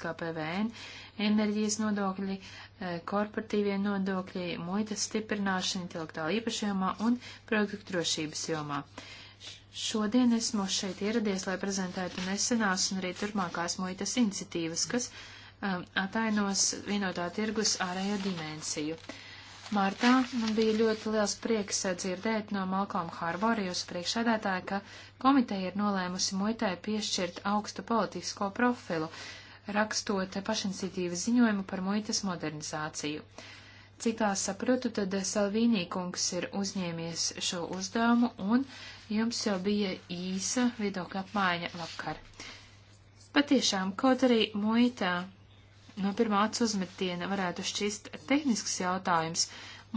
kā PVN, enerģijas nodokļi, e, korporatīvie nodokļi, muitas stiprināšana intelektuāla īpašajumā un produktu drošības jomā. Šodien esmu šeit ieradies, lai prezentētu nesenās un arī turpmākās muitas iniciatīvas, kas um, atainos vienotā tirgus ārējo dimensiju. Martā man bija ļoti liels prieks e, dzirdēt no Malcolm Harvora jūsu priekšādātāja, ka komiteja ir nolēmusi muitai piešķirt augstu politisko profilu, uh, rakstot pašiniciatīvas ziņojumu par muitas modernizāciju. Cik tā saprotu, tad Salvīnī kungs ir uzņēmies šo uzdevumu un jums jau bija īsa viedokļa apmaiņa vakar. Patiešām, kaut arī muitā no pirmā acu uzmetiena varētu šķist tehnisks jautājums,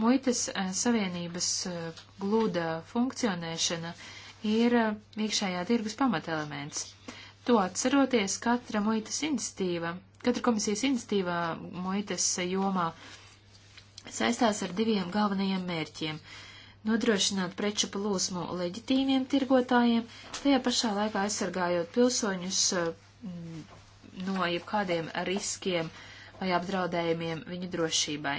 muitas eh, savienības eh, glūda funkcionēšana ir eh, iekšējā tirgus pamatelements. elements. To atceroties, katra muitas iniciatīva, katra komisijas iniciatīva muitas jomā saistās ar diviem galvenajiem mērķiem - nodrošināt preču plūsmu leģitīviem tirgotājiem, tajā pašā laikā aizsargājot pilsoņus mm, no jebkādiem riskiem vai apdraudējumiem viņu drošībai.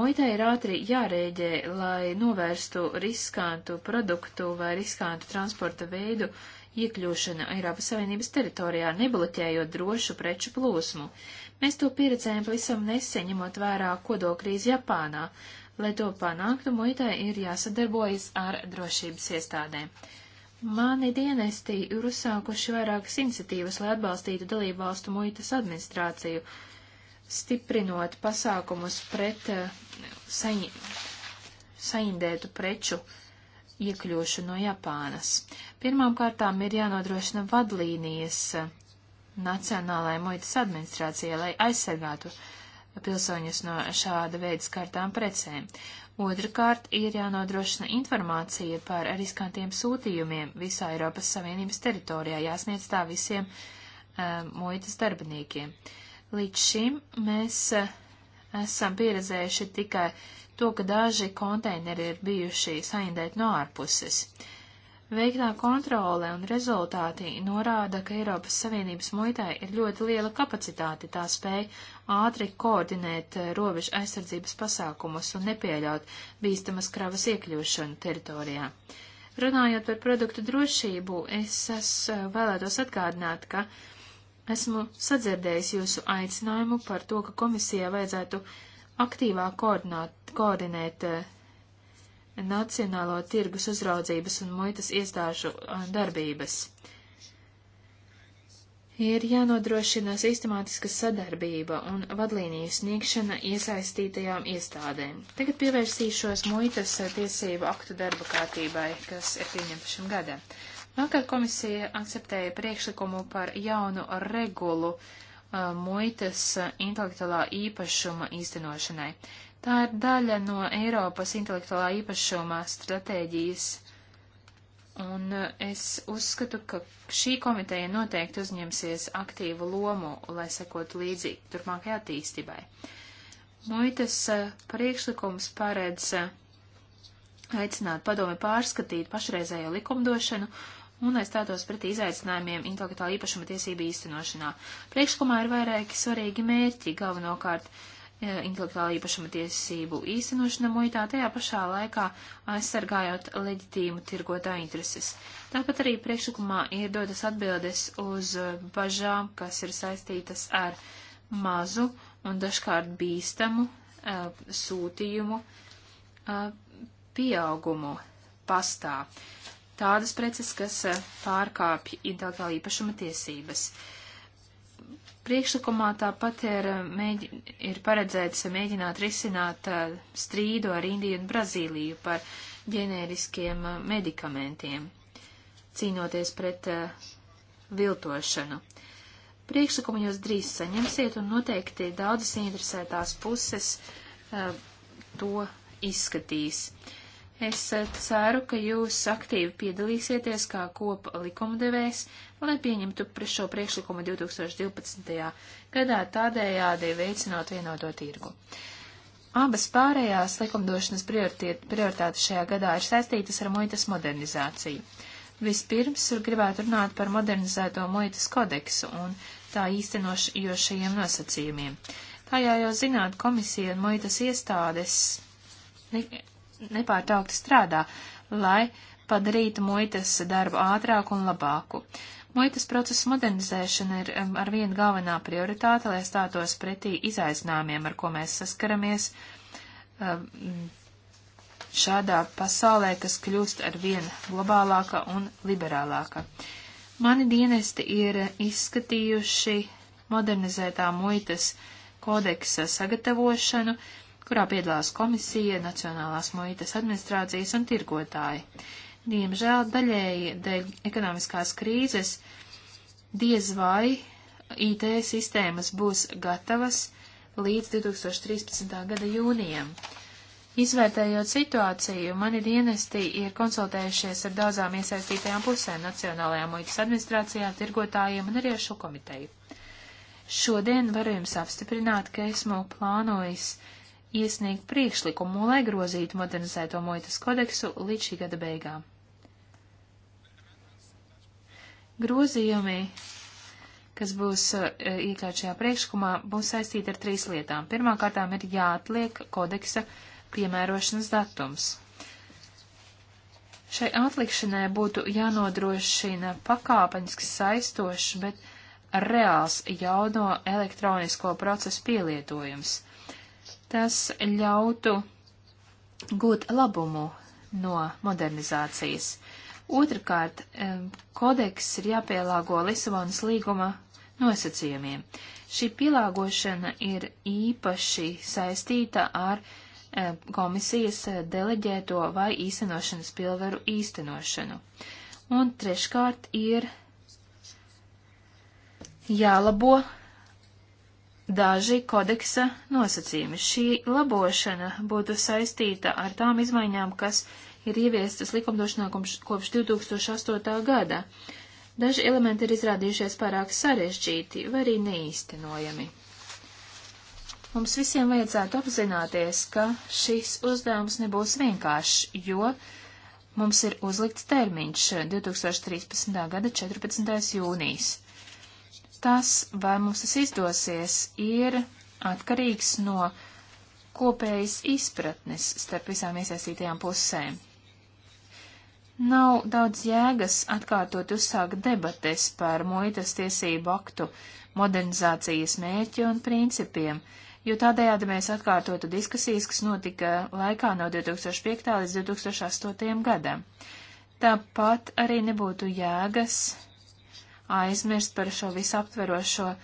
Muitai ir ātri jārēģē, lai novērstu riskantu produktu vai riskantu transporta veidu uh, iekļūšana Eiropas Savienības teritorijā, nebloķējot drošu preču plūsmu. Mēs to pieredzējām pavisam nesen, ņemot vērā kodokrīzi Japānā. Lai to panāktu, muitai ir jāsadarbojas ar drošības iestādēm. Mani dienesti ir uzsākuši vairākas iniciatīvas, lai atbalstītu dalību valstu muitas administrāciju, stiprinot pasākumus pret uh, saindētu preču uh, iekļūšu no Japānas. Pirmām kārtām ir jānodrošina vadlīnijas Nacionālajai muitas administrācijai, lai aizsargātu pilsoņus no šāda veida skartām precēm. Otrakārt ir jānodrošina informācija par riskantiem sūtījumiem visā Eiropas Savienības teritorijā, jāsniedz tā visiem um, muitas darbiniekiem. Līdz šim mēs uh, esam pieredzējuši tikai to, ka daži konteineri ir bijuši saindēti no ārpuses. Veiktā kontrole un rezultāti norāda, ka Eiropas Savienības muitai ir ļoti liela kapacitāte, tā spēj ātri koordinēt eh, robežu aizsardzības pasākumus un nepieļaut bīstamas kravas iekļūšanu teritorijā. Runājot par produktu drošību, es, es eh, vēlētos atgādināt, ka esmu sadzirdējis jūsu aicinājumu par to, ka komisijai vajadzētu uh, aktīvāk koordināt, koordinēt eh, Nacionālo tirgus uzraudzības un muitas iestāžu eh, darbības. Ir jānodrošina sistemātiska sadarbība un vadlīniju sniegšana iesaistītajām iestādēm. Tagad pievērsīšos muitas eh, tiesību aktu darba kārtībai, kas ir pieņemta šim gadam. Vakar komisija akceptēja priekšlikumu par jaunu regulu uh, Uh, muitas uh, intelektuālā īpašuma īstenošanai. Tā ir daļa no Eiropas intelektuālā īpašuma stratēģijas, un uh, es uzskatu, ka šī komiteja noteikti uzņemsies aktīvu lomu, lai sekotu līdzi turpmākajai attīstībai. Muitas priekšlikums paredz aicināt padomi pārskatīt pašreizējo likumdošanu un lai stātos pretī izaicinājumiem intelektuāla īpašuma tiesību īstenošanā. Priekšlikumā ir vairāki svarīgi mērķi, galvenokārt e, intelektuāla īpašuma tiesību īstenošana muitā, tajā pašā laikā aizsargājot leģitīmu tirgotāju intereses. Tāpat arī priekšlikumā ir dotas atbildes uz e, bažām, kas ir saistītas ar mazu un dažkārt bīstamu e, sūtījumu pieaugumu pastā tādas preces, kas eh, pārkāpj intelektuāla īpašuma tiesības. Priekšlikumā tāpat ir, eh, mēģi, ir paredzēts mēģināt risināt eh, strīdu ar Indiju un Brazīliju par ģenēriskiem medikamentiem, cīnoties pret viltošanu. Priekšlikumu jūs drīz saņemsiet un noteikti daudzas interesētās puses to izskatīs. Uh, Es eh, ceru, ka jūs aktīvi piedalīsieties kā kopa likumdevējs, lai pieņemtu šo priekšlikumu 2012. gadā tādējādi veicinot vienoto tirgu. Abas pārējās likumdošanas prioritātes šajā gadā ir saistītas ar muitas modernizāciju. Vispirms gribētu runāt par modernizēto muitas kodeksu un tā īstenojošajiem nosacījumiem. Kā jau jau zināt, komisija un muitas iestādes nepārtraukti strādā, lai padarītu muitas darbu ātrāku un labāku. Muitas procesa modernizēšana ir ar vienu galvenā prioritāte, lai stātos pretī izaicinājumiem, ar ko mēs saskaramies šādā pasaulē, kas kļūst ar vien globālāka un liberālāka. Mani dienesti ir izskatījuši modernizētā muitas kodeksa sagatavošanu, uh, kurā piedalās komisija, Nacionālās muitas administrācijas un tirgotāji. Diemžēl daļēji dēļ ekonomiskās krīzes diez vai IT sistēmas būs gatavas līdz 2013. gada jūnijam. Izvērtējot situāciju, mani dienesti ir konsultējušies ar daudzām iesaistītajām pusēm - Nacionālajām muitas administrācijām, tirgotājiem un arī ar šo komiteju. Šodien varu jums apstiprināt, ka esmu plānojis uh, iesniegt priekšlikumu, lai grozītu modernizēto muitas kodeksu līdz šī gada beigām. Grozījumi, kas būs e, iekļauts šajā priekšlikumā, būs saistīti ar trīs lietām. Pirmkārtām ir jāatliek kodeksa piemērošanas datums. Šai atlikšanai būtu jānodrošina pakāpeniski saistošs, bet reāls jauno elektronisko procesu pielietojums. Tas ļautu gūt labumu no modernizācijas. Otrakārt, kodeks ir jāpielāgo Lisabonas līguma nosacījumiem. Šī pielāgošana ir īpaši saistīta ar komisijas deleģēto vai īstenošanas pilnvaru īstenošanu. Un treškārt ir jālabo daži kodeksa nosacījumi. Šī labošana būtu saistīta ar tām izmaiņām, kas ir ieviestas likumdošanā kopš 2008. gada. Daži elementi ir izrādījušies pārāk sarežģīti vai arī neīstenojami. Mums visiem vajadzētu apzināties, ka šis uzdevums nebūs vienkāršs, jo mums ir uzlikts termiņš 2013. gada 14. jūnijas. Tas, vai mums tas izdosies, ir atkarīgs no kopējas izpratnes starp visām iesaistītajām pusēm. Nav daudz jēgas atkārtot uzsākt debates par muitas tiesību aktu modernizācijas mērķi un principiem, jo tādējādi mēs atkārtotu diskusijas, kas notika laikā no 2005. līdz 2008. gadam. Tāpat arī nebūtu jēgas aizmirst par šo visaptverošo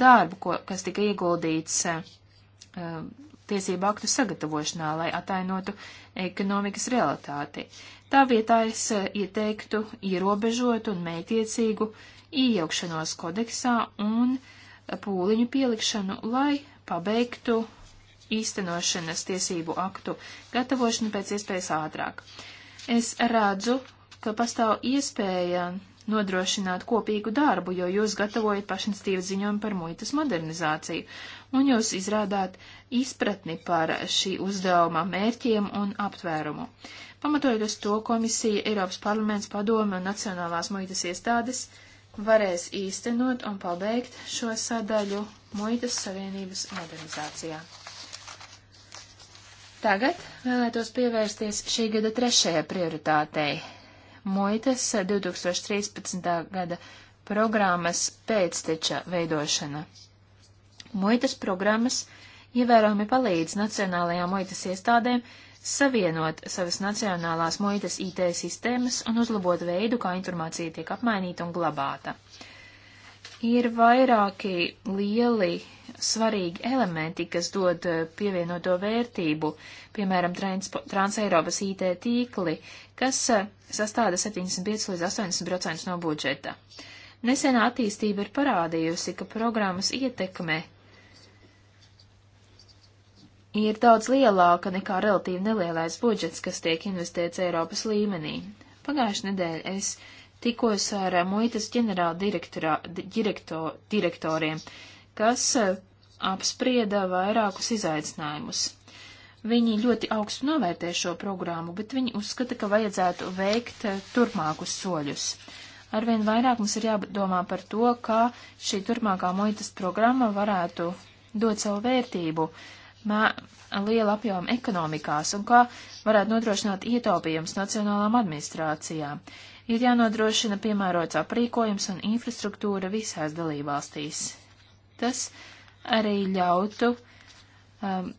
darbu, ko, kas tika ieguldīts uh, tiesību aktu sagatavošanā, lai atainotu ekonomikas realitāti. Tā vietā es uh, ieteiktu ierobežotu un mētiecīgu iejaukšanos kodeksā un pūliņu pielikšanu, lai pabeigtu īstenošanas tiesību aktu gatavošanu pēc iespējas ātrāk. Es redzu, ka pastāv iespēja nodrošināt kopīgu darbu, jo jūs gatavojat pašinstīvas ziņojumu par muitas modernizāciju, un jūs izrādāt izpratni par šī uzdevuma mērķiem un aptvērumu. Pamatojot uz to, komisija, Eiropas parlaments, padome un nacionālās muitas iestādes varēs īstenot un pabeigt šo sadaļu muitas savienības modernizācijā. Tagad vēlētos pievērsties šī gada trešajai prioritātei muitas 2013. gada programmas pēcteča veidošana. Muitas programmas ievērojami palīdz nacionālajām muitas iestādēm savienot savas nacionālās muitas IT sistēmas un uzlabot veidu, kā informācija tiek apmainīta un glabāta. Ir vairāki lieli svarīgi elementi, kas dod eh, pievienoto vērtību, piemēram, Transeiropas IT tīkli, kas eh, sastāda 75 līdz 80% no budžeta. Nesenā attīstība ir parādījusi, ka programmas ietekme ir daudz lielāka nekā relatīvi nelielais budžets, kas tiek investēts Eiropas līmenī. Pagājušajā nedēļā es tikos ar eh, muitas ģenerāla direkto, direktoriem, kas eh, apsprieda vairākus izaicinājumus. Viņi ļoti augstu novērtē šo programmu, bet viņi uzskata, ka vajadzētu veikt eh, turpmākus soļus. Arvien vairāk mums ir jādomā par to, kā šī turpmākā muitas programma varētu dot savu vērtību mē, liela apjoma ekonomikās un kā varētu nodrošināt ietaupījums nacionālām administrācijām. Ir jānodrošina piemērots aprīkojums un infrastruktūra visās dalībvalstīs. Tas arī ļautu um,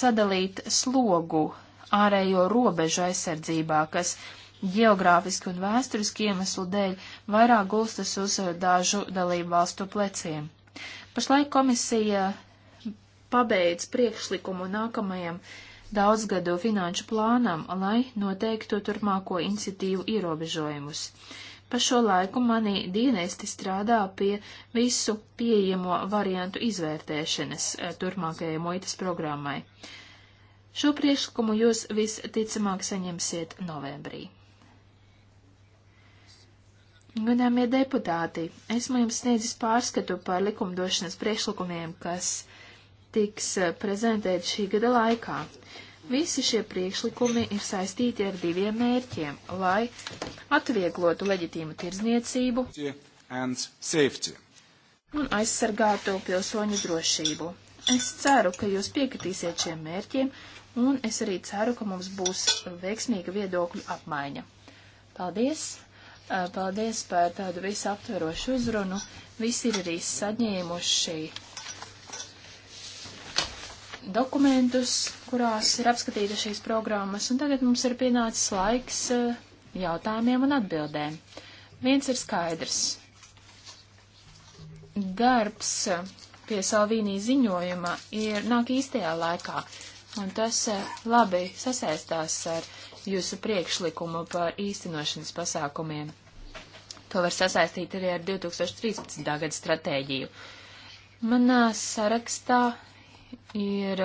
sadalīt slogu ārējo robežu aizsardzībā, kas geogrāfiski un vēsturiski iemeslu dēļ vairāk gulstas uz uh, dažu dalību valstu pleciem. Pašlaik komisija pabeidz priekšlikumu nākamajam daudzgado finanšu plānam, lai noteiktu turpmāko iniciatīvu ierobežojumus. Pa šo laiku mani dienesti strādā pie visu pieejamo variantu izvērtēšanas eh, turpmākajai muitas programmai. Šo priekšlikumu jūs visticamāk saņemsiet novembrī. Godāmie deputāti, esmu jums sniedzis pārskatu par likumdošanas priekšlikumiem, kas tiks eh, prezentēti šī gada laikā. Visi šie priekšlikumi ir saistīti ar diviem mērķiem, lai atvieglotu leģitīmu tirdzniecību un aizsargātu pilsoņu drošību. Es ceru, ka jūs piekritīsiet šiem mērķiem, un es arī ceru, ka mums būs veiksmīga viedokļu apmaiņa. Paldies! Eh, paldies par tādu visaptverošu uzrunu. Visi ir arī saņēmuši dokumentus, kurās ir apskatīta šīs programmas, un tagad mums ir pienācis laiks eh, jautājumiem un atbildēm. Viens ir skaidrs. Darbs eh, pie Salvīnī ziņojuma ir nāk īstajā laikā, un tas eh, labi sasaistās ar jūsu priekšlikumu par īstenošanas pasākumiem. To var sasaistīt arī ar 2013. gada stratēģiju. Manā sarakstā ir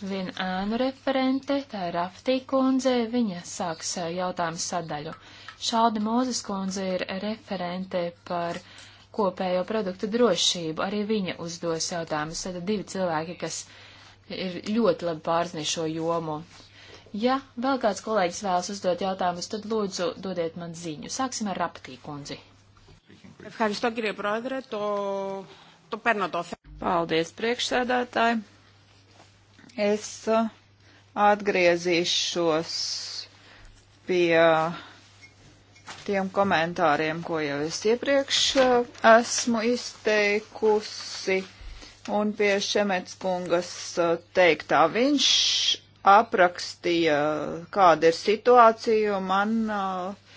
viena ēnu referente, tā ir Aftī kundze, viņa sāks jautājumu sadaļu. Šalda Mūzes kundze ir referente par kopējo produktu drošību, arī viņa uzdos jautājumus, tad divi cilvēki, kas ir ļoti labi pārzni šo jomu. Ja vēl kāds kolēģis vēlas uzdot jautājumus, tad lūdzu dodiet man ziņu. Sāksim ar Raptī kundzi. Ευχαριστώ κύριε Πρόεδρε. Το, το παίρνω το θέμα. Paldies, priekšsēdētāji. Es uh, atgriezīšos pie tiem komentāriem, ko jau es iepriekš uh, esmu izteikusi, un pie Šemets kungas uh, teiktā. Viņš aprakstīja, kāda ir situācija, un man uh,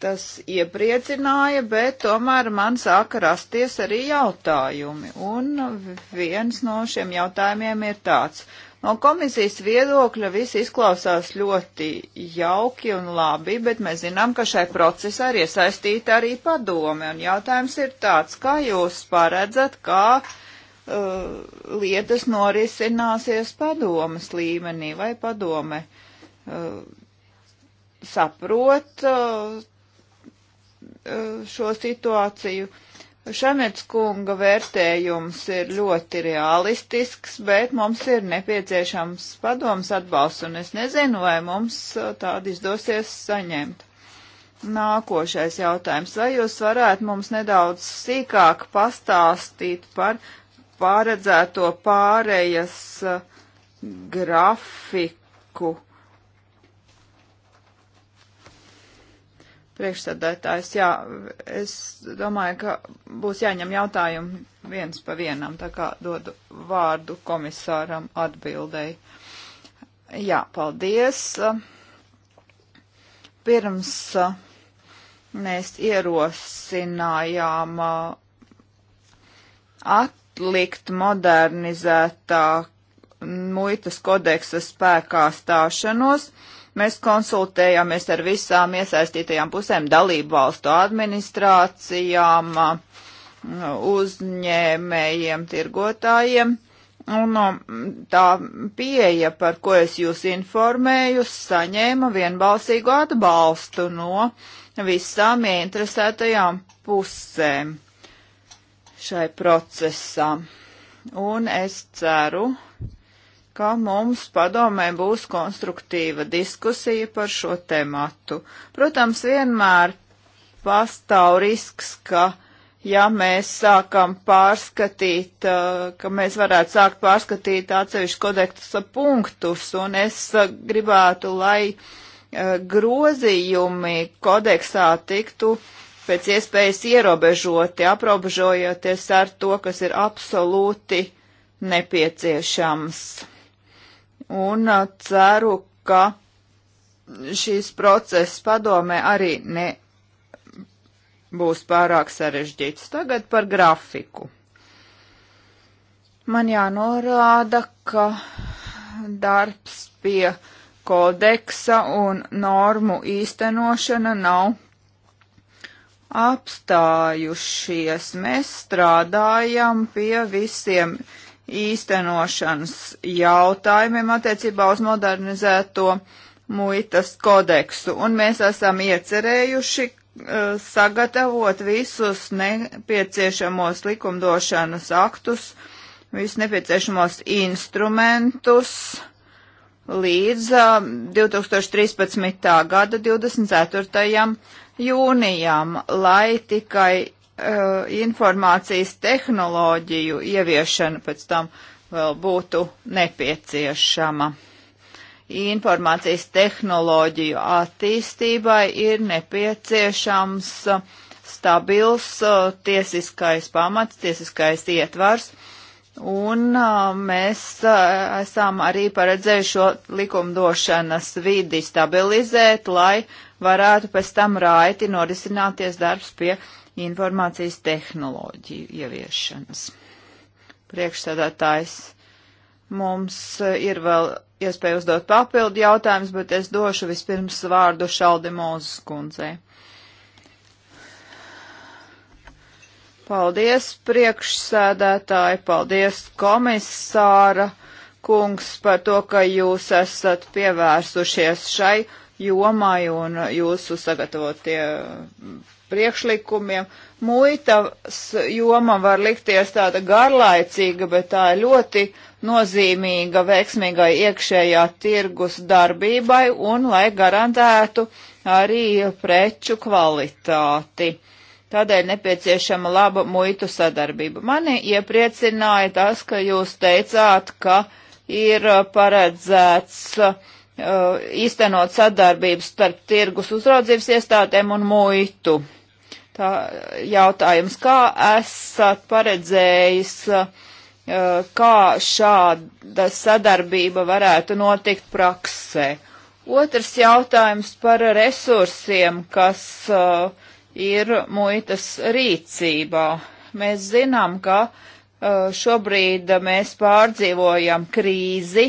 tas iepriecināja, bet tomēr man sāka rasties arī jautājumi. Un viens no šiem jautājumiem ir tāds. No komisijas viedokļa viss izklausās ļoti jauki un labi, bet mēs zinām, ka šai procesā ir iesaistīta arī padome. Un jautājums ir tāds, kā jūs paredzat, kā uh, lietas norisināsies padomas līmenī vai padome uh, saprot uh, Eh, šo situāciju. Šamets kunga vērtējums ir ļoti realistisks, bet mums ir nepieciešams padoms atbalsts, un es nezinu, vai mums eh, tādu izdosies saņemt. Nākošais jautājums. Vai jūs varētu mums nedaudz sīkāk pastāstīt par paredzēto pārējas eh, grafiku? priekšsēdētājs. Jā, es domāju, ka būs jāņem jautājumi viens pa vienam, tā kā dodu vārdu komisāram atbildēji. Jā, paldies. Pirms mēs ierosinājām atlikt modernizētā muitas kodeksa spēkā stāšanos, uh, Mēs konsultējāmies ar visām iesaistītajām pusēm, dalību valstu administrācijām, uzņēmējiem, tirgotājiem. Un um, tā pieeja, par ko es jūs informēju, saņēma vienbalsīgu atbalstu no visām ieinteresētajām pusēm šai procesā. Un es ceru, ka mums padomē būs konstruktīva diskusija par šo tematu. Protams, vienmēr pastāv risks, ka ja mēs sākam pārskatīt, uh, ka mēs varētu sākt pārskatīt atsevišķu kodeksa punktus, un es uh, gribētu, lai uh, grozījumi kodeksā tiktu pēc iespējas ierobežoti, aprobežojoties ar to, kas ir absolūti nepieciešams un uh, ceru, ka šīs procesas padomē arī ne būs pārāk sarežģīts. Tagad par grafiku. Man jānorāda, ka darbs pie kodeksa un normu īstenošana nav apstājušies. Mēs strādājam pie visiem īstenošanas jautājumiem attiecībā uz modernizēto muitas kodeksu. Un mēs esam iecerējuši uh, sagatavot visus nepieciešamos likumdošanas aktus, visus nepieciešamos instrumentus līdz uh, eh, 2013. gada 24. jūnijam, lai tikai Eh, informācijas tehnoloģiju ieviešana pēc tam vēl būtu nepieciešama. Informācijas tehnoloģiju attīstībai ir nepieciešams stabils eh, tiesiskais pamats, tiesiskais ietvars, un eh, mēs esam arī paredzējuši šo likumdošanas vidi stabilizēt, lai varētu pēc tam raiti norisināties darbs pie uh, informācijas tehnoloģiju ieviešanas. Priekšsēdētājs, mums ir vēl iespēja uzdot papildu jautājumus, bet es došu vispirms vārdu Šaldi Mūzes kundzei. Paldies priekšsēdētāji, paldies komisāra kungs par to, ka jūs esat pievērsušies šai jomai un jūsu sagatavotie priekšlikumiem. Muitas joma var likties tāda garlaicīga, bet tā ir ļoti nozīmīga veiksmīgai iekšējā tirgus darbībai un lai garantētu arī preču kvalitāti. Tādēļ nepieciešama laba muitu sadarbība. Mani iepriecināja tas, ka jūs teicāt, ka ir paredzēts uh, īstenot uh, sadarbības starp tirgus uzraudzības iestādēm un muitu. Tā jautājums, kā esat paredzējis, uh, kā šāda sadarbība varētu notikt praksē? Otrs jautājums par resursiem, kas uh, ir muitas rīcībā. Mēs zinām, ka šobrīd mēs pārdzīvojam krīzi,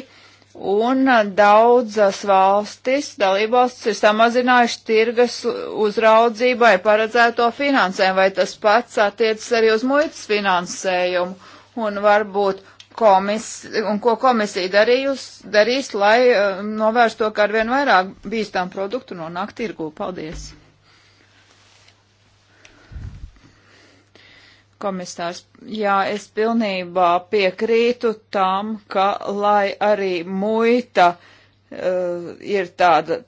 Un uh, daudzas valstis, dalībvalstis ir samazinājuši tirgas uzraudzībai paredzēto finansējumu, vai tas pats attiecas arī uz muitas finansējumu. Un varbūt komis, un ko komisija darījus, darīs, lai uh, novērstu to, ka arvien vairāk bīstam produktu nonāk tirgū. Paldies! komisārs. Jā, es pilnībā piekrītu tam, ka lai arī muita uh, ir tāda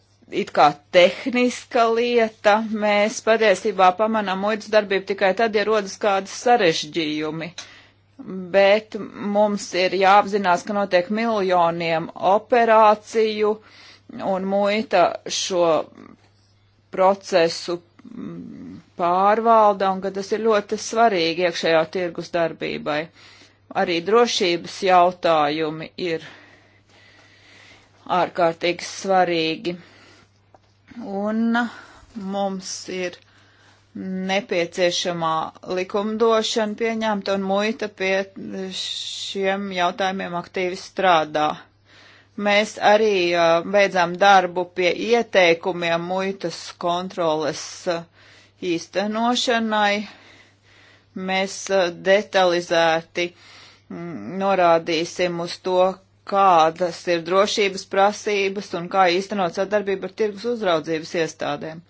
it kā tehniska lieta, mēs patiesībā pamanām muitas darbību tikai tad, ja rodas kādi sarežģījumi. Bet mums ir jāapzinās, ka notiek miljoniem operāciju, un muita šo procesu pārvalda un ka tas ir ļoti svarīgi iekšējā tirgus darbībai. Arī drošības jautājumi ir ārkārtīgi svarīgi. Un mums ir nepieciešamā likumdošana pieņemta un muita pie šiem jautājumiem aktīvi strādā. Mēs arī uh, beidzām darbu pie ieteikumiem muitas kontroles uh, īstenošanai. Mēs uh, detalizēti mm, norādīsim uz to, kādas ir drošības prasības un kā īstenot sadarbību ar tirgus uzraudzības iestādēm.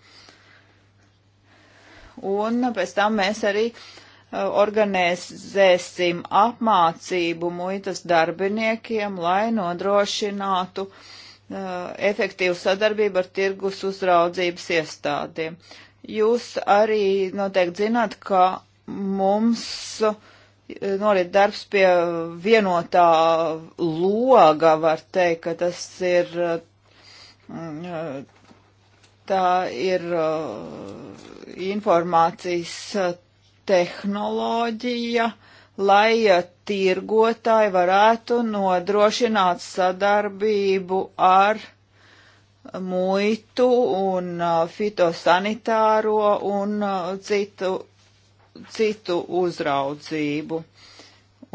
Un pēc tam mēs arī uh, organizēsim apmācību muitas darbiniekiem, lai nodrošinātu uh, efektīvu sadarbību ar tirgus uzraudzības iestādēm. Jūs arī noteikti zināt, ka mums e, norit darbs pie vienotā loga, var teikt, ka tas ir, e, tā ir e, informācijas tehnoloģija, lai tirgotāji varētu nodrošināt sadarbību ar muitu un uh, fitosanitāro un uh, citu, citu uzraudzību.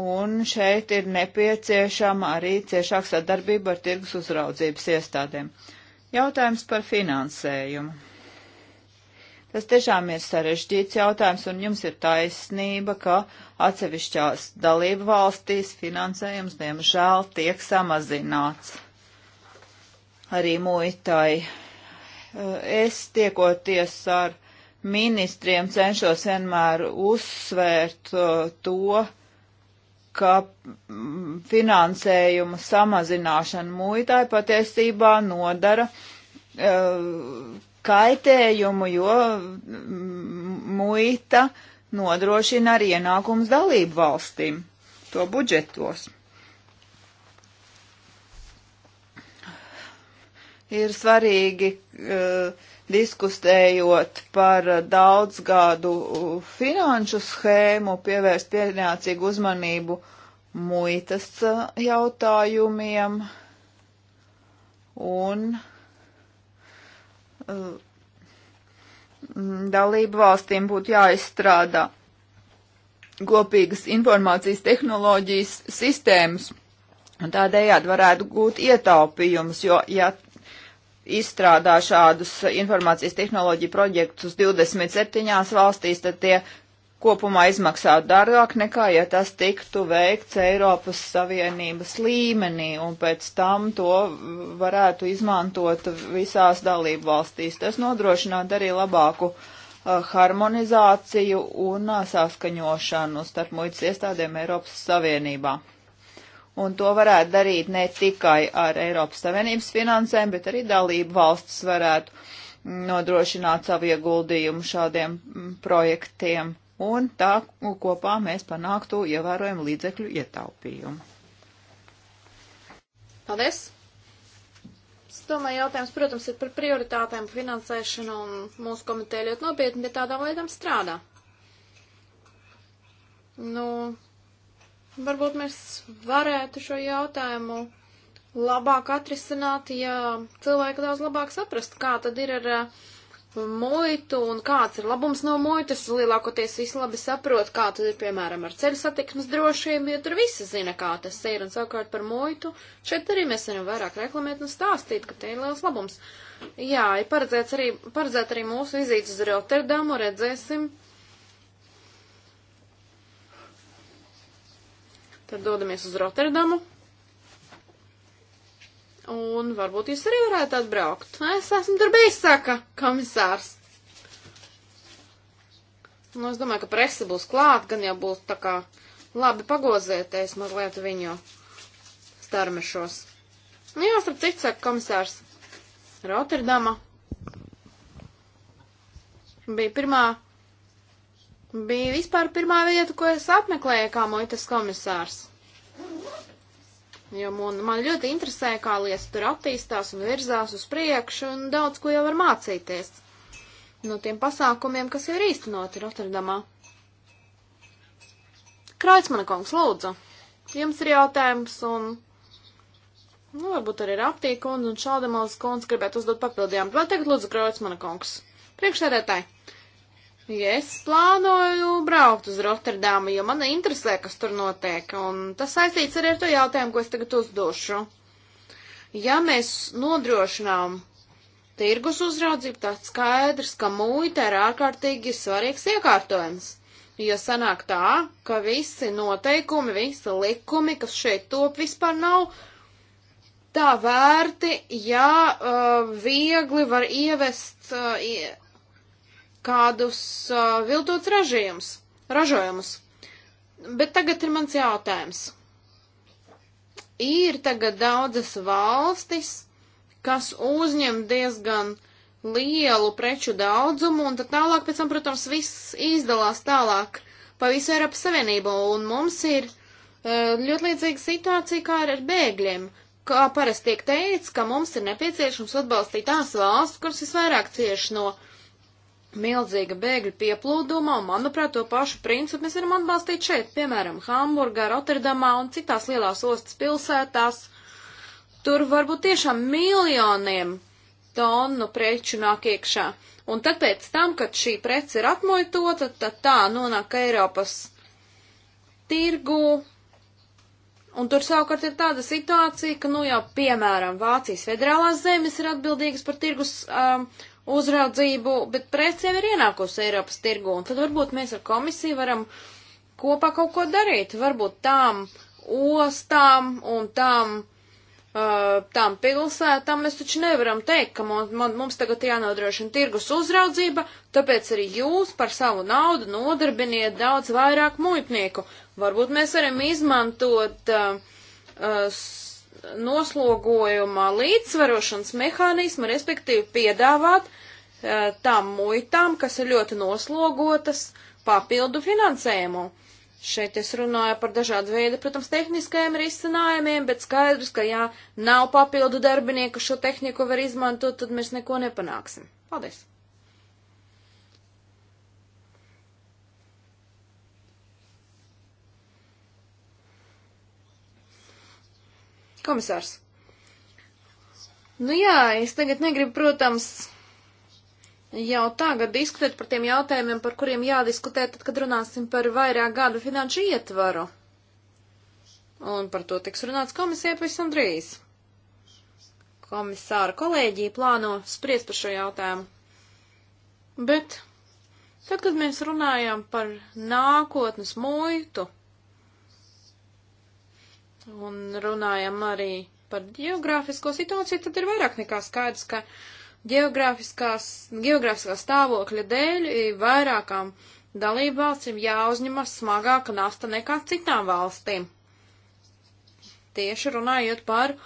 Un šeit ir nepieciešama arī ciešāka sadarbība ar tirgus uzraudzības iestādēm. Jautājums par finansējumu. Tas tiešām ir sarežģīts jautājums, un jums ir taisnība, ka atsevišķās dalību valstīs finansējums, diemžēl, tiek samazināts arī muitai. Es tiekoties ar ministriem cenšos vienmēr uzsvērt uh, to, ka mm, finansējuma samazināšana muitai patiesībā nodara uh, kaitējumu, jo mm, muita nodrošina arī ienākums dalību valstīm to budžetos. ir svarīgi uh, e, diskustējot par daudzgādu finanšu schēmu, pievērst pienācīgu uzmanību muitas e, jautājumiem un uh, dalību valstīm būtu jāizstrādā kopīgas informācijas tehnoloģijas sistēmas. Un tādējādi varētu gūt ietaupījumus, jo, ja izstrādā šādus informācijas tehnoloģiju projektus 27 valstīs, tad tie kopumā izmaksā dārgāk nekā, ja tas tiktu veikts Eiropas Savienības līmenī, un pēc tam to varētu izmantot visās dalību valstīs. Tas nodrošinātu arī labāku uh, harmonizāciju un uh, saskaņošanu starp muitas iestādēm Eiropas Savienībā un to varētu darīt ne tikai ar Eiropas Savienības finansēm, bet arī dalību valstis varētu nodrošināt savu ieguldījumu šādiem mm, projektiem, un tā kopā mēs panāktu ievērojumu līdzekļu ietaupījumu. Paldies! Es domāju, jautājums, protams, ir par prioritātēm, finansēšanu, un mūsu komiteja ļoti nopietni pie tādām lietām strādā. Nu, varbūt mēs varētu šo jautājumu labāk atrisināt, ja cilvēki daudz labāk saprast, kā tad ir ar uh, muitu un kāds ir labums no muitas. Lielākoties visi labi saprot, kā tad ir, piemēram, ar ceļu satiksmes drošību, jo tur visi zina, kā tas ir. Un savukārt par muitu šeit arī mēs varam vairāk reklamēt un stāstīt, ka te ir liels labums. Jā, ir paredzēts arī, paredzēt arī mūsu vizītes uz Rotterdamu, redzēsim. Tad dodamies uz Rotterdamu. Un varbūt jūs arī varētu atbraukt. Es esmu tur bijis, saka komisārs. Nu, es domāju, ka presa būs klāt, gan jau būs tā kā labi pagozēties mazliet viņu starmešos. Nu, jā, starp citu, saka komisārs. Rotterdama bija pirmā bija vispār pirmā vieta, ko es apmeklēju kā muitas komisārs. Jo man, man ļoti interesē, kā lietas tur attīstās un virzās uz priekšu, un daudz ko jau var mācīties no tiem pasākumiem, kas jau ir īstenoti Rotterdamā. Kraicmana kungs, lūdzu, jums ir jautājums, un nu, varbūt arī ir aptīkums, un šādamals kungs gribētu uzdot papildījām. Vēl tagad lūdzu, Kraicmana kungs, priekšsēdētāji. Ja es plānoju braukt uz Rotterdamu, jo man interesē, kas tur notiek, un tas saistīts arī ar to jautājumu, ko es tagad uzdošu. Ja mēs nodrošinām tirgus uzraudzību, tad skaidrs, ka muita ir ārkārtīgi svarīgs iekārtojums. Jo sanāk tā, ka visi noteikumi, visi likumi, kas šeit top, vispār nav tā vērti, ja uh, viegli var ievest. Uh, kādus uh, viltots ražījumus, ražojumus. Bet tagad ir mans jautājums. Ir tagad daudzas valstis, kas uzņem diezgan lielu preču daudzumu, un tad tālāk, pēc tam, protams, viss izdalās tālāk pa visu Eiropas Savienību, un mums ir uh, ļoti līdzīga situācija kā ar bēgļiem kā parasti tiek teicis, ka mums ir nepieciešams atbalstīt tās valsts, kuras visvairāk cieši no uh, milzīga bēgļu pieplūduma, un, manuprāt, to pašu principu mēs varam atbalstīt šeit, piemēram, Hamburgā, Rotterdamā un citās lielās ostas pilsētās. Tur varbūt tiešām miljoniem tonu preču nāk iekšā. Un tad pēc tam, kad šī prece ir atmojtota, tad tā nonāk Eiropas tirgu. Un tur savukārt ir tāda situācija, ka, nu jau, piemēram, Vācijas federālās zemes ir atbildīgas par tirgus um, uh, uzraudzību, bet prece jau ir ienākusi Eiropas tirgu, un tad varbūt mēs ar komisiju varam kopā kaut ko darīt. Varbūt tām ostām un tām, uh, tām pilsētām mēs taču nevaram teikt, ka mums, mums tagad jānodrošina tirgus uzraudzība, tāpēc arī jūs par savu naudu nodarbiniet daudz vairāk muitnieku. Varbūt mēs varam izmantot uh, uh, noslogojuma līdzsvarošanas mehānismu, respektīvi piedāvāt uh, tām muitām, kas ir ļoti noslogotas, papildu finansējumu. Šeit es runāju par dažādu veidu, protams, tehniskajiem risinājumiem, bet skaidrs, ka ja nav papildu darbinieku šo tehniku var izmantot, tad mēs neko nepanāksim. Paldies! komisārs. Nu jā, es tagad negribu, protams, jau tagad diskutēt par tiem jautājumiem, par kuriem jādiskutē, tad, kad runāsim par vairāk gadu finanšu ietvaru. Un par to tiks runāts komisijā pavisam drīz. Komisāra kolēģija plāno spriest par šo jautājumu. Bet tad, kad mēs runājam par nākotnes muitu, un runājam arī par geogrāfisko situāciju, tad ir vairāk nekā skaidrs, ka geogrāfiskā stāvokļa dēļ vairākām dalību valstīm jāuzņemas smagāka nasta nekā citām valstīm. Tieši runājot par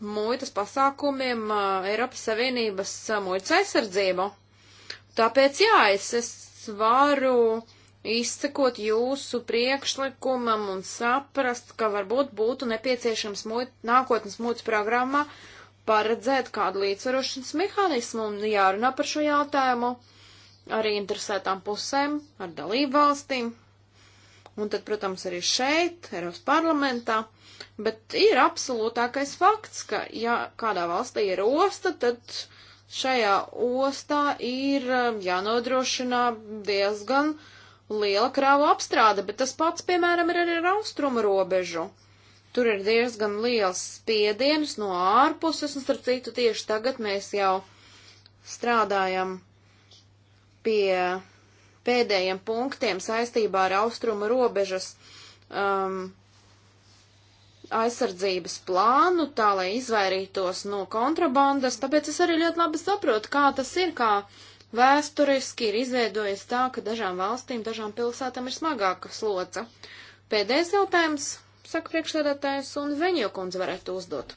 muitas pasākumiem Eiropas Savienības muitas aizsardzību. Tāpēc jā, es, es varu izsekot jūsu priekšlikumam un saprast, ka varbūt būtu nepieciešams mūt, nākotnes mūtas programmā paredzēt kādu līdzsvarošanas mehānismu un jārunā par šo jautājumu arī interesētām pusēm, ar dalību valstīm. Un tad, protams, arī šeit, Eiropas parlamentā. Bet ir absolūtākais fakts, ka, ja kādā valstī ir osta, tad šajā ostā ir um, jānodrošina diezgan uh, liela krāva apstrāde, bet tas pats, piemēram, ir arī ar austrumu robežu. Tur ir diezgan liels spiediens no ārpuses, un starp citu tieši tagad mēs jau strādājam pie pēdējiem punktiem saistībā ar austrumu robežas um, aizsardzības plānu, tā lai izvairītos no kontrabandas, tāpēc es arī ļoti labi saprotu, kā tas ir, kā uh, vēsturiski ir izveidojies tā, ka dažām valstīm, dažām pilsētām ir smagāka sloca. Pēdējais jautājums, saka priekšsēdētājs, un Veņokundze varētu uzdot.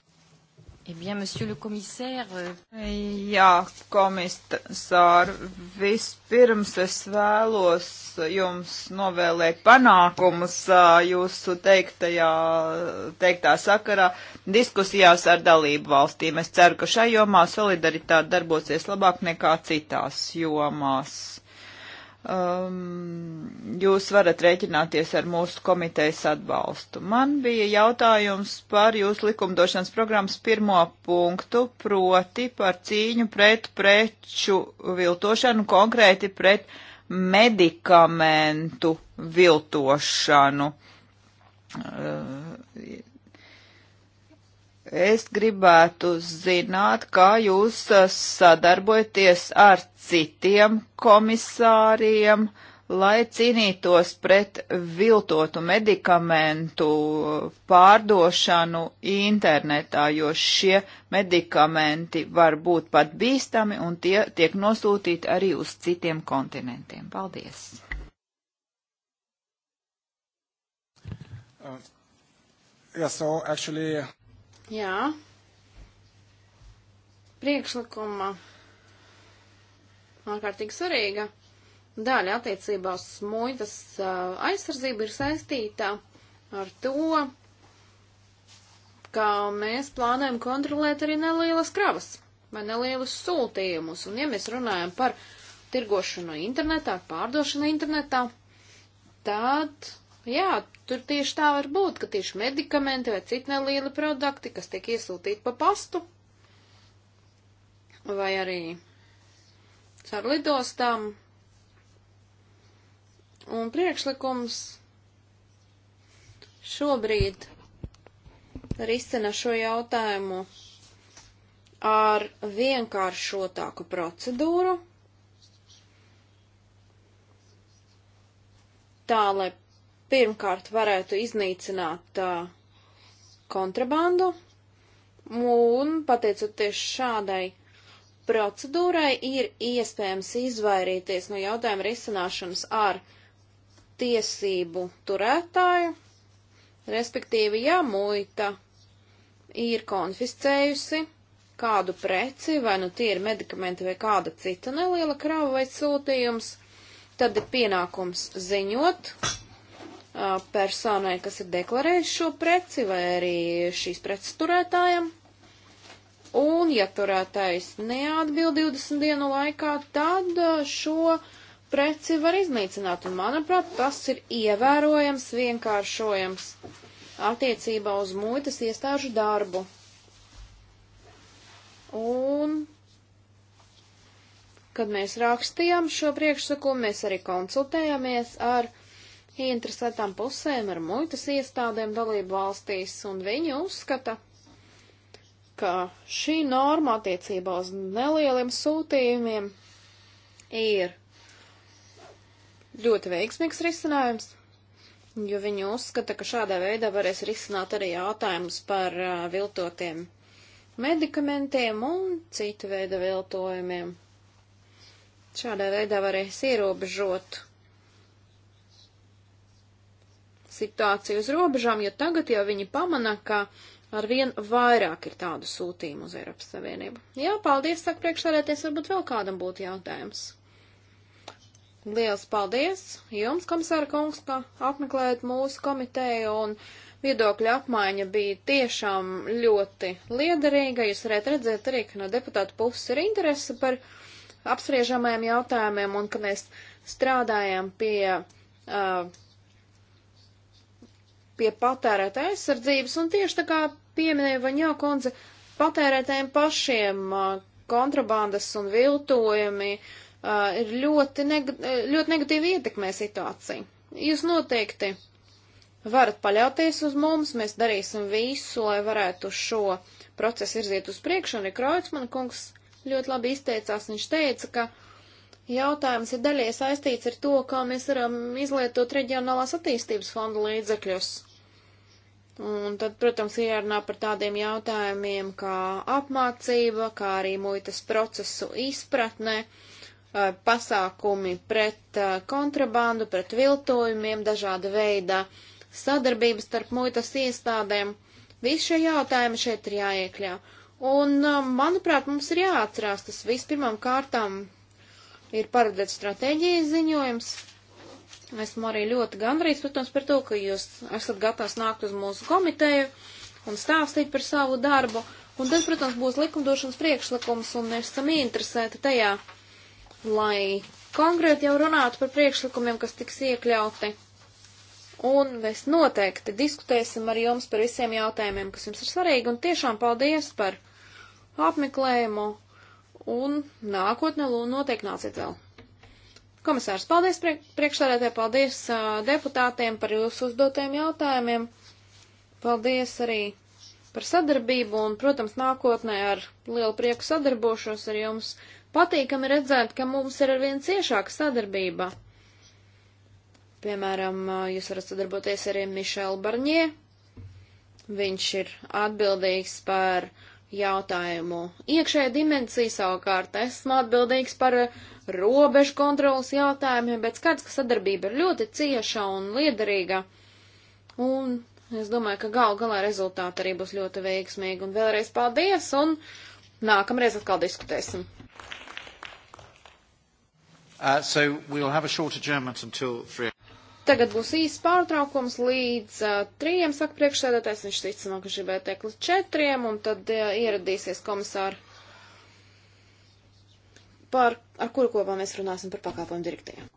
Eh bien, monsieur le commissaire. Euh, Jā, komisār, vispirms es vēlos jums novēlēt panākumus jūsu teiktajā, teiktā sakarā diskusijās ar dalību valstīm. Es ceru, ka šai jomā solidaritāte darbosies labāk nekā citās jomās um, jūs varat rēķināties ar mūsu komitejas atbalstu. Man bija jautājums par jūsu likumdošanas programmas pirmo punktu, proti par cīņu pret preču viltošanu, konkrēti pret medikamentu viltošanu. Uh, Es gribētu zināt, kā jūs sadarbojaties ar citiem komisāriem, lai cīnītos pret viltotu medikamentu pārdošanu internetā, jo šie medikamenti var būt pat bīstami un tie tiek nosūtīti arī uz citiem kontinentiem. Paldies! Uh, yeah, so actually... Jā. Priekšlikuma ārkārtīgi svarīga daļa attiecībā uz muitas aizsardzību ir saistīta ar to, ka mēs plānojam kontrolēt arī nelielas kravas vai nelielus sūtījumus. Un ja mēs runājam par tirgošanu internetā, pārdošanu internetā, tad Jā, tur tieši tā var būt, ka tieši medikamenti vai citi nelieli produkti, kas tiek iesūtīti pa pastu, vai arī ar lidostām, un priekšlikums šobrīd risina šo jautājumu ar vienkāršotāku procedūru, tā lai pirmkārt varētu iznīcināt uh, kontrabandu, un pateicoties šādai procedūrai ir iespējams izvairīties no jautājuma risināšanas ar tiesību turētāju, respektīvi, ja muita ir konfiscējusi kādu preci, vai nu tie ir medikamenti vai kāda cita neliela krava vai sūtījums, tad ir pienākums ziņot personai, kas ir deklarējis šo preci vai arī šīs preces turētājam. Un, ja turētājs neatbild 20 dienu laikā, tad šo preci var iznīcināt. Un, manuprāt, tas ir ievērojams, vienkāršojams attiecībā uz muitas iestāžu darbu. Un, kad mēs rakstījām šo priekšsakumu, mēs arī konsultējāmies ar ieinteresētām pusēm, ar muitas iestādēm dalību valstīs, un viņi uzskata, ka šī norma attiecībā uz nelieliem sūtījumiem ir ļoti veiksmīgs risinājums, jo viņi uzskata, ka šādā veidā varēs risināt arī jautājumus par uh, viltotiem medikamentiem un citu veidu viltojumiem. Šādā veidā varēs ierobežot situāciju uz robežām, jo tagad jau viņi pamana, ka arvien vairāk ir tādu sūtījumu uz Eiropas Savienību. Jā, paldies, saka priekšsēdēties, varbūt vēl kādam būtu jautājums. Liels paldies jums, komisāra kungs, ka apmeklējat mūsu komiteju un viedokļa apmaiņa bija tiešām ļoti liederīga. Jūs varētu redzēt arī, ka no deputātu puses ir interese par apspriežamajiem jautājumiem un ka mēs strādājam pie uh, pie patērētāja aizsardzības, un tieši tā kā pieminēja Vaņā kundze, patērētājiem pašiem kontrabandas un viltojumi ir ļoti, neg ļoti negatīvi ietekmē situāciju. Jūs noteikti varat paļauties uz mums, mēs darīsim visu, lai varētu šo procesu virziet uz priekšu, un Kreutzmann kungs ļoti labi izteicās, viņš teica, ka jautājums ir daļai saistīts ar to, kā mēs varam izlietot reģionālās attīstības fonda līdzekļus. Un tad, protams, ir jārunā par tādiem jautājumiem kā apmācība, kā arī muitas procesu izpratne, eh, pasākumi pret eh, kontrabandu, pret viltojumiem, dažāda veida sadarbības starp muitas iestādēm. Visi šie jautājumi šeit ir jāiekļā. Un, eh, manuprāt, mums ir jāatcerās tas vispirmām kārtām ir paredzēts stratēģijas ziņojums, Esmu arī ļoti gandrīz, protams, par to, ka jūs esat gatavs nākt uz mūsu komiteju un stāstīt par savu darbu. Un tas, protams, būs likumdošanas priekšlikums, un mēs esam interesēti tajā, lai konkrēti jau runātu par priekšlikumiem, kas tiks iekļauti. Un mēs noteikti diskutēsim ar jums par visiem jautājumiem, kas jums ir svarīgi, un tiešām paldies par apmeklējumu, un nākotnē noteikti nāciet vēl. Komisārs, paldies priek priekšsādātē, paldies uh, deputātiem par jūsu uzdotajiem jautājumiem. Paldies arī par sadarbību un, protams, nākotnē ar lielu prieku sadarbošos ar jums. Patīkami redzēt, ka mums ir arvien ciešāka sadarbība. Piemēram, jūs varat sadarboties arī Mišelu Barņē. Viņš ir atbildīgs par jautājumu iekšējā dimensija, savukārt esmu atbildīgs par robežu kontrolas jautājumiem, bet skats, ka sadarbība ir ļoti cieša un liederīga. Un es domāju, ka gal galā rezultāti arī būs ļoti veiksmīgi. Un vēlreiz paldies un nākamreiz atkal diskutēsim. Uh, so we'll have a short adjournment until 3. Tagad būs īsts pārtraukums līdz uh, trījiem, saka priekšsēdētājs, viņš ticamā, ka gribēja teikt līdz četriem, un tad uh, ieradīsies komisāri par ar kuru kopā mēs runāsim par pakāpojumu direktīvu.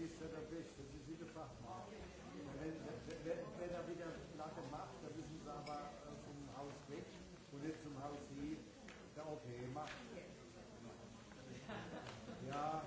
ist er der Beste, das ist der Fachmann. Wenn, wenn, wenn er wieder Platte macht, dann müssen sie aber vom äh, Haus weg und nicht zum Haus hin. Ja, okay, macht. Ja.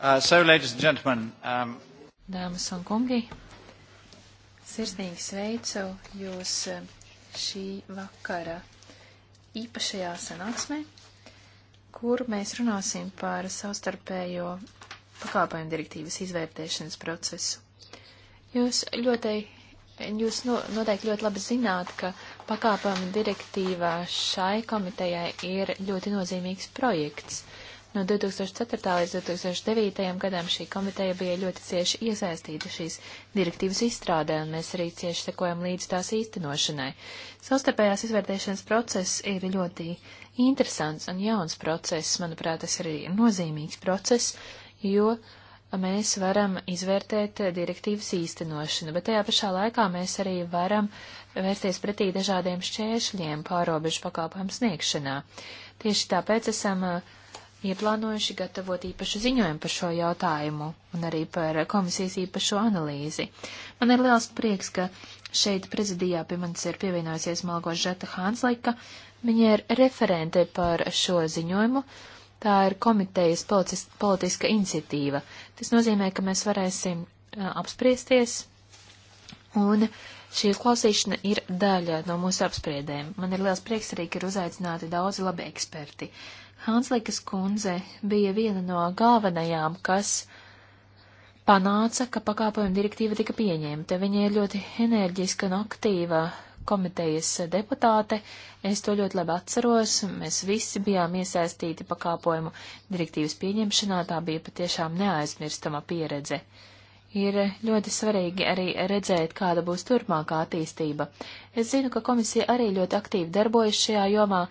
Uh, so, ladies and gentlemen, um... Dāmas un kungi, sirsnīgi sveicu jūs uh, šī vakara īpašajā sanāksmē, kur mēs runāsim par savstarpējo pakāpojumu direktīvas izvērtēšanas procesu. Jūs ļoti Jūs no, noteikti ļoti labi zināt, ka pakāpama direktīvā šai komitejai ir ļoti nozīmīgs projekts. No 2004. līdz 2009. gadam šī komiteja bija ļoti cieši iesaistīta šīs direktīvas izstrādē, un mēs arī cieši sekojam līdz tās īstenošanai. Savstarpējās izvērtēšanas process ir ļoti interesants un jauns process, manuprāt, tas arī ir nozīmīgs process, jo mēs varam izvērtēt direktīvas īstenošanu, bet tajā pašā laikā mēs arī varam vērsties pretī dažādiem šķēršļiem pārobežu pakalpojumu sniegšanā. Tieši tāpēc esam uh, ieplānojuši gatavot īpašu ziņojumu par šo jautājumu un arī par komisijas īpašo analīzi. Man ir liels prieks, ka šeit prezidijā pie manis ir pievienojusies Malgo Žeta Hānslaika. Viņa ir referente par šo ziņojumu. Tā ir komitejas politis, politiska iniciatīva. Tas nozīmē, ka mēs varēsim a, apspriesties, un šī klausīšana ir daļa no mūsu apspriedēm. Man ir liels prieks arī, ka ir uzaicināti daudzi labi eksperti. Uh, Hanslikas kundze bija viena no galvenajām, kas panāca, ka pakāpojuma direktīva tika pieņemta. Viņa ir ļoti enerģiska un aktīva komitejas deputāte. Es to ļoti labi atceros. Mēs visi bijām iesaistīti pakāpojumu direktīvas pieņemšanā. Tā bija patiešām neaizmirstama pieredze. Ir ļoti svarīgi arī redzēt, kāda būs turpmākā attīstība. Es zinu, ka komisija arī ļoti aktīvi darbojas šajā jomā.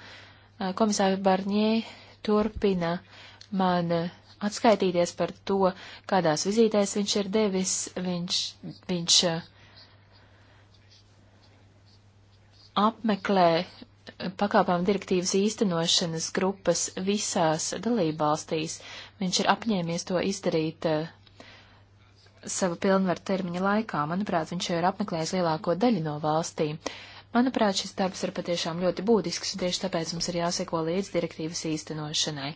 Eh, komisārs Barņē turpina man atskaitīties par to, kādās vizītēs viņš ir devis, viņš, viņš eh, apmeklē eh, pakāpām direktīvas īstenošanas grupas visās dalībvalstīs. Viņš ir apņēmies to izdarīt sava pilnvaru termiņa laikā. Manuprāt, viņš jau ir apmeklējis lielāko daļu no valstīm. Uh, Manuprāt, šis darbs ir patiešām ļoti būtisks, un tieši tāpēc mums ir jāseko līdz direktīvas īstenošanai.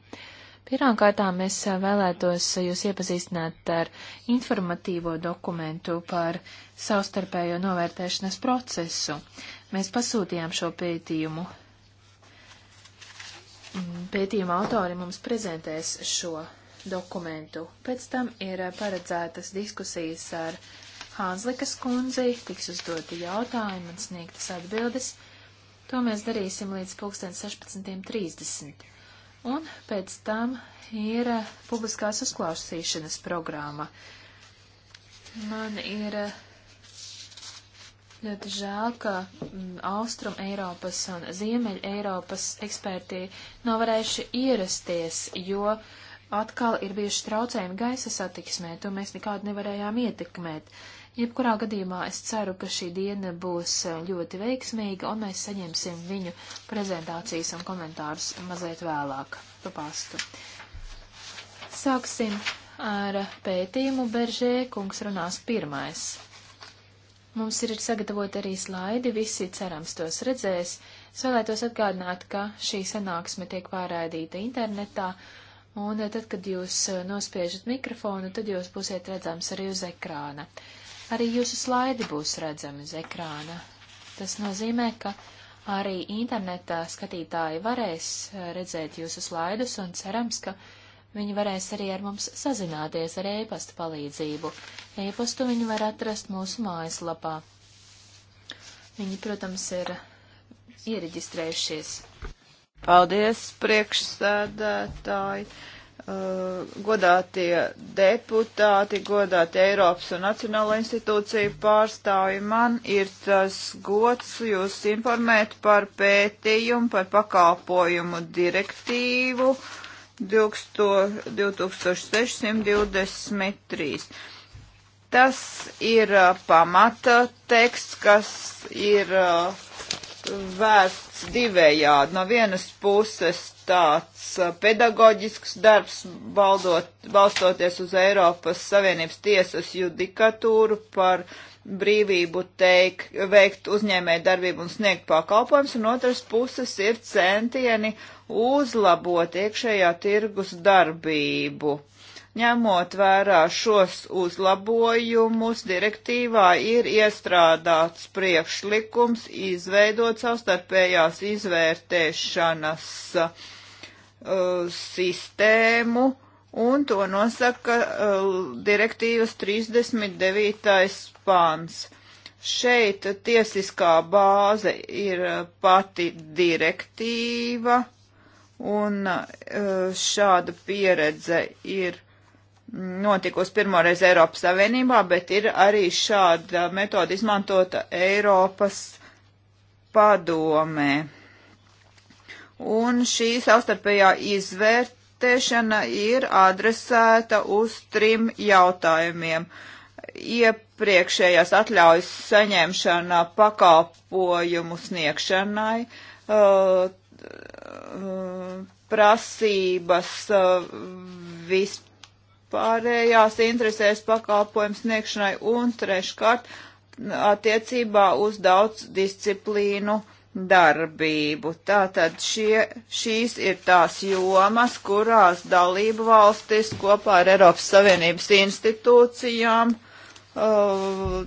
Pirmkārtām es eh, vēlētos jūs iepazīstināt ar informatīvo dokumentu par savstarpējo novērtēšanas procesu. Mēs pasūtījām šo pētījumu. Mm, pētījuma autori mums prezentēs šo dokumentu. Pēc tam ir eh, paredzētas diskusijas ar uh, Hāzlikas kundzei, tiks uzdoti jautājumi un sniegtas atbildes. To mēs darīsim līdz 16.30. Un pēc tam ir publiskās uzklausīšanas programma. Man ir eh, ļoti žēl, ka mm, Austrum Eiropas un Ziemeļ Eiropas eksperti nav varējuši ierasties, jo atkal ir bijuši traucējumi gaisa satiksmē, to mēs nekādu nevarējām ietekmēt. Jebkurā gadījumā es ceru, ka šī diena būs eh, ļoti veiksmīga un mēs saņemsim viņu prezentācijas un komentārus mazliet vēlāk pa pastu. Sāksim ar pētījumu. Beržē kungs runās pirmais. Mums ir sagatavot arī slaidi, visi cerams tos redzēs. Es vēlētos atgādināt, ka šī sanāksme tiek pārraidīta internetā, un tad, kad jūs eh, nospiežat mikrofonu, tad jūs būsiet redzams arī uz ekrāna. Arī jūsu slaidi būs redzami uz ekrāna. Tas nozīmē, ka arī internetā skatītāji varēs eh, redzēt jūsu slaidus un cerams, ka viņi varēs arī ar mums sazināties ar e-pasta palīdzību. E-pastu viņi var atrast mūsu mājaslapā. Viņi, protams, ir iereģistrējušies. Paldies, priekšsēdētāji! Uh, godātie deputāti, godāti Eiropas un Nacionāla institūcija pārstāvi, man ir tas gods jūs informēt par pētījumu, par pakalpojumu direktīvu 2623. Tas ir uh, pamata teksts, kas ir uh, vērsts divējādi. No vienas puses tāds uh, pedagoģisks darbs, baldot, balstoties uz Eiropas Savienības tiesas judikatūru par brīvību teik, veikt uzņēmē darbību un sniegt pakalpojums, un otras puses ir centieni uzlabot iekšējā tirgus darbību. Ņemot vērā šos uzlabojumus, direktīvā ir iestrādāts priekšlikums izveidot savstarpējās izvērtēšanas uh, sistēmu, un to nosaka uh, direktīvas 39. pāns. Šeit tiesiskā bāze ir uh, pati direktīva, un uh, šāda pieredze ir notikusi pirmoreiz Eiropas Savienībā, bet ir arī šāda metoda izmantota Eiropas padomē. Un šī savstarpējā izvērtēšana ir adresēta uz trim jautājumiem. Iepriekšējās atļaujas saņemšana pakalpojumu sniegšanai, uh, uh prasības uh, vispār vispārējās interesēs pakalpojumu sniegšanai un treškārt attiecībā uz daudz disciplīnu darbību. Tātad šie, šīs ir tās jomas, kurās dalību valstis kopā ar Eiropas Savienības institūcijām uh,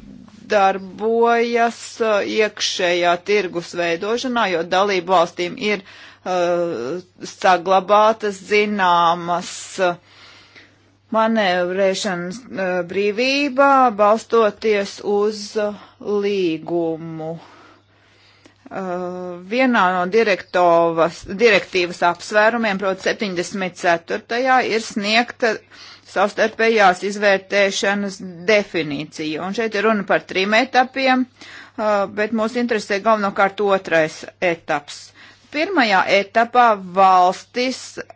darbojas uh, iekšējā tirgus veidošanā, jo dalību valstīm ir uh, saglabātas zināmas uh, manevrēšanas eh, brīvībā, balstoties uz eh, līgumu. Eh, vienā no direktīvas apsvērumiem, proti 74. ir sniegta savstarpējās izvērtēšanas definīcija. Un šeit ir runa par trim etapiem, bet mūs interesē galvenokārt otrais etaps. Pirmajā etapā valstis uh,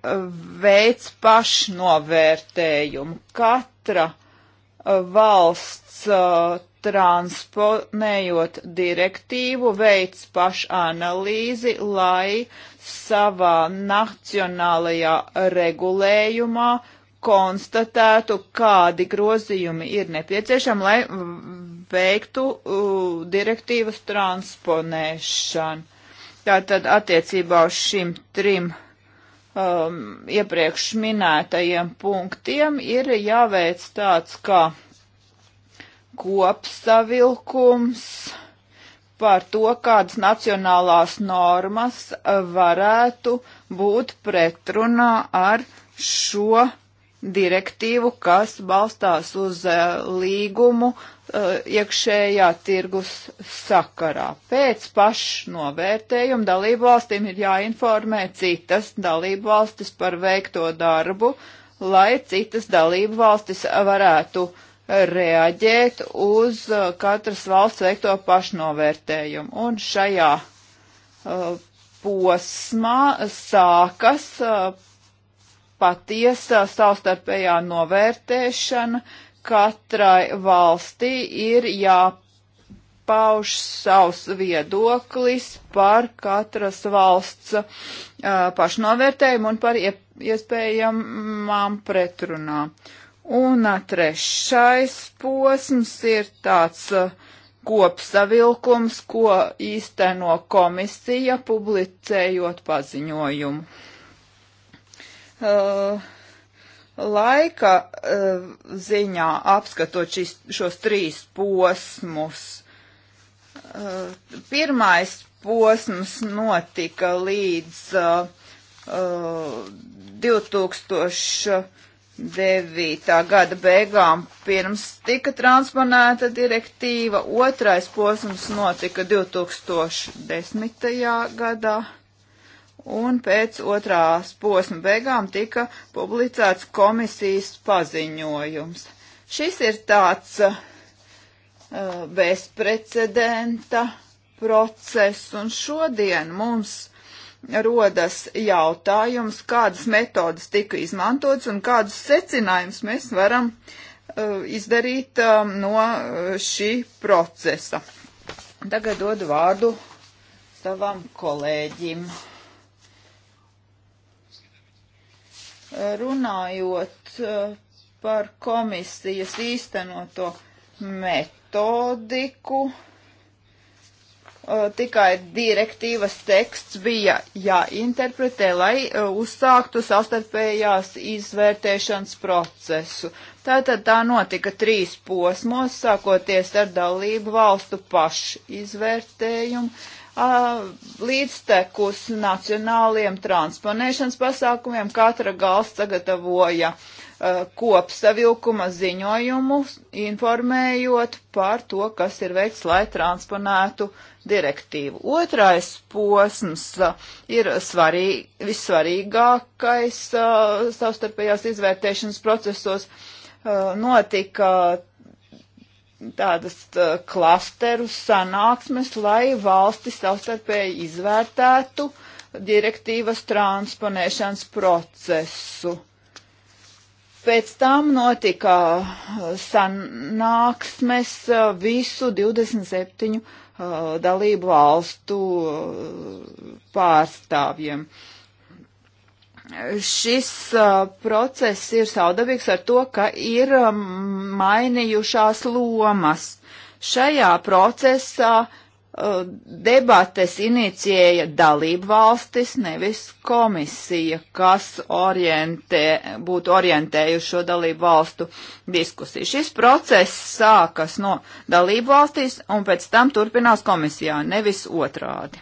veids pašnovērtējumu. Katra uh, valsts uh, transponējot direktīvu veids pašanalīzi, lai savā nacionālajā regulējumā konstatētu, kādi grozījumi ir nepieciešami, lai veiktu uh, direktīvas transponēšanu. Tātad attiecībā uz šim trim um, iepriekš minētajiem punktiem ir jāveic tāds kā kopsavilkums par to, kādas nacionālās normas varētu būt pretrunā ar šo direktīvu, kas balstās uz uh, līgumu uh, iekšējā tirgus sakarā. Pēc pašnovērtējuma dalību valstīm ir jāinformē citas dalību valstis par veikto darbu, lai citas dalību valstis varētu reaģēt uz uh, katras valsts veikto pašnovērtējumu. Un šajā posmā sākas patiesa savstarpējā novērtēšana. Katrai valstī ir jāpauž savs viedoklis par katras valsts uh, pašnovērtējumu un par iespējamām pretrunām. Un uh, trešais posms ir tāds uh, kopsavilkums, ko īsteno komisija publicējot paziņojumu. Uh, laika uh, ziņā apskatot šis, šos trīs posmus. Uh, pirmais posms notika līdz uh, 2009. gada beigām, pirms tika transponēta direktīva. Otrais posms notika 2010. gadā un pēc otrās posma beigām tika publicēts komisijas paziņojums. Šis ir tāds uh, bezprecedenta process, un šodien mums rodas jautājums, kādas metodas tika izmantotas un kādus secinājumus mēs varam uh, izdarīt um, uh, no šī procesa. Tagad dodu vārdu savam kolēģim. runājot eh, par komisijas īstenoto metodiku, eh, tikai direktīvas teksts bija jāinterpretē, lai eh, uzsāktu sastarpējās izvērtēšanas procesu. Tātad tā notika trīs posmos, sākoties ar dalību valstu pašu izvērtējumu, līdztekus nacionāliem transponēšanas pasākumiem katra galsts sagatavoja uh, kopsavilkuma ziņojumu, informējot par to, kas ir veikts, lai transponētu direktīvu. Otrais posms uh, ir svarīgi, vissvarīgākais uh, savstarpējās izvērtēšanas procesos notika tādas klasteru sanāksmes, lai valsti savstarpēji izvērtētu direktīvas transponēšanas procesu. Pēc tam notika uh, sanāksmes uh, visu 27 uh, dalību valstu pārstāvjiem. Uh, šis uh, process ir saudabīgs ar to, ka ir um, mainījušās lomas. Šajā procesā uh, debates inicijēja dalību valstis, nevis komisija, kas orientē, būtu orientējuši šo dalību valstu diskusiju. Šis process sākas no dalību valstīs un pēc tam turpinās komisijā, nevis otrādi.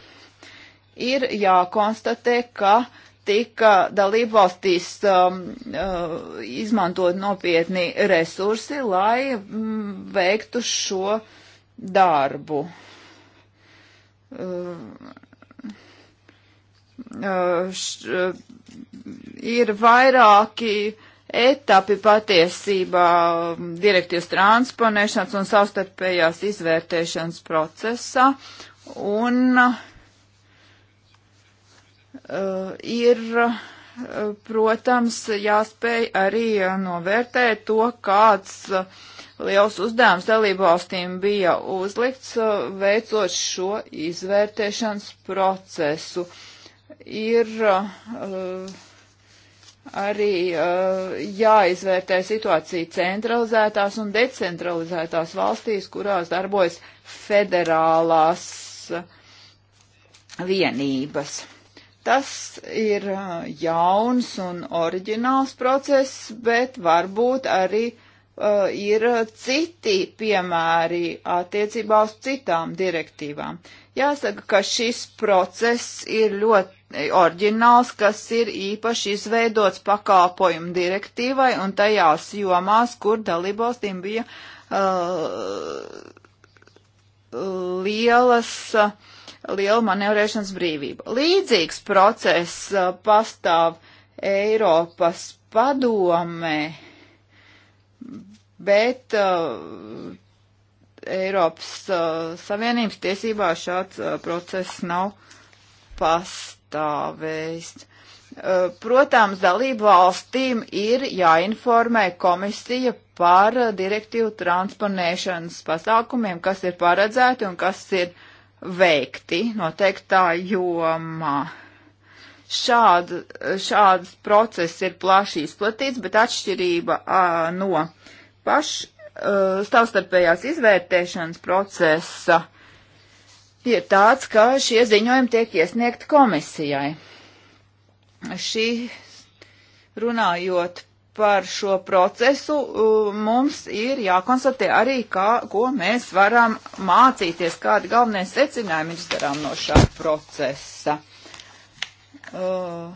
Ir jākonstatē, ka uh, tika dalību valstīs um, uh, izmantot nopietni resursi, lai mm, veiktu šo darbu. Uh, uh, š, uh, ir vairāki etapi patiesībā um, direktīvas transponēšanas un savstarpējās izvērtēšanas procesā, un uh, Uh, ir, uh, protams, jāspēj arī uh, novērtēt to, kāds liels uzdevums dalībvalstīm bija uzlikts, veicot šo izvērtēšanas procesu. Ir arī jāizvērtē situācija centralizētās un decentralizētās valstīs, kurās darbojas federālās vienības. Tas ir jauns un oriģināls process, bet varbūt arī uh, ir citi piemēri attiecībā uz citām direktīvām. Jāsaka, ka šis process ir ļoti oriģināls, kas ir īpaši izveidots pakāpojumu direktīvai un tajās jomās, kur dalībvalstīm bija uh, lielas uh, lielu manevrēšanas brīvību. Līdzīgs process uh, pastāv Eiropas padomē, bet uh, Eiropas uh, Savienības tiesībā šāds uh, process nav pastāvējis. Uh, protams, dalību valstīm ir jāinformē komisija par uh, direktīvu transponēšanas pasākumiem, kas ir paredzēti un kas ir uh, veikti noteiktā jomā. Šād, šāds process ir plaši izplatīts, bet atšķirība a, no paš a, savstarpējās izvērtēšanas procesa ir tāds, ka šie ziņojumi tiek iesniegti komisijai. Šī runājot par šo procesu mums ir jākonstatē arī, kā, ko mēs varam mācīties, kādi galvenie secinājumi izdarām no šā procesa. Uh,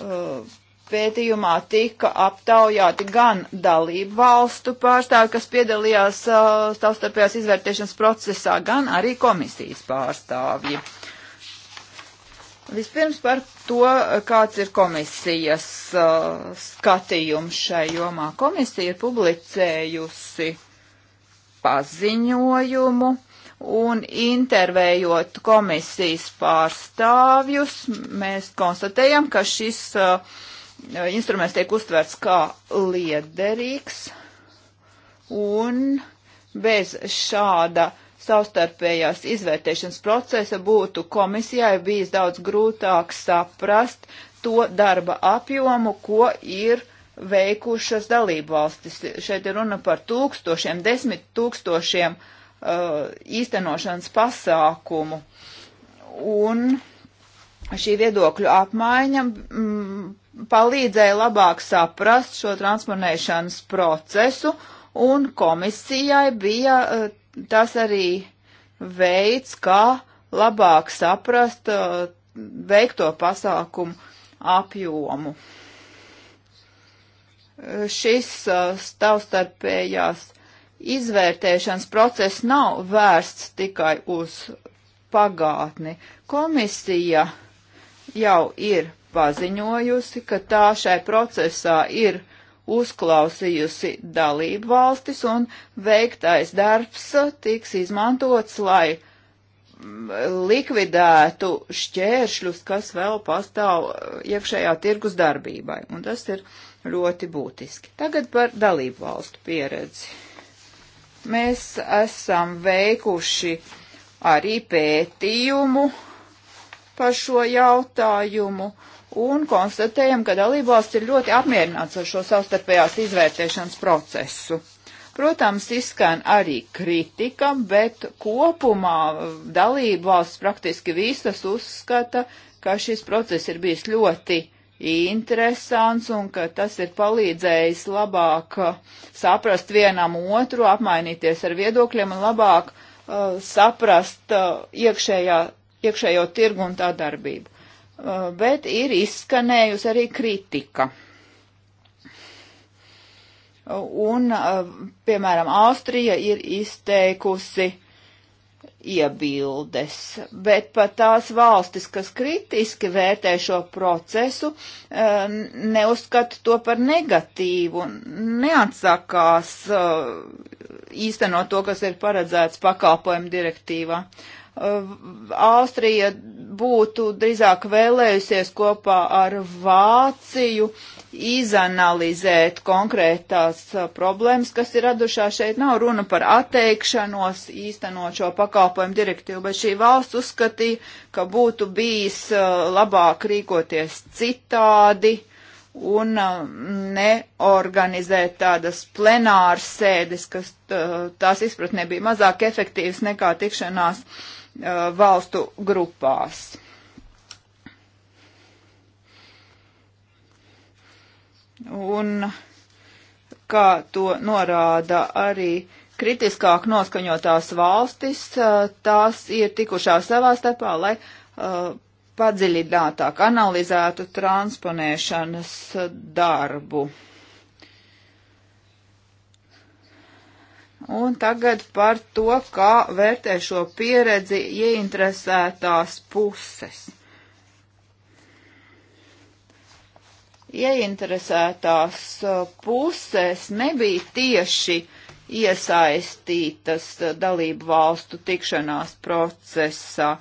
uh, pētījumā tika aptaujāti gan dalību valstu pārstāvi, kas piedalījās uh, savstarpējās izvērtēšanas procesā, gan arī komisijas pārstāvji. Uh, Vispirms par to, kāds ir komisijas uh, skatījums šai jomā. Komisija ir publicējusi paziņojumu un intervējot komisijas pārstāvjus, mēs konstatējam, ka šis uh, instruments tiek uztverts kā liederīgs un bez šāda uh, savstarpējās izvērtēšanas procesa būtu komisijai bijis daudz grūtāk saprast to darba apjomu, ko ir veikušas dalību valstis. Šeit ir runa par tūkstošiem, desmit tūkstošiem uh, īstenošanas pasākumu. Un šī viedokļu apmaiņa mm, palīdzēja labāk saprast šo transponēšanas procesu, un komisijai bija uh, tas arī veids, kā labāk saprast uh, veikto pasākumu apjomu. Šis uh, savstarpējās izvērtēšanas process nav vērsts tikai uz pagātni. Komisija jau ir paziņojusi, ka tā šai procesā ir uh, uzklausījusi dalību valstis un veiktais darbs tiks izmantots, lai likvidētu šķēršļus, kas vēl pastāv iekšējā tirgus darbībai. Un tas ir ļoti būtiski. Tagad par dalību valstu pieredzi. Mēs esam veikuši arī pētījumu par šo jautājumu un konstatējam, ka dalībvalsts ir ļoti apmierināts ar šo savstarpējās izvērtēšanas procesu. Protams, izskan arī kritika, bet kopumā uh, dalībvalsts praktiski visas uzskata, ka šis process ir bijis ļoti interesants un ka tas ir palīdzējis labāk uh, saprast vienam otru, apmainīties ar viedokļiem un labāk uh, saprast uh, iekšējā, iekšējo tirgu un tā darbību. Eh, bet ir izskanējusi arī kritika. Un, eh, piemēram, Austrija ir izteikusi iebildes, bet pat tās valstis, kas kritiski vērtē šo procesu, eh, neuzskata to par negatīvu, neatsakās īstenot to, kas ir paredzēts pakalpojumu direktīvā. Uh, Austrija būtu drīzāk vēlējusies kopā ar Vāciju izanalizēt konkrētās uh, problēmas, kas ir radušās šeit. Nav runa par atteikšanos īstenot šo pakalpojumu direktīvu, bet šī valsts uzskatīja, ka būtu bijis uh, labāk rīkoties citādi un uh, neorganizēt tādas plenāras sēdes, kas tās izpratnē bija mazāk efektīvas nekā tikšanās uh, Uh, valstu grupās. Un kā to norāda arī kritiskāk noskaņotās valstis, uh, tās ir tikušās savā starpā, lai uh, padziļinātāk analizētu transponēšanas darbu. Un tagad par to, kā vērtē šo pieredzi ieinteresētās puses. Ieinteresētās uh, puses nebija tieši iesaistītas uh, dalību valstu tikšanās procesā.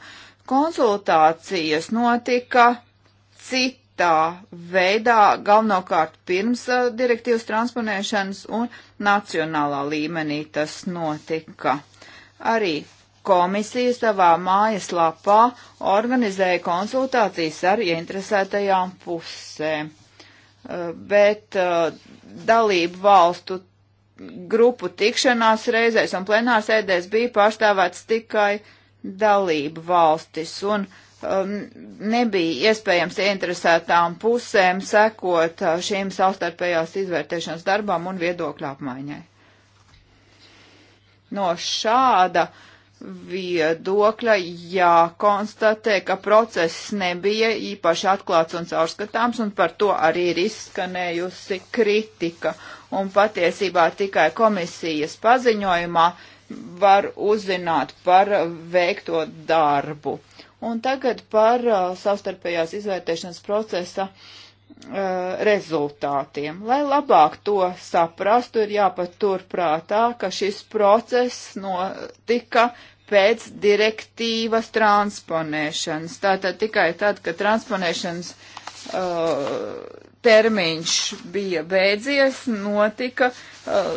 Konsultācijas notika citu koordinētā veidā, galvenokārt pirms uh, direktīvas transponēšanas un nacionālā līmenī tas notika. Arī komisija savā mājaslapā organizēja konsultācijas ar ieinteresētajām pusēm, uh, bet uh, dalību valstu grupu tikšanās reizēs un plenārsēdēs bija pārstāvēts tikai dalību valstis un uh, um, nebija iespējams ieinteresētām pusēm sekot uh, šīm savstarpējās izvērtēšanas darbām un viedokļu apmaiņai. No šāda viedokļa jākonstatē, ka process nebija īpaši atklāts un caurskatāms, un par to arī ir izskanējusi kritika. Un patiesībā tikai komisijas paziņojumā var uzzināt par veikto darbu. Un tagad par uh, savstarpējās izvērtēšanas procesa uh, rezultātiem. Lai labāk to saprastu, ir jāpatur prātā, ka šis process notika pēc direktīvas transponēšanas. Tātad tikai tad, kad transponēšanas uh, termiņš bija beidzies, notika uh,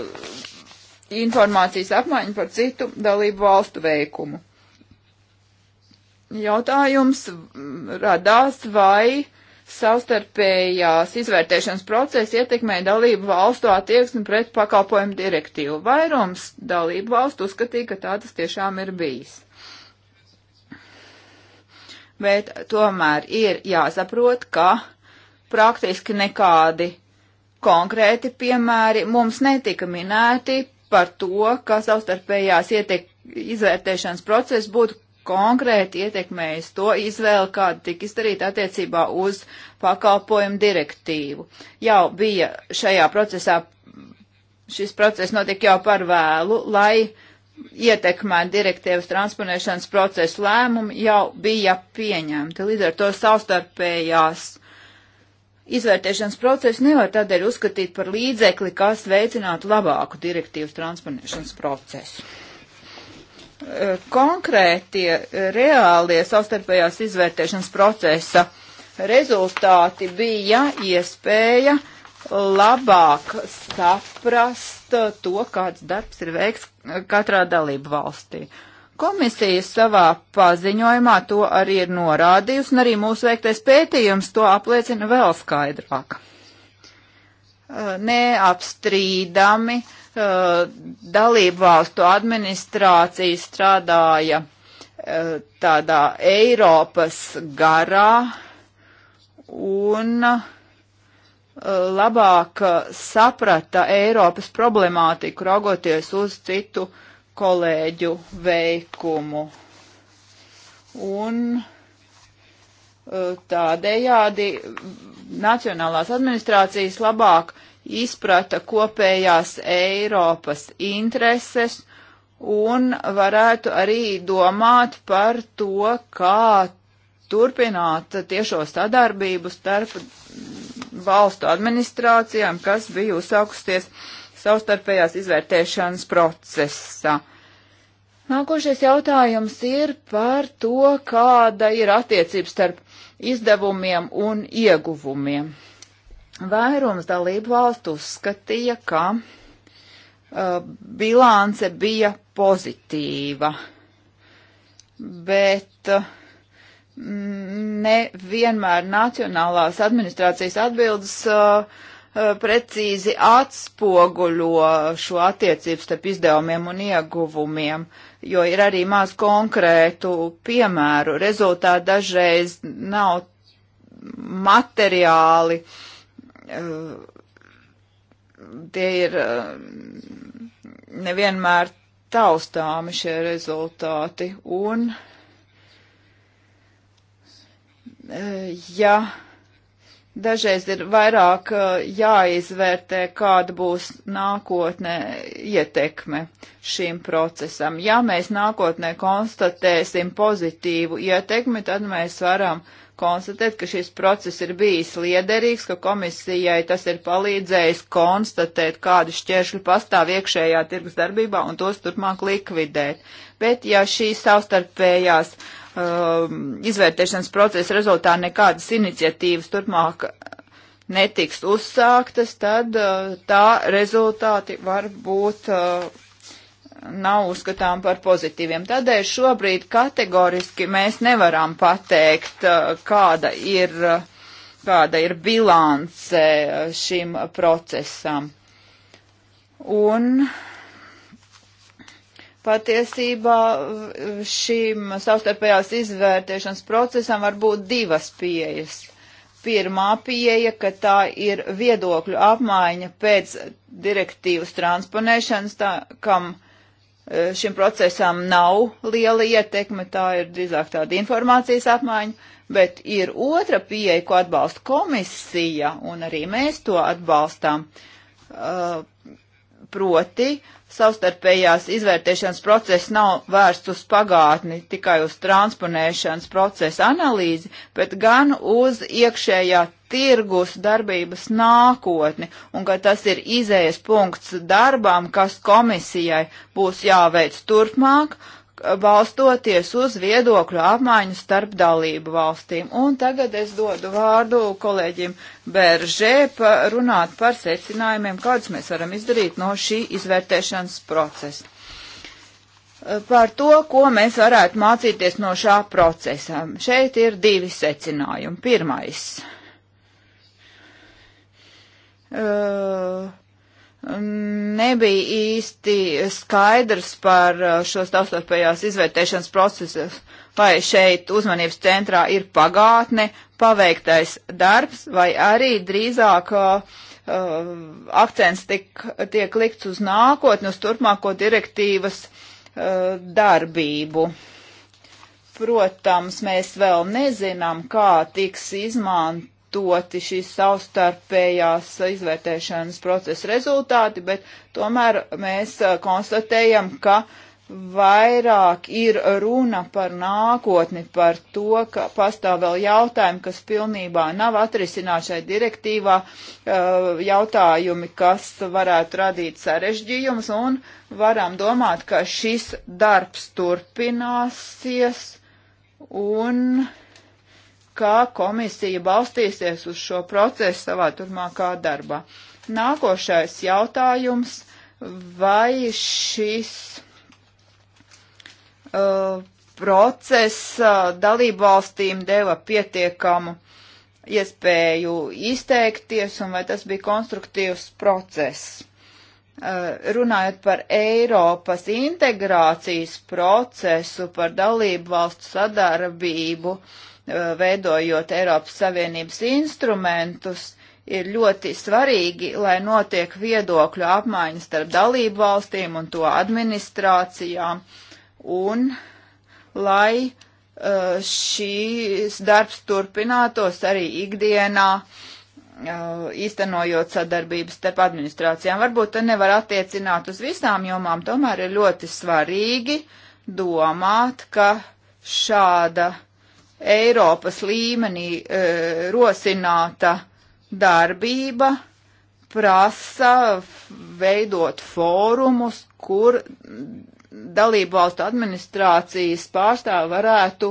informācijas apmaiņa par citu dalību valstu veikumu jautājums radās, vai savstarpējās izvērtēšanas procesa ietekmē dalību valstu attieksmi pret pakalpojumu direktīvu. Vairums dalību valstu uzskatīja, ka tā tas tiešām ir bijis. Bet tomēr ir jāsaprot, ka praktiski nekādi konkrēti piemēri mums netika minēti par to, ka savstarpējās ietek, izvērtēšanas process būtu konkrēti ietekmējis to izvēli, kāda tika izdarīta attiecībā uz pakalpojumu direktīvu. Jau bija šajā procesā, šis process notika jau par vēlu, lai ietekmētu direktīvas transponēšanas procesu lēmumu, jau bija pieņemti. Līdz ar to savstarpējās izvērtēšanas procesu nevar tādēļ uzskatīt par līdzekli, kas veicinātu labāku direktīvas transponēšanas procesu konkrētie eh, reālie savstarpējās izvērtēšanas procesa rezultāti bija iespēja labāk saprast to, kāds darbs ir veikts eh, katrā dalību valstī. Komisija savā paziņojumā to arī ir norādījusi, un arī mūsu veiktais pētījums to apliecina vēl skaidrāk. Eh, neapstrīdami uh, dalību valstu administrācija strādāja e, tādā Eiropas garā un e, labāk saprata Eiropas problemātiku raugoties uz citu kolēģu veikumu. Un e, tādējādi nacionālās administrācijas labāk uh, izprata kopējās Eiropas intereses un varētu arī domāt par to, kā turpināt tiešo sadarbību starp valstu administrācijām, kas bija uzsākusies savstarpējās izvērtēšanas procesā. Nākošais jautājums ir par to, kāda ir attiecības starp izdevumiem un ieguvumiem. Vairums dalību valstu uzskatīja, ka uh, bilance bija pozitīva, bet uh, ne vienmēr nacionālās administrācijas atbildes uh, uh precīzi atspoguļo šo attiecības starp izdevumiem un ieguvumiem, jo ir arī maz konkrētu piemēru. Rezultāti dažreiz nav materiāli uh, tie ir eh, nevienmēr taustāmi šie rezultāti. Un, eh, ja dažreiz ir vairāk eh, jāizvērtē, kāda būs nākotnē ietekme šīm procesam. Ja mēs nākotnē konstatēsim pozitīvu ietekmi, tad mēs varam konstatēt, ka šis process ir bijis liederīgs, ka komisijai tas ir palīdzējis konstatēt, kādi šķēršļi pastāv iekšējā tirgus darbībā un tos turpmāk likvidēt. Bet ja šīs savstarpējās um, izvērtēšanas procesa rezultātā nekādas iniciatīvas turpmāk netiks uzsāktas, tad uh, tā rezultāti var būt. Uh, nav uzskatām par pozitīviem. Tādēļ šobrīd kategoriski mēs nevaram pateikt, uh, kāda ir, uh, kāda ir bilance uh, šim procesam. Un patiesībā šīm savstarpējās izvērtēšanas procesam var būt divas pieejas. Pirmā pieeja, ka tā ir viedokļu apmaiņa pēc direktīvas transponēšanas, tā, kam uh, Eh, šim procesam nav liela ietekme, tā ir drīzāk tāda informācijas apmaiņa, bet ir otra pieeja, ko atbalsta komisija, un arī mēs to atbalstām, eh, proti savstarpējās izvērtēšanas process nav vērsts uz pagātni, tikai uz transponēšanas procesa analīzi, bet gan uz iekšējā tirgus darbības nākotni, un ka tas ir izējas punkts darbām, kas komisijai būs jāveic turpmāk, balstoties uz viedokļu apmaiņu starp dalību valstīm. Un tagad es dodu vārdu kolēģim Beržē runāt par secinājumiem, kādus mēs varam izdarīt no šī izvērtēšanas procesa. Par to, ko mēs varētu mācīties no šā procesa. Šeit ir divi secinājumi. Pirmais. Uh, nebija īsti skaidrs par uh, šo savstarpējās izvērtēšanas procesu, vai šeit uzmanības centrā ir pagātne, paveiktais darbs, vai arī drīzāk uh, uh, akcents tik, tiek likts uz nākotni, uz turpmāko direktīvas uh, darbību. Protams, mēs vēl nezinām, kā tiks izmant pamatoti šīs savstarpējās izvērtēšanas procesa rezultāti, bet tomēr mēs uh, konstatējam, ka vairāk ir runa par nākotni, par to, ka pastāv vēl jautājumi, kas pilnībā nav atrisināti šai direktīvā, uh, jautājumi, kas varētu radīt sarežģījumus, un varam domāt, ka šis darbs turpināsies, un kā komisija balstīsies uz šo procesu savā turmākā darbā. Nākošais jautājums, vai šis uh, process uh, dalību valstīm deva pietiekamu iespēju izteikties un vai tas bija konstruktīvs process. Uh, runājot par Eiropas integrācijas procesu, par dalību valstu sadarbību, uh, Eh, veidojot Eiropas Savienības instrumentus, ir ļoti svarīgi, lai notiek viedokļu apmaiņas starp dalību valstīm un to administrācijām, un lai eh, šīs darbs turpinātos arī ikdienā, eh, īstenojot sadarbības starp administrācijām. Varbūt te nevar attiecināt uz visām jomām, tomēr ir ļoti svarīgi domāt, ka šāda uh, Eiropas līmenī e, rosināta darbība prasa veidot fórumus, kur dalību valstu administrācijas pārstāvi varētu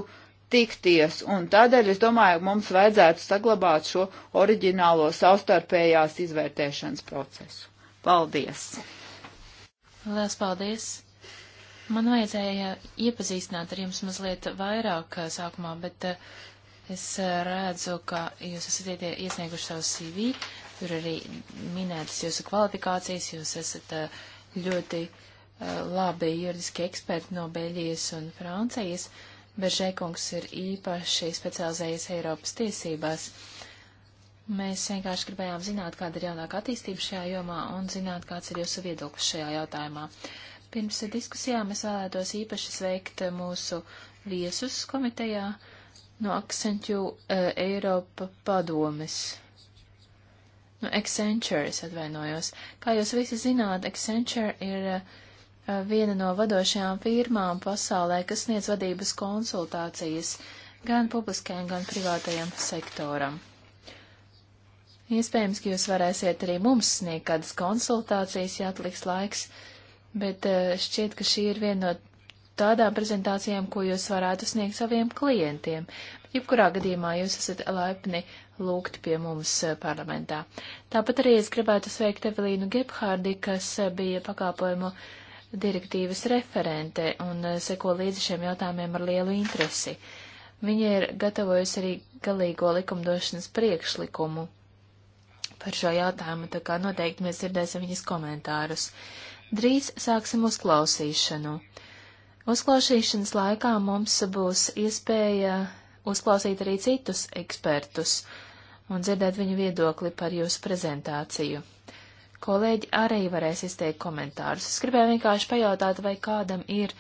tikties. Un tādēļ es domāju, mums vajadzētu saglabāt šo oriģinālo savstarpējās izvērtēšanas procesu. Paldies! Lielas paldies! Man vajadzēja iepazīstināt ar jums mazliet vairāk eh, sākumā, bet eh, es eh, redzu, ka jūs esat iesnieguši savu CV, tur arī minētas jūsu kvalifikācijas, jūs esat ļoti labi juridiski eksperti no Beļģijas un Francijas. Beržēkungs ir īpaši specializējies Eiropas tiesībās. Mēs vienkārši gribējām zināt, kāda ir jaunāka attīstība šajā jomā un zināt, kāds ir jūsu viedoklis šajā jautājumā. Pirms diskusijām es vēlētos īpaši sveikt mūsu viesus komitejā no Accenture uh, Eiropa padomes. No Accenture es atvainojos. Kā jūs visi zināt, Accenture ir uh, viena no vadošajām firmām pasaulē, kas sniedz vadības konsultācijas gan publiskajam, gan privātajam sektoram. Iespējams, ka jūs varēsiet arī mums sniegt kādas konsultācijas, ja atliks laiks. Uh, bet eh, šķiet, ka šī ir viena no tādām prezentācijām, ko jūs varētu sniegt saviem klientiem. Jebkurā gadījumā jūs esat laipni lūgti pie mums eh, parlamentā. Tāpat arī es gribētu sveikt Evelīnu Gebhārdi, kas eh, bija pakāpojumu direktīvas referente un seko līdzi šiem jautājumiem ar lielu interesi. Viņa ir gatavojusi arī galīgo likumdošanas priekšlikumu par šo jautājumu, tā kā noteikti mēs dzirdēsim viņas komentārus. Uh, drīz sāksim uzklausīšanu. Uzklausīšanas laikā mums būs iespēja uzklausīt arī citus ekspertus un dzirdēt viņu viedokli par jūsu prezentāciju. Kolēģi arī varēs izteikt komentārus. Es gribēju vienkārši pajautāt, vai kādam ir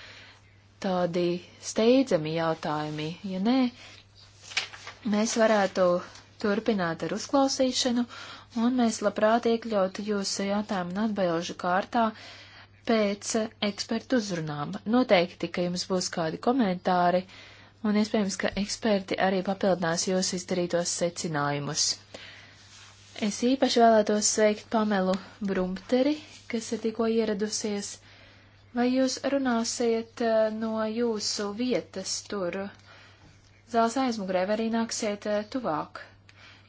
tādi steidzami jautājumi. Ja nē, mēs varētu turpināt ar uzklausīšanu un mēs labprāt iekļautu jūs jautājumu un atbilžu kārtā pēc ekspertu uzrunām. Noteikti, ka jums būs kādi komentāri, un iespējams, ka eksperti arī papildinās jūs izdarītos secinājumus. Es īpaši vēlētos sveikt Pamelu Brumteri, kas ir tikko ieradusies. Vai jūs runāsiet eh, no jūsu vietas tur? Zāles aizmugurē vai arī nāksiet eh, tuvāk?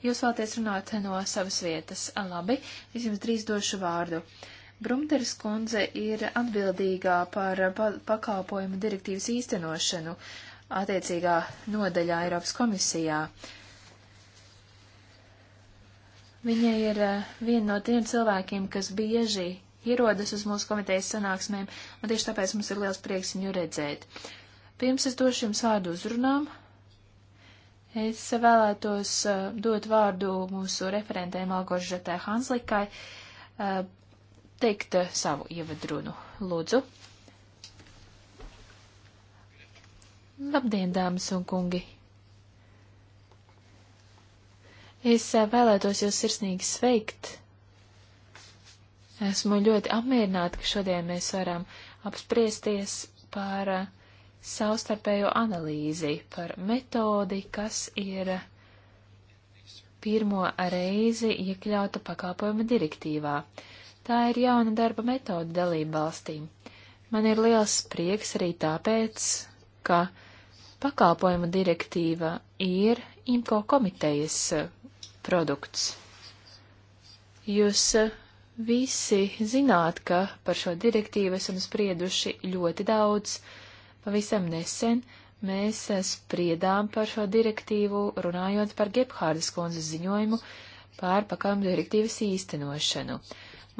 Jūs vēlaties runāt no savas vietas. Labi, es jums drīz došu vārdu. Brumteris kundze ir atbildīgā par pa pakalpojumu direktīvas īstenošanu attiecīgā nodaļā Eiropas komisijā. Viņa ir eh, viena no tiem cilvēkiem, kas bieži ierodas uz mūsu komitejas sanāksmēm, un tieši tāpēc mums ir liels prieks viņu redzēt. Pirms es došu jums vārdu uzrunām, Es vēlētos eh, dot vārdu mūsu referentē Malgožetē Hanslikai eh, teikt eh, savu ievadrunu. Lūdzu. Labdien, dāmas un kungi! Es vēlētos jūs sirsnīgi sveikt. Esmu ļoti apmierināta, ka šodien mēs varam apspriesties par uh, savstarpējo analīzi par metodi, kas ir pirmo reizi iekļauta pakalpojuma direktīvā. Tā ir jauna darba metode dalību valstīm. Man ir liels prieks arī tāpēc, ka pakalpojuma direktīva ir IMCO komitejas eh, produkts. Jūs eh, visi zināt, ka par šo direktīvu esam sprieduši ļoti daudz, Pavisam nesen mēs eh, spriedām par šo direktīvu, runājot par Gebhārdas kundzes ziņojumu par pakāpju direktīvas īstenošanu.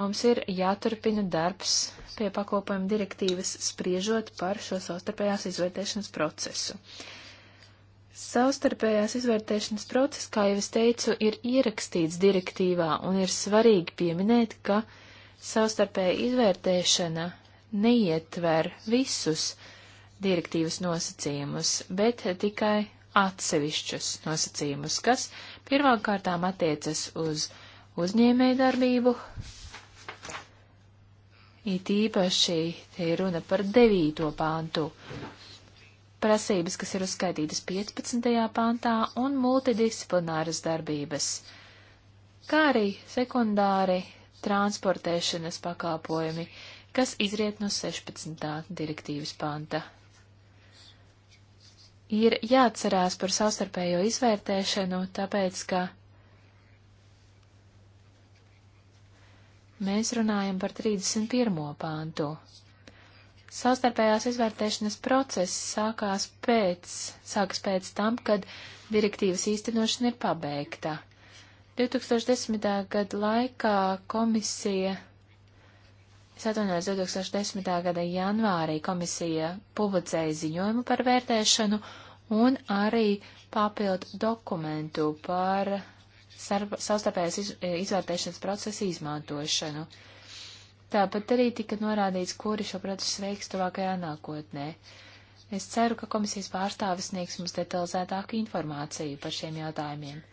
Mums ir jāturpina darbs pie pakopojuma direktīvas, spriežot par šo savstarpējās izvērtēšanas procesu. Savstarpējās izvērtēšanas process, kā jau es teicu, ir ierakstīts direktīvā, un ir svarīgi pieminēt, ka savstarpēja izvērtēšana neietver visus direktīvas nosacījumus, bet tikai atsevišķus nosacījumus, kas pirmkārtām attiecas uz uzņēmēju darbību. It īpaši te ir runa par devīto pāntu. Prasības, kas ir uzskaitītas 15. pāntā, un multidisciplināras darbības, kā arī sekundāri transportēšanas pakāpojumi, kas izriet no 16. direktīvas panta ir jāatcerās par savstarpējo izvērtēšanu, tāpēc, ka mēs runājam par 31. pāntu. Savstarpējās izvērtēšanas process sākās pēc, sākas pēc tam, kad direktīvas īstenošana ir pabeigta. 2010. gada laikā komisija Es atvainojos, 2010. gada janvārī komisija publicēja ziņojumu par vērtēšanu un arī papildu dokumentu par savstarpējās iz, izvērtēšanas procesa izmantošanu. Tāpat arī tika norādīts, kuri šo procesu veiks tuvākajā nākotnē. Es ceru, ka komisijas pārstāvis sniegs mums detalizētāku informāciju par šiem jautājumiem.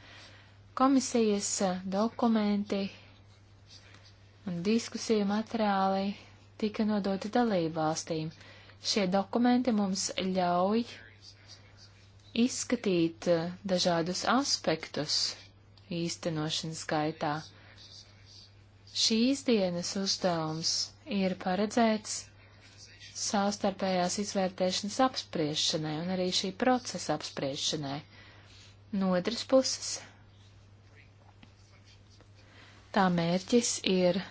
Komisijas dokumenti un diskusiju materiāli tika nodoti dalībvalstīm. Šie dokumenti mums ļauj izskatīt eh, dažādus aspektus īstenošanas gaitā. Šīs dienas uzdevums ir paredzēts savstarpējās izvērtēšanas apspriešanai un arī šī procesa apspriešanai. No otras puses, tā mērķis ir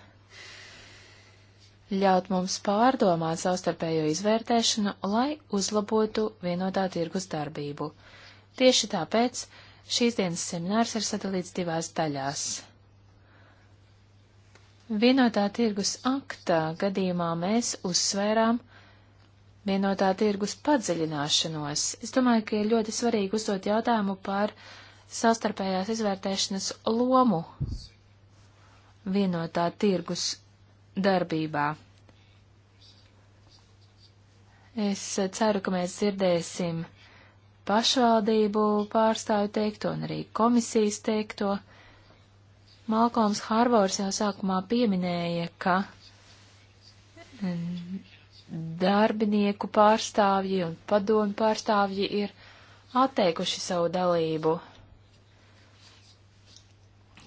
ļaut mums pārdomāt savstarpējo izvērtēšanu, lai uzlabotu vienotā tirgus darbību. Tieši tāpēc šīs dienas seminārs ir sadalīts divās daļās. Vienotā tirgus aktā gadījumā mēs uzsvērām vienotā tirgus padziļināšanos. Es domāju, ka ir ļoti svarīgi uzdot jautājumu par savstarpējās izvērtēšanas lomu vienotā tirgus darbībā. Es ceru, ka mēs dzirdēsim pašvaldību pārstāju teikto un arī komisijas teikto. Malkoms Harvors jau sākumā pieminēja, ka mm, darbinieku pārstāvji un padomu pārstāvji ir atteikuši savu dalību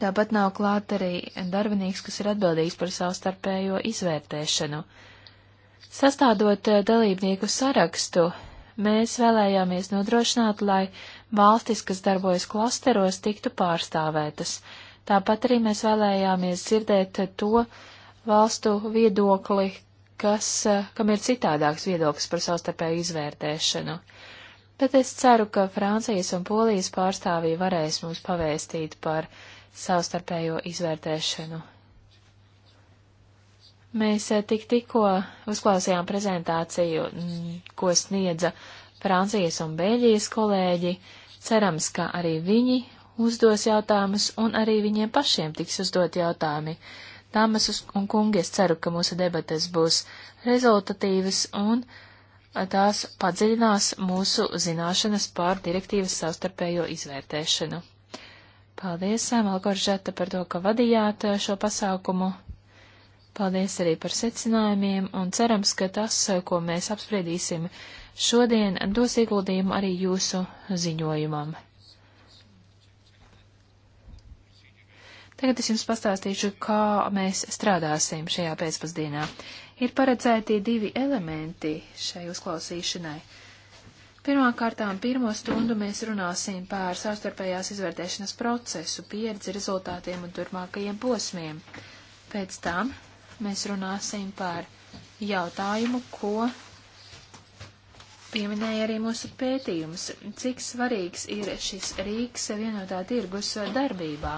Tāpat nav klāt arī darbinieks, kas ir atbildīgs par savstarpējo izvērtēšanu. Sastādot eh, dalībnieku sarakstu, mēs vēlējāmies nodrošināt, lai valstis, kas darbojas klasteros, tiktu pārstāvētas. Tāpat arī mēs vēlējāmies dzirdēt eh, to valstu viedokli, kas, eh, kam ir citādāks viedoklis par savstarpēju izvērtēšanu bet es ceru, ka Francijas un Polijas pārstāvji varēs mums pavēstīt par savstarpējo izvērtēšanu. Mēs eh, tik tikko uzklausījām prezentāciju, mm, ko sniedza Francijas un Bēļģijas kolēģi. Cerams, ka arī viņi uzdos jautājumus, un arī viņiem pašiem tiks uzdot jautājumi. Dāmas un kungi, es ceru, ka mūsu debates būs rezultatīvas un tās padziļinās mūsu zināšanas pār direktīvas savstarpējo izvērtēšanu. Paldies, Malgoržeta, par to, ka vadījāt eh, šo pasākumu. Paldies arī par secinājumiem, un cerams, ka tas, eh, ko mēs apspriedīsim šodien, dos ieguldījumu arī jūsu ziņojumam. Tagad es jums pastāstīšu, kā mēs strādāsim šajā pēcpusdienā. Ir paredzēti divi elementi šai uzklausīšanai. Pirmkārtām, pirmo stundu mēs runāsim pār savstarpējās izvērtēšanas procesu, pieredzi rezultātiem un turpmākajiem posmiem. Pēc tam mēs runāsim par jautājumu, ko pieminēja arī mūsu pētījums, cik svarīgs ir šis Rīgas vienotā tirgus darbībā.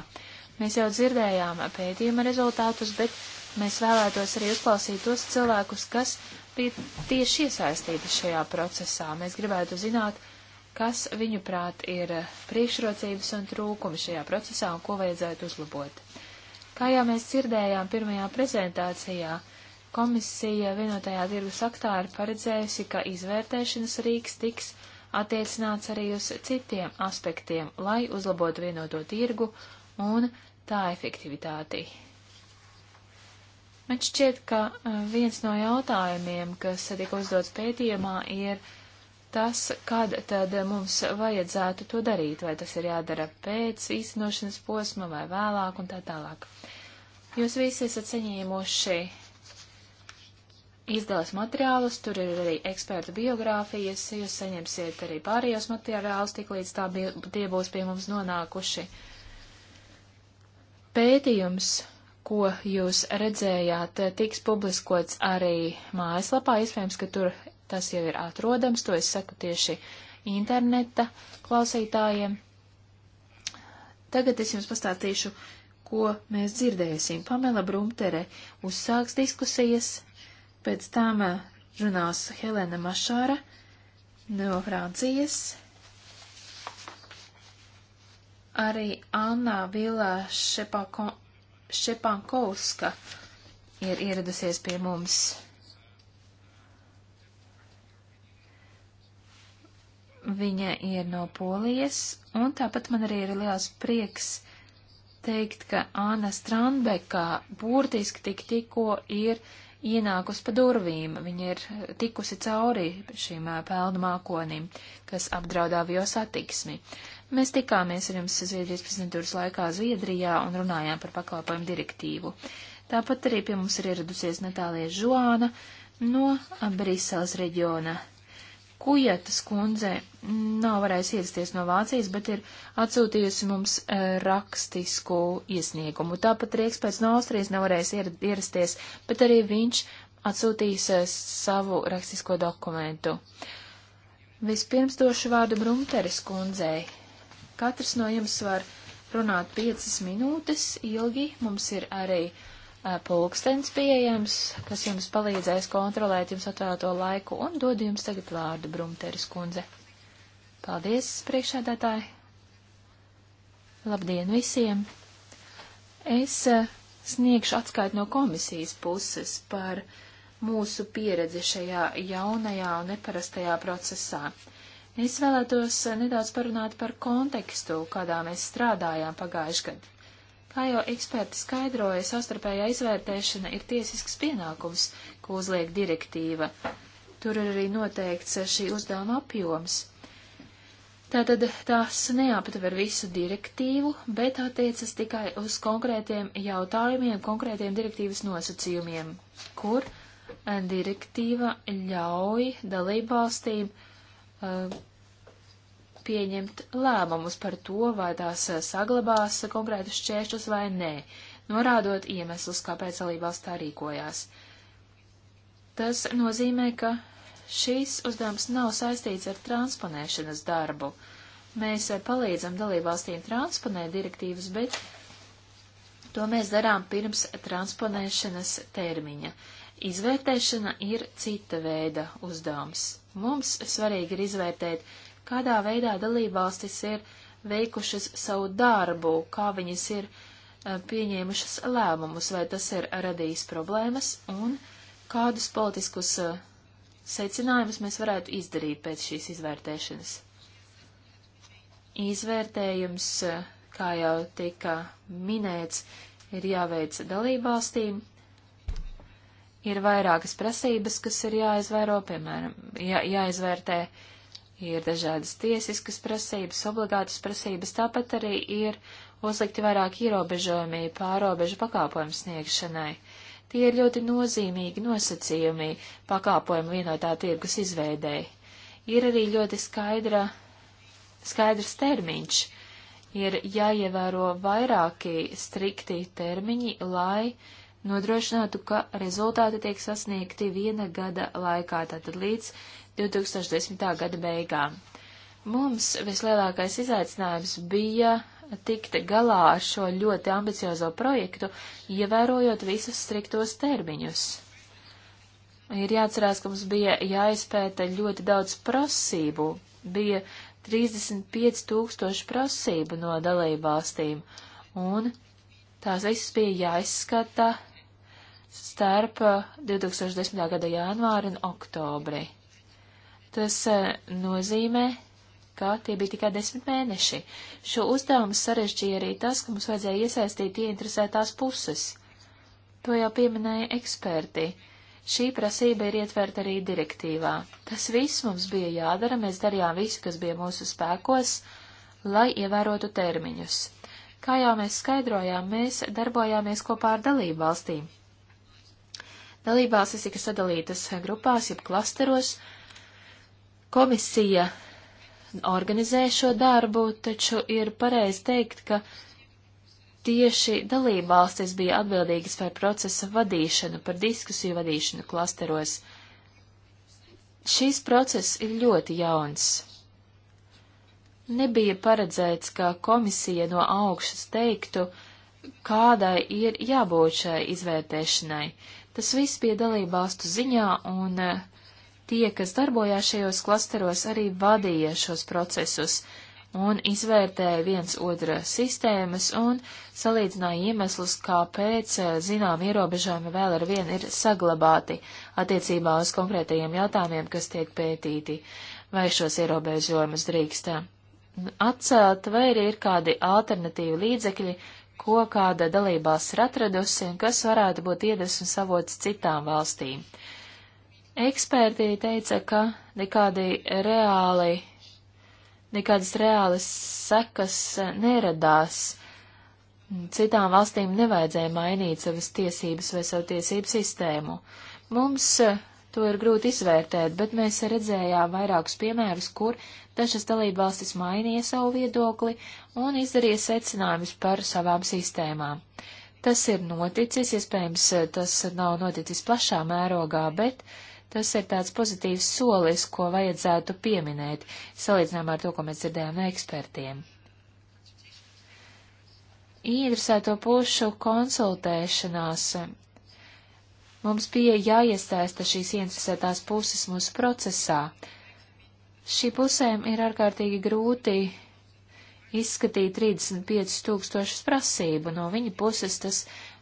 Mēs jau dzirdējām pētījuma rezultātus, bet mēs vēlētos arī uzklausīt tos cilvēkus, kas bija tieši iesaistīti šajā procesā. Mēs gribētu zināt, kas viņuprāt ir priekšrocības un trūkumi šajā procesā un ko vajadzētu uzlabot. Kā jau mēs dzirdējām pirmajā prezentācijā, komisija vienotajā tirgus aktā ir paredzējusi, ka izvērtēšanas rīks tiks attiecināts arī uz citiem aspektiem, lai uzlabotu vienoto tirgu un tā efektivitāti. Man šķiet, ka eh, viens no jautājumiem, kas tika uzdots pētījumā, ir tas, kad tad mums vajadzētu to darīt, vai tas ir jādara pēc īstenošanas posma vai vēlāk un tā tālāk. Jūs visi esat saņēmuši izdeles materiālus, tur ir arī ekspertu biogrāfijas, jūs saņemsiet arī pārējos materiālus, tik līdz tā bija, tie būs pie mums nonākuši. Pētījums ko jūs redzējāt, tiks publiskots arī mājaslapā. Iespējams, ka tur tas jau ir atrodams. To es saku tieši interneta klausītājiem. Tagad es jums pastāstīšu, ko mēs dzirdēsim. Pamela Brumtere uzsāks diskusijas, pēc tam eh, runās Helena Mašāra no Francijas. Arī Anna Vila Šepakon Šepankovska ir ieradusies pie mums. Viņa ir no Polijas, un tāpat man arī ir liels prieks teikt, ka Āna Strandbekā būtiski tik tikko ir ienākus pa durvīm, viņa ir tikusi cauri šīm eh, pelnu mākonim, kas apdraudā viosatiksmi. Mēs tikāmies ar jums Zviedrijas prezidentūras laikā Zviedrijā un runājām par pakalpojumu direktīvu. Tāpat arī pie mums ir ieradusies Natālija Žuāna no Briseles reģiona. Kujatas kundze nav varējusi ierasties no Vācijas, bet ir atsūtījusi mums e, rakstisku iesniegumu. Tāpat arī eksperts no Austrijas nav varējis ierasties, bet arī viņš atsūtīs e, savu rakstisko dokumentu. Vispirms došu vārdu Brumteris kundzei, Katrs no jums var runāt 5 minūtes ilgi. Mums ir arī pulkstens pieejams, kas jums palīdzēs kontrolēt jums atvēlēto laiku un dod jums tagad vārdu, Brumteris kundze. Paldies, priekšādātāji! Labdien visiem! Es sniegšu atskaitu no komisijas puses par mūsu pieredzi šajā jaunajā un neparastajā procesā. Es vēlētos nedaudz parunāt par kontekstu, kādā mēs strādājām pagājuši gadu. Kā jau eksperti skaidroja, sastarpējā izvērtēšana ir tiesisks pienākums, ko uzliek direktīva. Tur ir arī noteikts šī uzdevuma apjoms. Tātad tās neaptver visu direktīvu, bet attiecas tikai uz konkrētiem jautājumiem, konkrētiem direktīvas nosacījumiem, kur eh, direktīva ļauj dalībvalstīm valstīm Uh, pieņemt lēmumus par to, vai tās uh, saglabās konkrētus šķēršļus vai nē, norādot iemeslus, kāpēc dalībās tā rīkojās. Tas nozīmē, ka šīs uzdevums nav saistīts ar transponēšanas darbu. Mēs uh, palīdzam dalībvalstīm transponēt direktīvas, bet to mēs darām pirms transponēšanas termiņa. Izvērtēšana ir cita veida uzdevums. Mums svarīgi ir izvērtēt, kādā veidā dalībvalstis ir veikušas savu darbu, kā viņas ir eh, pieņēmušas lēmumus, vai tas ir radījis problēmas un kādus politiskus eh, secinājumus mēs varētu izdarīt pēc šīs izvērtēšanas. Izvērtējums, eh, kā jau tika minēts, ir jāveic dalībvalstīm, ir vairākas prasības, kas ir jāizvēro, piemēram, jā, jāizvērtē, ir dažādas tiesiskas prasības, obligātas prasības, tāpat arī ir uzlikti vairāk ierobežojumi pārobežu pakāpojumu sniegšanai. Tie ir ļoti nozīmīgi nosacījumi pakāpojumu vienotā tirgus izveidēji. Ir arī ļoti skaidra, skaidrs termiņš. Ir jāievēro vairāki strikti termiņi, lai uh, nodrošinātu, ka rezultāti tiek sasniegti viena gada laikā, tātad līdz 2010. gada beigām. Mums vislielākais izaicinājums bija tikt galā ar šo ļoti ambiciozo projektu, ievērojot visus striktos termiņus. Ir jāatcerās, ka mums bija jāizpēta ļoti daudz prasību, bija 35 tūkstoši prasību no dalībvalstīm, un tās visas bija jāizskata starp 2010. Eh, gada janvāru un oktobri. Tas eh, nozīmē, ka tie bija tikai desmit mēneši. Šo uzdevumu sarežģīja arī tas, ka mums vajadzēja iesaistīt ieinteresētās puses. To jau pieminēja eksperti. Šī prasība ir ietverta arī direktīvā. Tas viss mums bija jādara, mēs darījām visu, kas bija mūsu spēkos, lai ievērotu termiņus. Kā jau mēs skaidrojām, mēs darbojāmies kopā ar dalību valstīm. Dalībvalstis tika sadalītas grupās, jeb klasteros. Komisija organizē šo darbu, taču ir pareizi teikt, ka tieši dalībvalstis bija atbildīgas par procesa vadīšanu, par diskusiju vadīšanu klasteros. Šīs process ir ļoti jauns. Nebija paredzēts, ka komisija no augšas teiktu, kādai ir jābūt šai izvērtēšanai. Uh, Tas viss bija dalībvalstu ziņā, un eh, tie, kas darbojās šajos klasteros, arī vadīja šos procesus un izvērtēja viens otra sistēmas un salīdzināja iemeslus, kāpēc eh, zinām ierobežojumi vēl ar vienu ir saglabāti attiecībā uz konkrētajiem jautājumiem, kas tiek pētīti, vai šos ierobežojumus drīkstā eh, atcelt, vai arī ir kādi alternatīvi līdzekļi, ko kāda dalībās ir atradusi un kas varētu būt iedvesmas avots citām valstīm. Eksperti teica, ka nekādi reāli, nekādas reālas sekas neradās. Citām valstīm nevajadzēja mainīt savas tiesības vai savu tiesību sistēmu. Mums To ir grūti izvērtēt, bet mēs redzējām vairākus piemērus, kur dažas dalībvalstis mainīja savu viedokli un izdarīja secinājumus par savām sistēmām. Tas ir noticis, iespējams, tas nav noticis plašā mērogā, bet tas ir tāds pozitīvs solis, ko vajadzētu pieminēt, salīdzinām ar to, ko mēs dzirdējām no ekspertiem. Ieinteresēto pušu konsultēšanās Mums bija jāiesaista šīs interesētās puses mūsu procesā. Šī pusēm ir ārkārtīgi grūti izskatīt 35 tūkstošus prasību, no viņa puses tas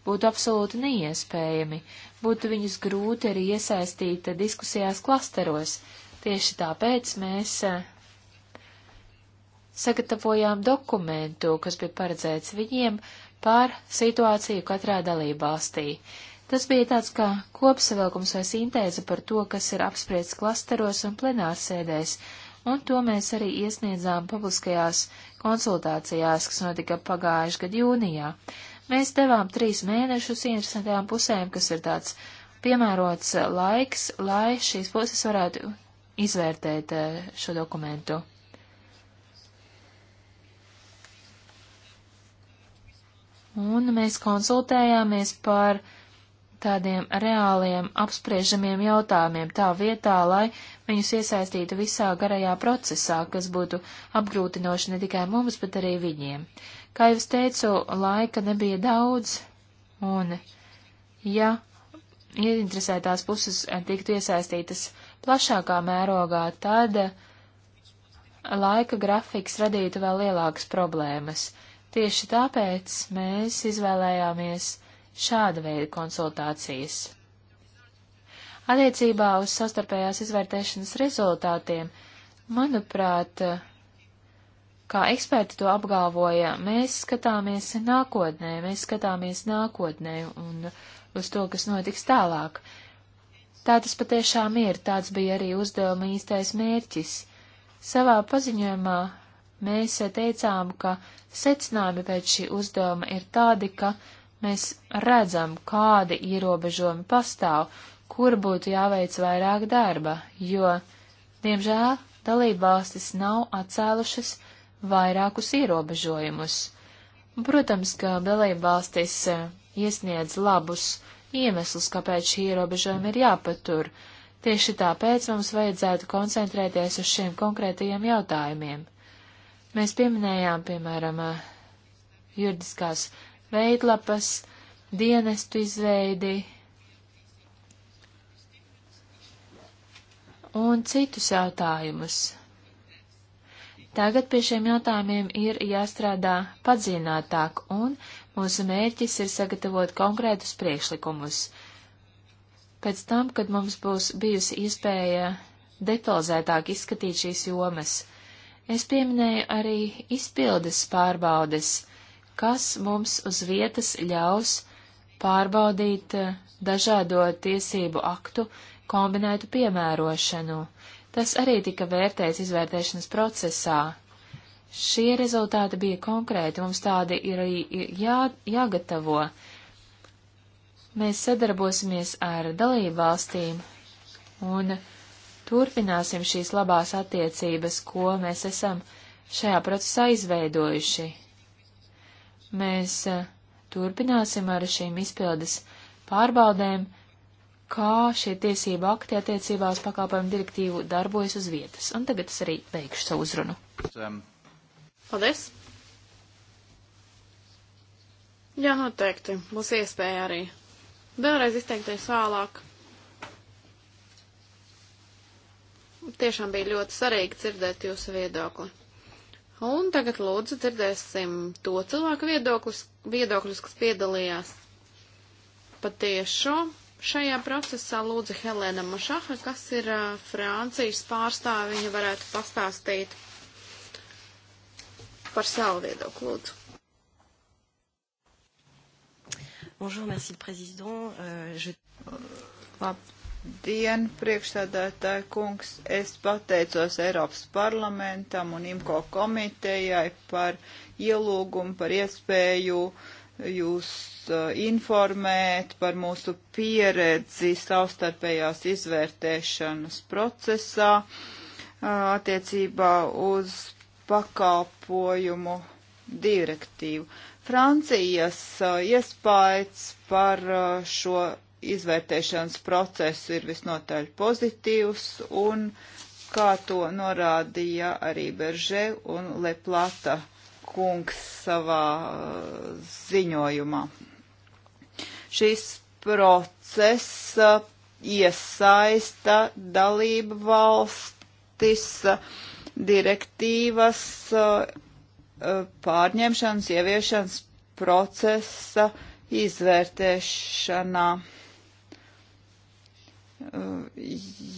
būtu absolūti neiespējami, būtu viņus grūti arī iesaistīt diskusijās klasteros. Tieši tāpēc mēs eh, sagatavojām dokumentu, kas bija paredzēts viņiem par situāciju katrā dalībvalstī. Tas bija tāds kā kopsavilkums vai sintēze par to, kas ir apspriests klasteros un plenārsēdēs, un to mēs arī iesniedzām publiskajās konsultācijās, kas notika pagājušajā gadu jūnijā. Mēs devām trīs mēnešus interesantajām pusēm, kas ir tāds piemērots laiks, lai šīs puses varētu izvērtēt eh, šo dokumentu. Un mēs konsultējāmies par uh, tādiem reāliem apspriežamiem jautājumiem tā vietā, lai viņus iesaistītu visā garajā procesā, kas būtu apgrūtinoši ne tikai mums, bet arī viņiem. Kā jau es teicu, laika nebija daudz, un ja ieinteresētās puses tiktu iesaistītas plašākā mērogā, tad laika grafiks radītu vēl lielākas problēmas. Tieši tāpēc mēs izvēlējāmies šāda veida konsultācijas. Attiecībā uz sastarpējās izvērtēšanas rezultātiem, manuprāt, kā eksperti to apgalvoja, mēs skatāmies nākotnē, mēs skatāmies nākotnē un uz to, kas notiks tālāk. Tā tas patiešām ir, tāds bija arī uzdevuma īstais mērķis. Savā paziņojumā mēs teicām, ka secinājumi pēc šī uzdevuma ir tādi, ka mēs redzam, kādi ierobežojumi pastāv, kur būtu jāveic vairāk darba, jo, diemžēl, dalībvalstis nav atcēlušas vairākus ierobežojumus. Protams, ka dalībvalstis e, iesniedz labus iemeslus, kāpēc šī ierobežojuma ir jāpatur. Tieši tāpēc mums vajadzētu koncentrēties uz šiem konkrētajiem jautājumiem. Mēs pieminējām, piemēram, e, juridiskās veidlapas, dienestu izveidi un citus jautājumus. Tagad pie šiem jautājumiem ir jāstrādā padziļinātāk, un mūsu mērķis ir sagatavot konkrētus priekšlikumus. Pēc tam, kad mums būs bijusi iespēja detalizētāk izskatīt šīs jomas, es pieminēju arī izpildes pārbaudes kas mums uz vietas ļaus pārbaudīt eh, dažādo tiesību aktu kombinētu piemērošanu. Tas arī tika vērtēts izvērtēšanas procesā. Šie rezultāti bija konkrēti, mums tādi ir arī jā, jāgatavo. Mēs sadarbosimies ar dalību valstīm un turpināsim šīs labās attiecības, ko mēs esam šajā procesā izveidojuši. Mēs turpināsim ar šīm izpildes pārbaudēm, kā šie tiesība akti attiecībā uz pakalpojumu direktīvu darbojas uz vietas. Un tagad es arī beigšu savu uzrunu. Paldies! Jā, noteikti. Būs iespēja arī vēlreiz izteikties vēlāk. Tiešām bija ļoti svarīgi dzirdēt jūsu viedokli. Un tagad lūdzu dzirdēsim to cilvēku viedokļus, viedokļus kas piedalījās patiešo šajā procesā. Lūdzu Helēna Mašaha, kas ir uh, Francijas pārstāve, viņa varētu pastāstīt par savu viedokli, lūdzu. Bonjour, merci, président. Euh, je... Labi. Labdien, priekšsēdētāji kungs! Es pateicos Eiropas parlamentam un IMKO komitejai par ielūgumu, par iespēju jūs uh, informēt par mūsu pieredzi savstarpējās izvērtēšanas procesā uh, attiecībā uz pakalpojumu direktīvu. Francijas uh, iespējas par uh, šo izvērtēšanas process ir visnotaļ pozitīvs un, kā to norādīja arī Beržē un Leplata kungs savā uh, ziņojumā. Šis process uh, iesaista dalību valstis uh, direktīvas pārņemšanas, ieviešanas procesa izvērtēšanā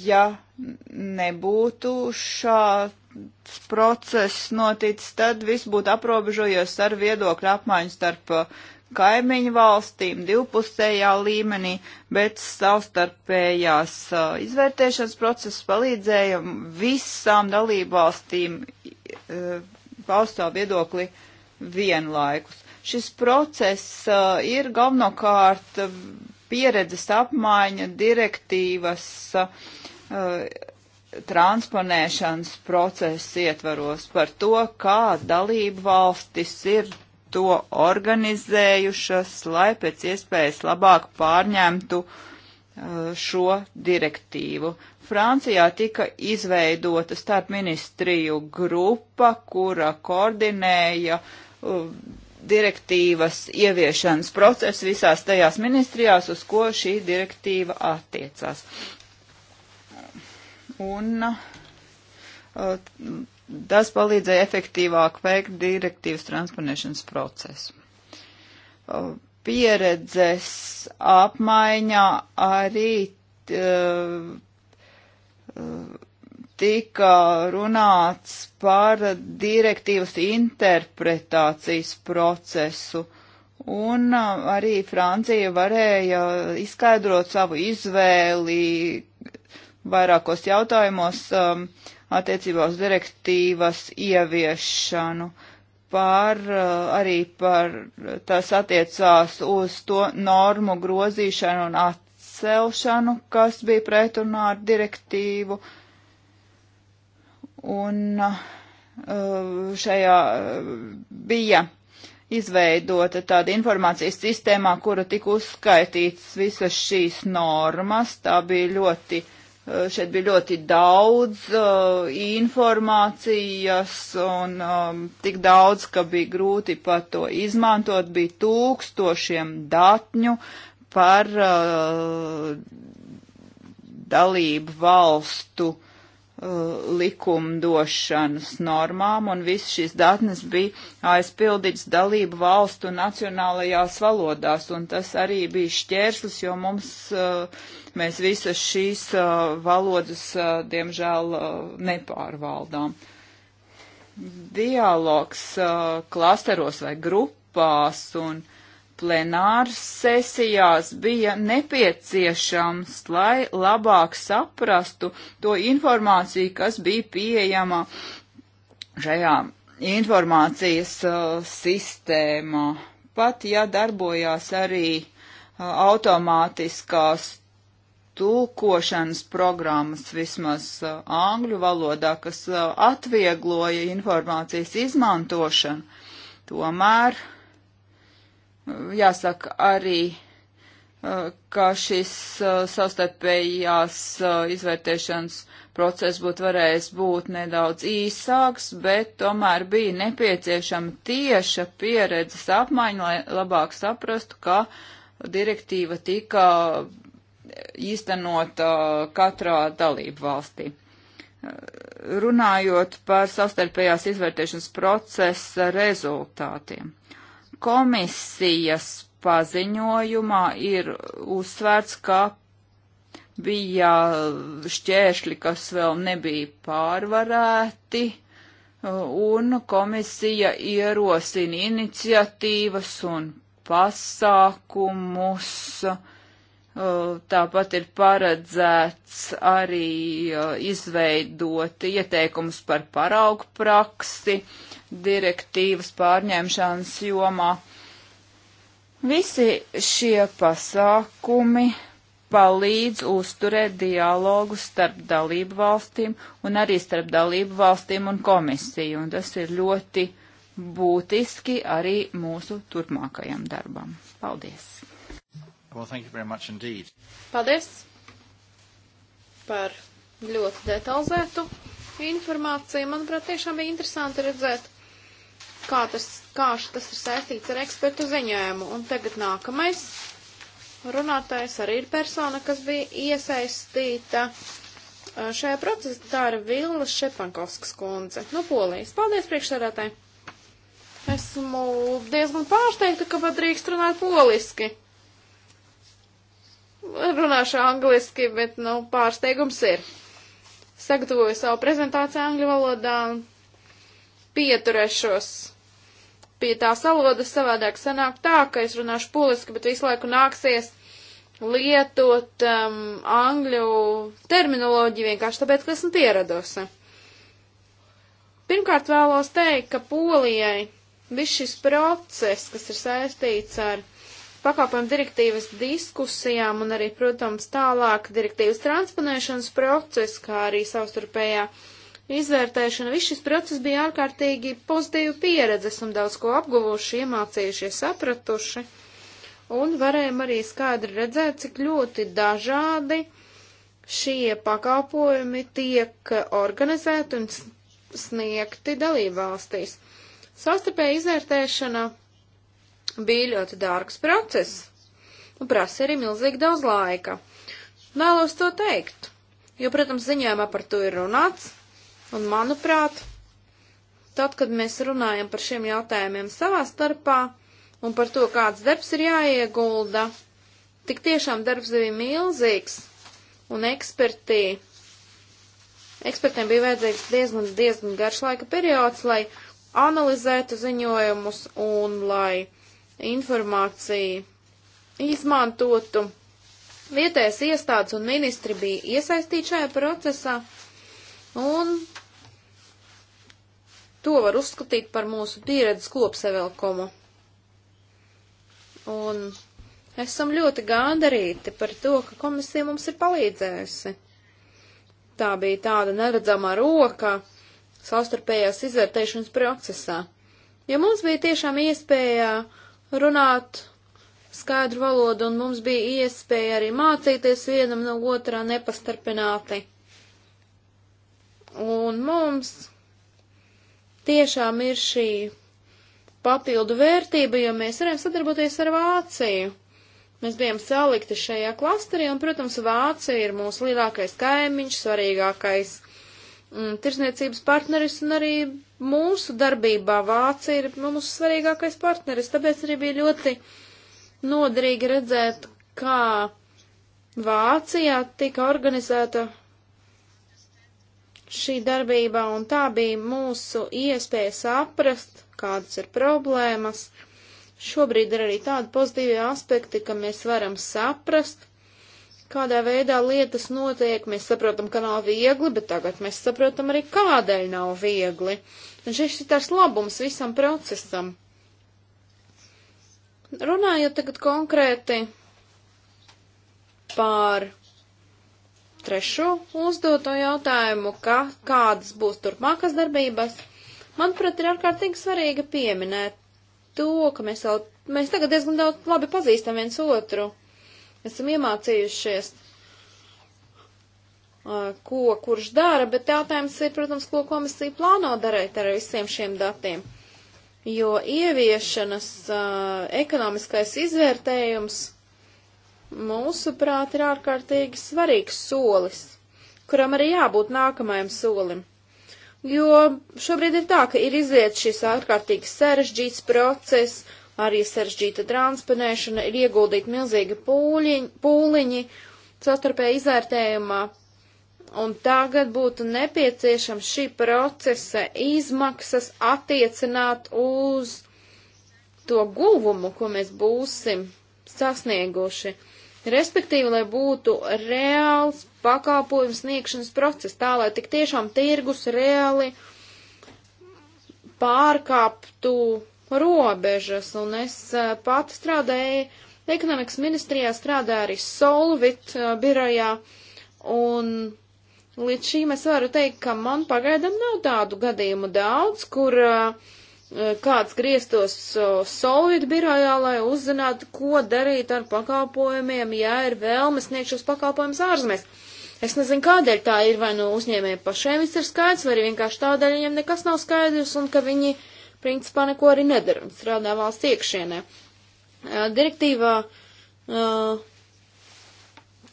ja nebūtu šāds process noticis, tad viss būtu aprobežojies ar viedokļu apmaiņu starp uh, kaimiņu valstīm divpusējā līmenī, bet savstarpējās uh, izvērtēšanas process palīdzēja visām dalībvalstīm uh, paust savu viedokli vienlaikus. Šis process ir galvenokārt pieredzes apmaiņa direktīvas uh, transponēšanas procesa ietvaros par to, kā dalību valstis ir to organizējušas, lai pēc iespējas labāk pārņemtu uh, šo direktīvu. Francijā tika izveidota starpministriju grupa, kura koordinēja uh, direktīvas ieviešanas procesu visās tajās ministrijās, uz ko šī direktīva attiecās. Un uh, tas palīdzēja efektīvāk veikt direktīvas transponēšanas procesu. Uh, pieredzes apmaiņā arī t, t, t, tika runāts par direktīvas interpretācijas procesu, un arī Francija varēja izskaidrot savu izvēli vairākos jautājumos um, attiecībā uz direktīvas ieviešanu. Par, uh, arī par tas attiecās uz to normu grozīšanu un atcelšanu, kas bija pretrunā ar direktīvu uh, un uh, šajā uh, bija izveidota tāda informācijas sistēmā, kura tika uzskaitīts visas šīs normas. Tā bija ļoti, uh, šeit bija ļoti daudz uh, informācijas un um, tik daudz, ka bija grūti pat to izmantot, bija tūkstošiem datņu par uh, dalību valstu uh, Uh, likumdošanas normām, un visas šīs datnes bija aizpildīts dalību valstu nacionālajās valodās, un tas arī bija šķērslis, jo mums, uh, mēs visas šīs uh, valodas, diemžēl, nepārvaldām. Dialogs klasteros vai grupās un uh, plenāras sesijās bija nepieciešams, lai labāk saprastu to informāciju, kas bija pieejama šajā informācijas uh, sistēmā. Pat ja darbojās arī uh, automātiskās tulkošanas programmas vismaz uh, angļu valodā, kas uh, atviegloja informācijas izmantošanu, tomēr uh, jāsaka arī, uh, ka šis uh, savstarpējās uh, izvērtēšanas process būtu varējis būt nedaudz īsāks, bet tomēr bija nepieciešama tieša pieredzes apmaiņa, lai labāk saprastu, ka direktīva tika īstenota katrā dalību valstī. Runājot par savstarpējās izvērtēšanas procesa rezultātiem. Uh, Komisijas paziņojumā ir uzsvērts, ka bija šķēršļi, kas vēl nebija pārvarēti, un komisija ierosina iniciatīvas un pasākumus. Tāpat ir paredzēts arī uh, izveidot ieteikumus par paraugu praksi, uh, direktīvas pārņemšanas jomā. Visi šie pasākumi palīdz uzturēt dialogu starp dalību valstīm un arī starp dalību valstīm un komisiju, un tas ir ļoti būtiski arī mūsu turpmākajam darbam. Paldies! Well, thank you very much indeed. Paldies par ļoti detalizētu informāciju. Manuprāt, tiešām bija interesanti redzēt kā tas, kā tas ir saistīts ar ekspertu ziņojumu. Un tagad nākamais runātājs arī ir persona, kas bija iesaistīta uh, šajā procesā. Tā ir Vila Šepankovskas kundze no Polijas. Paldies priekšsēdētāji! Esmu diezgan pārsteigta, ka pat drīkst runāt poliski. Runāšu angliski, bet, nu, pārsteigums ir. Sagatavoju savu prezentāciju angļu valodā un pieturēšos pie tās valodas, savādāk sanāk tā, ka es runāšu poliski, bet visu laiku nāksies lietot um, angļu terminoloģiju vienkārši tāpēc, ka esmu pieradusi. Pirmkārt vēlos teikt, ka polijai viss šis process, kas ir saistīts ar pakāpojumu direktīvas diskusijām un arī, protams, tālāk direktīvas transponēšanas process, kā arī savstarpējā uh, izvērtēšana, viss šis process bija ārkārtīgi pozitīva pieredze, esam daudz ko apguvuši, iemācījušies, sapratuši, un varējām arī skaidri redzēt, cik ļoti dažādi šie pakalpojumi tiek organizēti un sniegti dalībvalstīs. Sastarpēja izvērtēšana bija ļoti dārgs process un prasa arī milzīgi daudz laika. Vēlos to teikt, jo, protams, ziņojumā par to ir runāts, Un manuprāt, tad, kad mēs runājam par šiem jautājumiem savā starpā un par to, kāds darbs ir jāiegulda, tik tiešām darbs bija milzīgs un ekspertī. Ekspertiem bija vajadzīgs diezgan, diezgan garš laika periods, lai analizētu ziņojumus un lai informāciju izmantotu. Vietējais iestādes un ministri bija iesaistīti šajā procesā, un To var uzskatīt par mūsu pieredzes kopsevelkumu. Un esam ļoti gandarīti par to, ka komisija mums ir palīdzējusi. Tā bija tāda neredzamā roka savstarpējās izvērtēšanas procesā. Ja mums bija tiešām iespēja runāt skaidru valodu, un mums bija iespēja arī mācīties vienam no otrā nepastarpināti. Un mums tiešām ir šī papildu vērtība, jo mēs varam sadarboties ar Vāciju. Mēs bijām salikti šajā klasterī, un, protams, Vācija ir mūsu lielākais kaimiņš, svarīgākais mm, tirsniecības partneris, un arī mūsu darbībā Vācija ir mūsu svarīgākais partneris. Tāpēc arī bija ļoti noderīgi redzēt, kā Vācijā tika organizēta šī darbība, un tā bija mūsu iespēja saprast, kādas ir problēmas. Šobrīd ir arī tādi pozitīvi aspekti, ka mēs varam saprast, kādā veidā lietas notiek. Mēs saprotam, ka nav viegli, bet tagad mēs saprotam arī, kādēļ nav viegli. Un šis ir tās labums visam procesam. Runājot tagad konkrēti par trešo uzdoto jautājumu, ka kādas būs turpmākas darbības, manuprāt, ir ārkārtīgi svarīgi pieminēt to, ka mēs, vēl, mēs tagad diezgan daudz labi pazīstam viens otru. Esam iemācījušies, ko kurš dara, bet jautājums ir, protams, ko komisija plāno darīt ar visiem šiem datiem. Jo ieviešanas ekonomiskais izvērtējums mūsuprāt, ir ārkārtīgi svarīgs solis, kuram arī jābūt nākamajam solim. Jo šobrīd ir tā, ka ir iziet šis ārkārtīgi sarežģīts process, arī sarežģīta transponēšana, ir ieguldīti milzīgi pūļiņ, pūliņi satarpēji izvērtējumā, un tagad būtu nepieciešams šī procesa izmaksas attiecināt uz to guvumu, ko mēs būsim sasnieguši. Respektīvi, lai būtu reāls pakāpojums sniegšanas process, tā lai tik tiešām tirgus reāli pārkāptu robežas. Un es eh, pati strādēju ekonomikas ministrijā, strādāju arī Solvit eh, birojā. Un līdz šīm es varu teikt, ka man pagaidām nav tādu gadījumu daudz, kur uh, kāds grieztos solvīdu birojā, lai uzzinātu, ko darīt ar pakāpojumiem, ja ir vēlme sniegt šos pakāpojumus ārzemēs. Es nezinu, kādēļ tā ir, vai nu no uzņēmēji pašiem viss ir skaidrs, vai arī vienkārši tādēļ viņiem nekas nav skaidrs un ka viņi principā neko arī nedara un strādā valsts iekšienē. Direktīvā,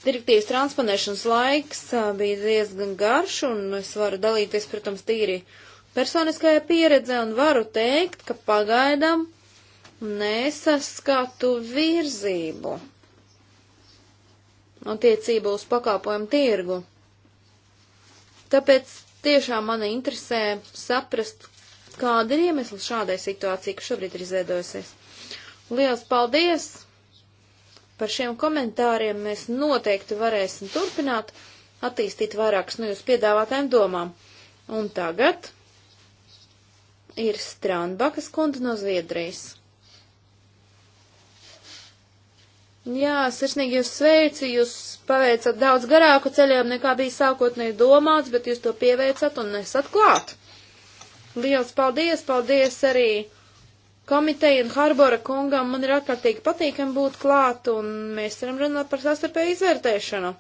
direktīvas transponēšanas laiks bija diezgan garš un es varu dalīties, protams, tīri. Uh, Personiskajā pieredzē un varu teikt, ka pagaidām nesaskatu virzību attiecību uz pakāpojumu tirgu. Tāpēc tiešām mani interesē saprast, kāda ir iemesls šādai situācijai, kas šobrīd ir izveidojusies. Lielas paldies par šiem komentāriem. Mēs noteikti varēsim turpināt attīstīt vairākas no jūsu piedāvātājiem domām. Un tagad ir Strandbakas kundze no Zviedrijas. Jā, sirsnīgi jūs sveicu, jūs paveicat daudz garāku ceļojumu nekā bija sākotnēji domāts, bet jūs to pieveicat un nesat klāt. Liels paldies, paldies arī komiteja un Harbora kungam, man ir ārkārtīgi patīkami būt klāt un mēs varam runāt par sastarpēju izvērtēšanu.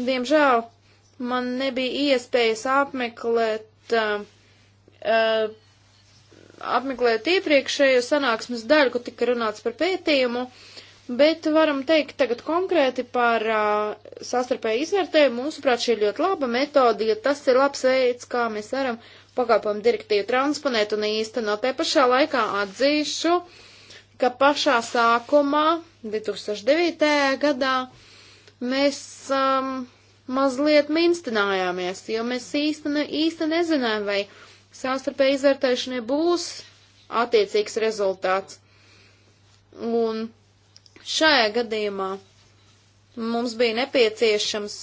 Diemžēl man nebija iespējas apmeklēt uh, uh, apmeklēt iepriekšējo sanāksmes daļu, kur tika runāts par pētījumu, bet varam teikt tagad konkrēti par uh, sastarpēju izvērtējumu. Mūsuprāt, šī ir ļoti laba metode, ja tas ir labs veids, kā mēs varam pakalpojumu direktīvu transponēt un īstenot. Te pašā laikā atzīšu, ka pašā sākumā, 2009. gadā, mēs um, mazliet minstinājāmies, jo mēs īsti, ne, īsti nezinājām, vai savstarpēji izvērtēšanai būs attiecīgs rezultāts. Un šajā gadījumā mums bija nepieciešams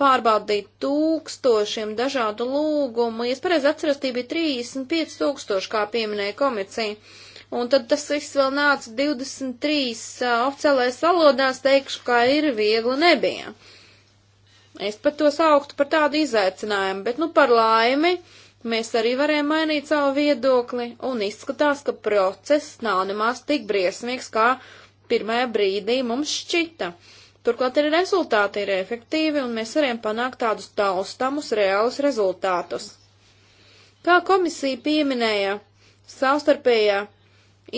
pārbaudīt tūkstošiem dažādu lūgumu. Ja es pareizi atceros, tie bija 35 tūkstoši, kā pieminēja komisija. Un tad tas viss vēl nāca 23 uh, oficiālais valodās, teikšu, kā ir viegli nebija. Uh, Es pat to sauktu par tādu izaicinājumu, bet nu par laimi mēs arī varējām mainīt savu viedokli un izskatās, ka process nav nemaz tik briesmīgs, kā pirmajā brīdī mums šķita. Turklāt arī rezultāti ir efektīvi un mēs varējām panākt tādus taustamus reālus rezultātus. Kā komisija pieminēja, savstarpējā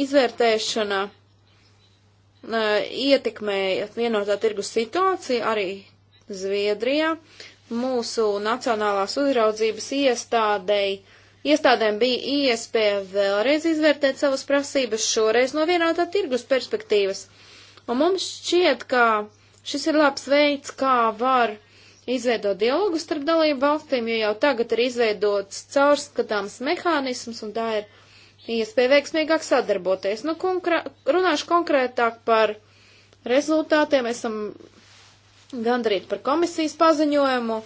izvērtēšana e, ietekmēja vienotā tirgus situāciju, arī Zviedrijā mūsu nacionālās uzraudzības iestādēji. Iestādēm bija iespēja vēlreiz izvērtēt savas prasības, šoreiz no vienotā tirgus perspektīvas. Un mums šķiet, ka šis ir labs veids, kā var izveidot dialogu starp dalību valstīm, jo jau tagad ir izveidots caurskatāms mehānisms, un tā ir iespēja veiksmīgāk sadarboties. Nu, konkrē, runāšu konkrētāk par rezultātiem. Esam gandrīt par komisijas paziņojumu,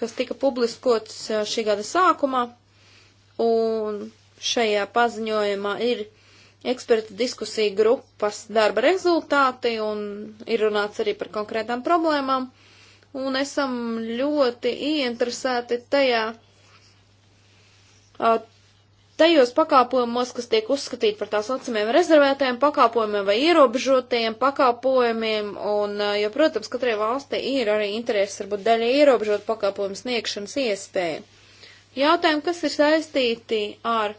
kas tika publiskots eh, šī gada sākumā, un šajā paziņojumā ir eksperta diskusija grupas darba rezultāti, un ir runāts arī par konkrētām problēmām, un esam ļoti ieinteresēti tajā eh, tajos pakāpojumos, kas tiek uzskatīti par tā saucamiem rezervētajiem pakāpojumiem vai ierobežotajiem pakāpojumiem, un, jo, protams, katrai valstī ir arī interesi varbūt daļai ierobežot pakāpojumu sniegšanas iespēju. Jautājumi, kas ir saistīti ar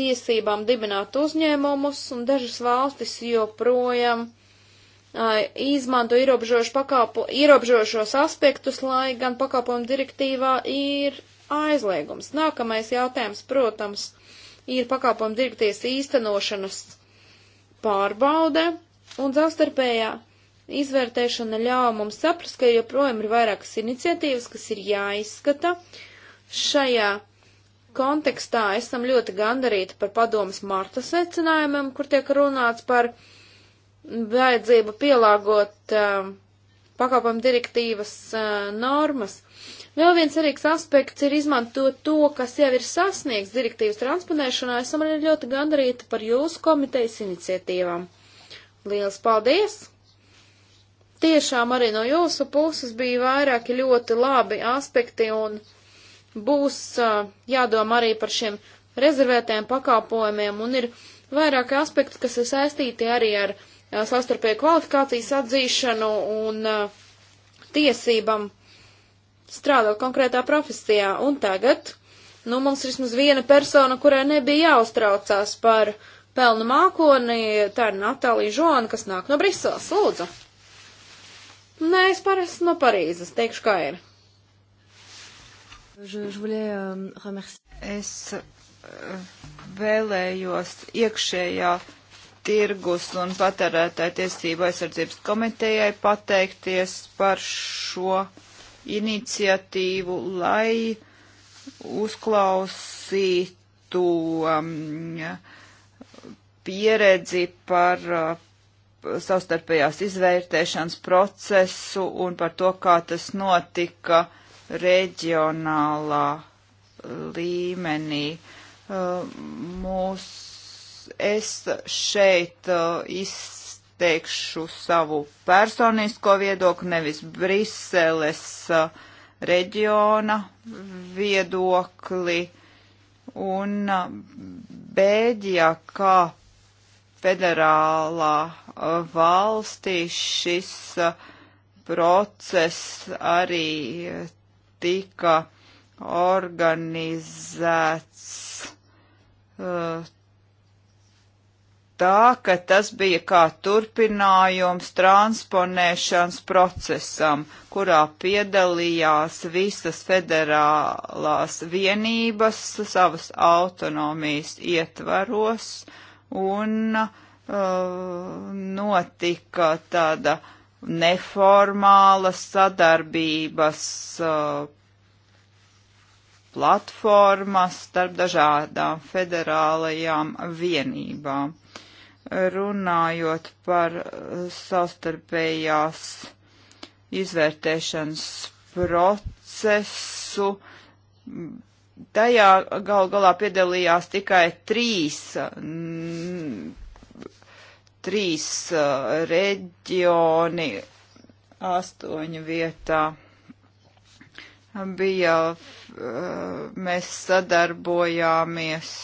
tiesībām dibināt uzņēmumus, un dažas valstis joprojām izmanto ierobežošos aspektus, lai gan pakāpojumu direktīvā ir aizliegums. Nākamais jautājums, protams, ir pakāpam direktīvas īstenošanas pārbaude un savstarpējā izvērtēšana ļāva mums saprast, ka joprojām ir vairākas iniciatīvas, kas ir jāizskata. Šajā kontekstā esam ļoti gandarīti par padomas marta secinājumiem, kur tiek runāts par vajadzību pielāgot uh, pakalpojumu direktīvas uh, normas. Uh, Vēl viens svarīgs aspekts ir izmantot to, kas jau ir sasniegts direktīvas transponēšanā. Esam arī ļoti gandarīti par jūsu komitejas iniciatīvām. Lielas paldies! Tiešām arī no jūsu puses bija vairāki ļoti labi aspekti un būs uh, jādomā arī par šiem rezervētajiem pakāpojumiem un ir vairāki aspekti, kas ir saistīti arī ar uh, sastarpēju kvalifikācijas atzīšanu un uh, tiesībām strādā konkrētā profesijā, un tagad, nu, mums ir vismaz viena persona, kurai nebija jāuztraucās par pelnu mākoni, tā ir Natālija Žona, kas nāk no Briseles, lūdzu. Nē, es parasti no Parīzes, teikšu, kā ir. Euh, es euh, vēlējos iekšējā tirgus un patērētāja tiesību aizsardzības komitejai pateikties par šo iniciatīvu, lai uzklausītu um, pieredzi par uh, savstarpējās izvērtēšanas procesu un par to, kā tas notika reģionālā uh, līmenī. Uh, mūs, es šeit uh, izsāku teikšu savu personisko viedokli, nevis Briseles uh, reģiona viedokli. Un uh, Bēģijā kā federālā uh, valstī šis process arī tika organizēts uh, tā, ka tas bija kā turpinājums transponēšanas procesam, kurā piedalījās visas federālās vienības savas autonomijas ietvaros un uh, notika tāda neformāla sadarbības uh, platformas starp dažādām federālajām vienībām runājot par uh, savstarpējās izvērtēšanas procesu. Tajā gal galā piedalījās tikai trīs, trīs uh, reģioni astoņu vietā. Bija, uh, mēs sadarbojāmies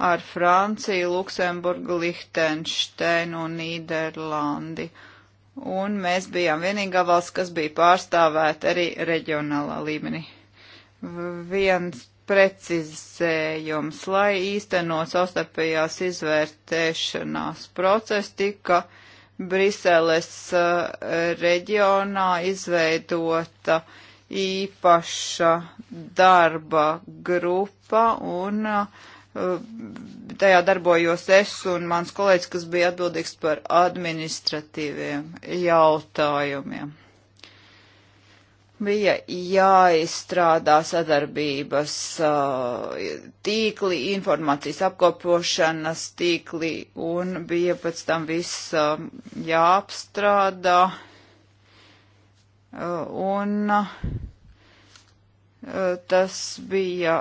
ar Franciju, Luksemburgu, Lihtenšteinu un Nīderlandi. Un mēs bijām vienīgā valsts, kas bija pārstāvēta arī reģionālā līmenī. Viens precizējums, lai īstenot savstarpējās izvērtēšanās procesu, tika Briseles uh, reģionā izveidota īpaša darba grupa un uh, tajā darbojos es un mans kolēģis, kas bija atbildīgs par administratīviem jautājumiem. Bija jāizstrādā sadarbības uh, tīkli, informācijas apkopošanas tīkli un bija pēc tam viss uh, jāapstrādā. Uh, un uh, tas bija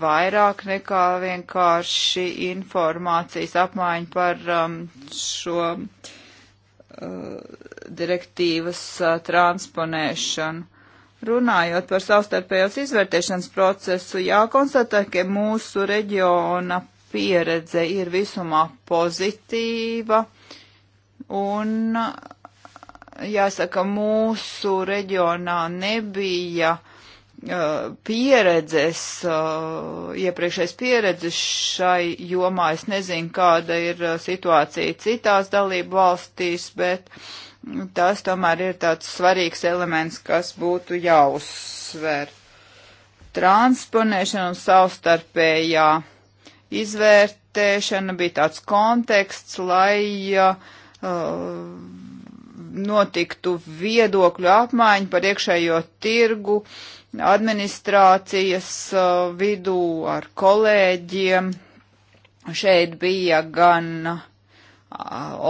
vairāk nekā vienkārši informācijas apmaiņa par um, šo uh, direktīvas uh, transponēšanu. Runājot par savstarpējos izvērtēšanas procesu, jākonstatē, ka mūsu reģiona pieredze ir visumā pozitīva un, uh, jāsaka, mūsu reģionā nebija uh, pieredzes, iepriekšējais pieredzes šai jomā. Es nezinu, kāda ir situācija citās dalību valstīs, bet mm, tas tomēr ir tāds svarīgs elements, kas būtu jāuzsver. Transponēšana un savstarpējā izvērtēšana bija tāds konteksts, lai uh, notiktu viedokļu apmaiņa par iekšējo tirgu administrācijas uh, vidū ar kolēģiem. Šeit bija gan uh,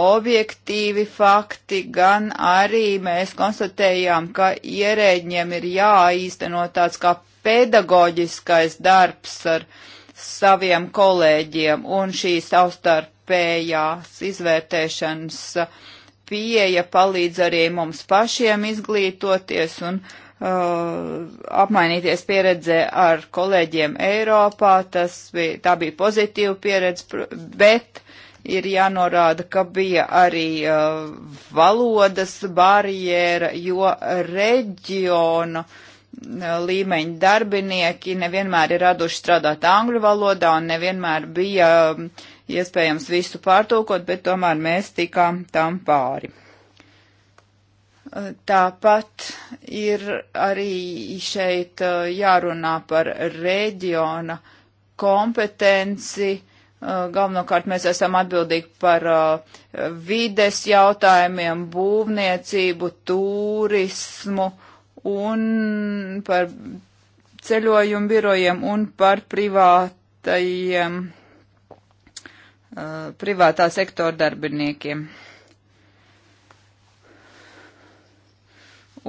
objektīvi fakti, gan arī mēs konstatējām, ka ierēģiem ir jāīsteno tāds kā pedagoģiskais darbs ar saviem kolēģiem un šī savstarpējās izvērtēšanas uh, pieeja palīdz arī mums pašiem izglītoties un uh, apmainīties pieredzē ar kolēģiem Eiropā. Tas bija, tā bija pozitīva pieredze, bet ir jānorāda, ka bija arī uh, valodas barjēra, jo reģiona uh, līmeņa darbinieki nevienmēr ir raduši strādāt angļu valodā un nevienmēr bija uh, iespējams visu pārtulkot, bet tomēr mēs tikām tam pāri. Tāpat ir arī šeit eh, jārunā par reģiona kompetenci. Eh, galvenokārt mēs esam atbildīgi par eh, vides jautājumiem, būvniecību, turismu un par ceļojumu birojiem un par privātajiem Uh, privātā sektora darbiniekiem.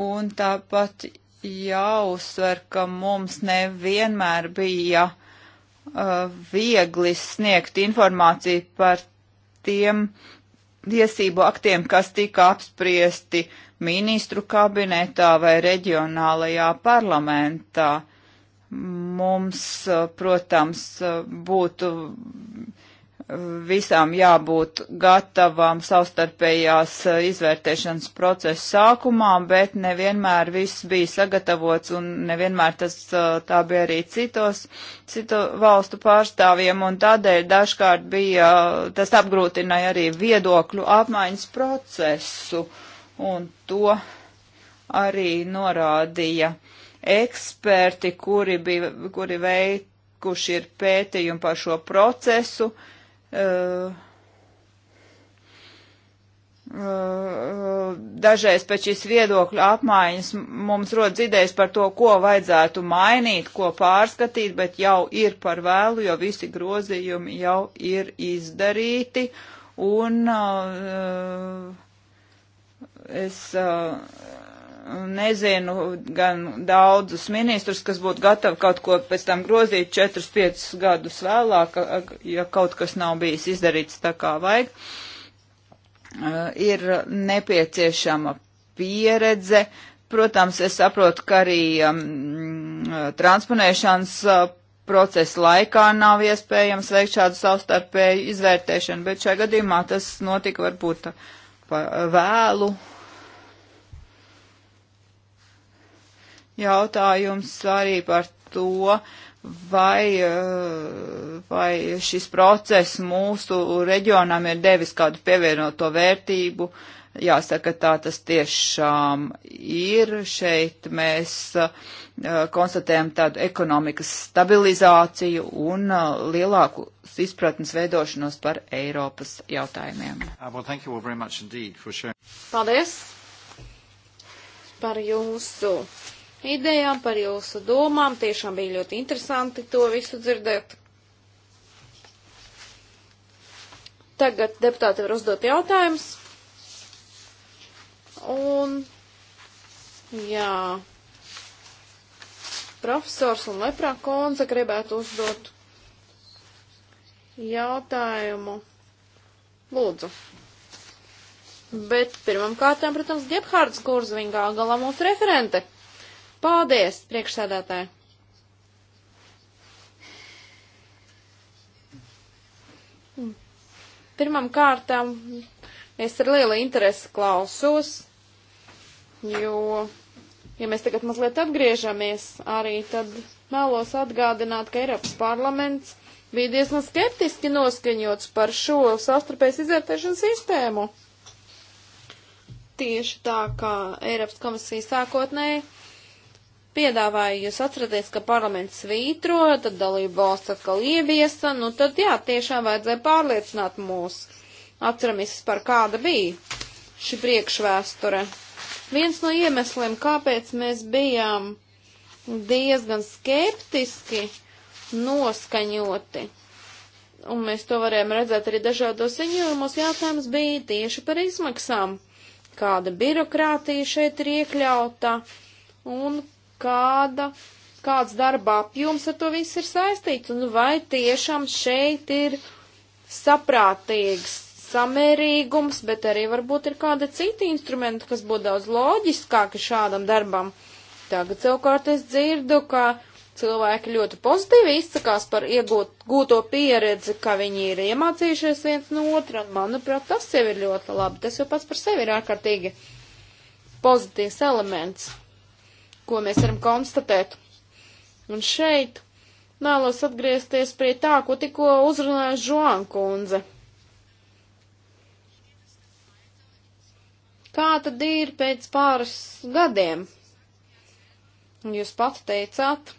Un tāpat jāuzsver, ka mums nevienmēr bija uh, viegli sniegt informāciju par tiem tiesību aktiem, kas tika apspriesti ministru kabinetā vai reģionālajā parlamentā. Mums, uh, protams, uh, būtu visām jābūt gatavām savstarpējās eh, izvērtēšanas procesa sākumā, bet nevienmēr viss bija sagatavots un nevienmēr tas eh, tā bija arī citos, citu valstu pārstāvjiem un tādēļ dažkārt bija, eh, tas apgrūtināja arī viedokļu apmaiņas procesu un to arī norādīja eksperti, kuri, bija, kuri veikuši ir pētījumi par šo procesu, uh, uh, dažreiz pēc šīs viedokļa apmaiņas mums rodas idejas par to, ko vajadzētu mainīt, ko pārskatīt, bet jau ir par vēlu, jo visi grozījumi jau ir izdarīti. Un uh, es uh, nezinu gan daudzus ministrus, kas būtu gatavi kaut ko pēc tam grozīt 4-5 gadus vēlāk, ja kaut kas nav bijis izdarīts tā kā vajag. Ir nepieciešama pieredze. Protams, es saprotu, ka arī um, transponēšanas uh, procesa laikā nav iespējams veikt šādu savstarpēju izvērtēšanu, bet šajā gadījumā tas notika varbūt pa vēlu. Uh, jautājums arī par to, vai, eh, vai šis process mūsu reģionam ir devis kādu pievienoto vērtību. Jāsaka, tā tas tiešām ir. Šeit mēs uh, konstatējam tādu ekonomikas stabilizāciju un uh, lielāku izpratnes veidošanos par Eiropas jautājumiem. Uh, Paldies par jūsu idejām, par jūsu domām. Tiešām bija ļoti interesanti to visu dzirdēt. Tagad deputāti var uzdot jautājumus. Un, jā, profesors un leprā konza gribētu uzdot jautājumu. Lūdzu. Bet pirmam kārtām, protams, Gebhards Kurzvingā galā mūsu referente. Paldies, priekšsēdētāji! Pirmam kārtām es ar lielu interesi klausos, jo, ja mēs tagad mazliet atgriežamies arī, tad vēlos atgādināt, ka Eiropas parlaments bija diezgan skeptiski noskaņots par šo savstarpējas izvērtēšanas sistēmu. Tieši tā kā Eiropas komisija sākotnēji piedāvāja, jūs atraties, ka parlaments svītro, tad dalība valsts atkal ieviesa, nu tad jā, tiešām vajadzēja pārliecināt mūs. Atceramies, par kāda bija šī priekšvēsture. Viens no iemesliem, kāpēc mēs bijām diezgan skeptiski noskaņoti, un mēs to varējām redzēt arī dažādos ziņojumos, jautājums bija tieši par izmaksām. Kāda birokrātija šeit ir iekļauta? un kāda, kāds darba apjoms ar to viss ir saistīts, un vai tiešām šeit ir saprātīgs samērīgums, bet arī varbūt ir kāda cita instrumenta, kas būtu daudz loģiskāki šādam darbam. Tagad savukārt es dzirdu, ka cilvēki ļoti pozitīvi izsakās par iegūto pieredzi, ka viņi ir iemācījušies viens no otra, un manuprāt, tas jau ir ļoti labi. Tas jau pats par sevi ir ārkārtīgi pozitīvs elements ko mēs varam konstatēt. Un šeit vēlos atgriezties pie tā, ko tikko uzrunāja Žoan kundze. Kā tad ir pēc pāris gadiem? Jūs pats teicāt,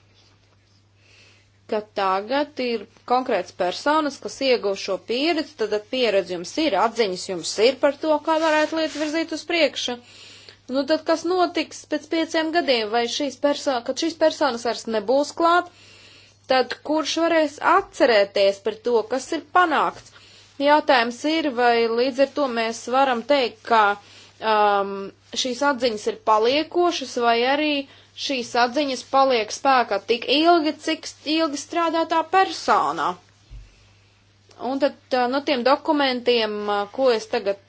ka tagad ir konkrēts personas, kas ieguv šo pieredzi, tad pieredzi jums ir, atziņas jums ir par to, kā varētu lietas virzīt uz priekšu. Uh, Nu tad kas notiks pēc pieciem gadiem, vai šīs personas, kad šīs personas vairs nebūs klāt, tad kurš varēs atcerēties par to, kas ir panākts? Jātājums ir, vai līdz ar to mēs varam teikt, ka um, šīs atziņas ir paliekošas, vai arī šīs atziņas paliek spēkā tik ilgi, cik ilgi strādā tā personā. Un tad uh, no tiem dokumentiem, uh, ko es tagad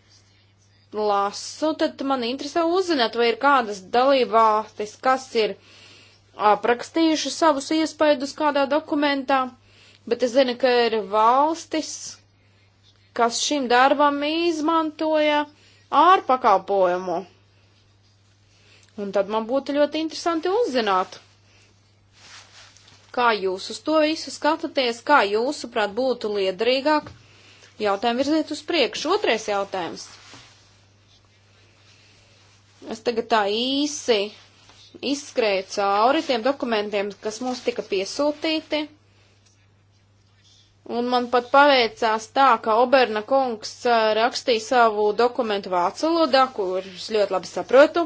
lasu, tad man interesē uzzināt, vai ir kādas dalībvalstis, kas ir aprakstījuši savus iespaidus kādā dokumentā, bet es zinu, ka ir valstis, kas šim darbam izmantoja ārpakalpojumu. Un tad man būtu ļoti interesanti uzzināt, kā jūs uz to visu skatāties, kā jūsuprāt būtu liederīgāk jautājumu virzīt uz priekšu. Otrais jautājums. Es tagad tā īsi izskrēju cauri tiem dokumentiem, kas mums tika piesūtīti. Un man pat paveicās tā, ka Oberna kungs uh, rakstīja savu dokumentu vācu valodā, kurus ļoti labi saprotu.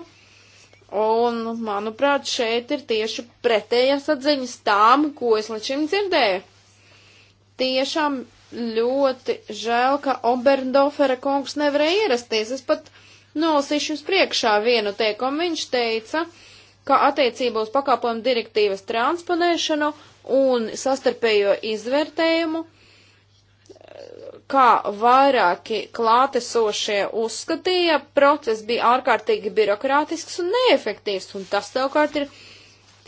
Un, manuprāt, šeit ir tieši pretējas atziņas tām, ko es līdz šim dzirdēju. Tiešām ļoti žēl, ka Oberndofera kungs nevarēja ierasties. Es pat uh, Nolasīšu jums priekšā vienu teikumu. Viņš teica, ka attiecībā uz pakāpojumu direktīvas transponēšanu un sastarpējo izvērtējumu, kā vairāki klātesošie uzskatīja, process bija ārkārtīgi birokrātisks un neefektīvs, un tas savukārt ir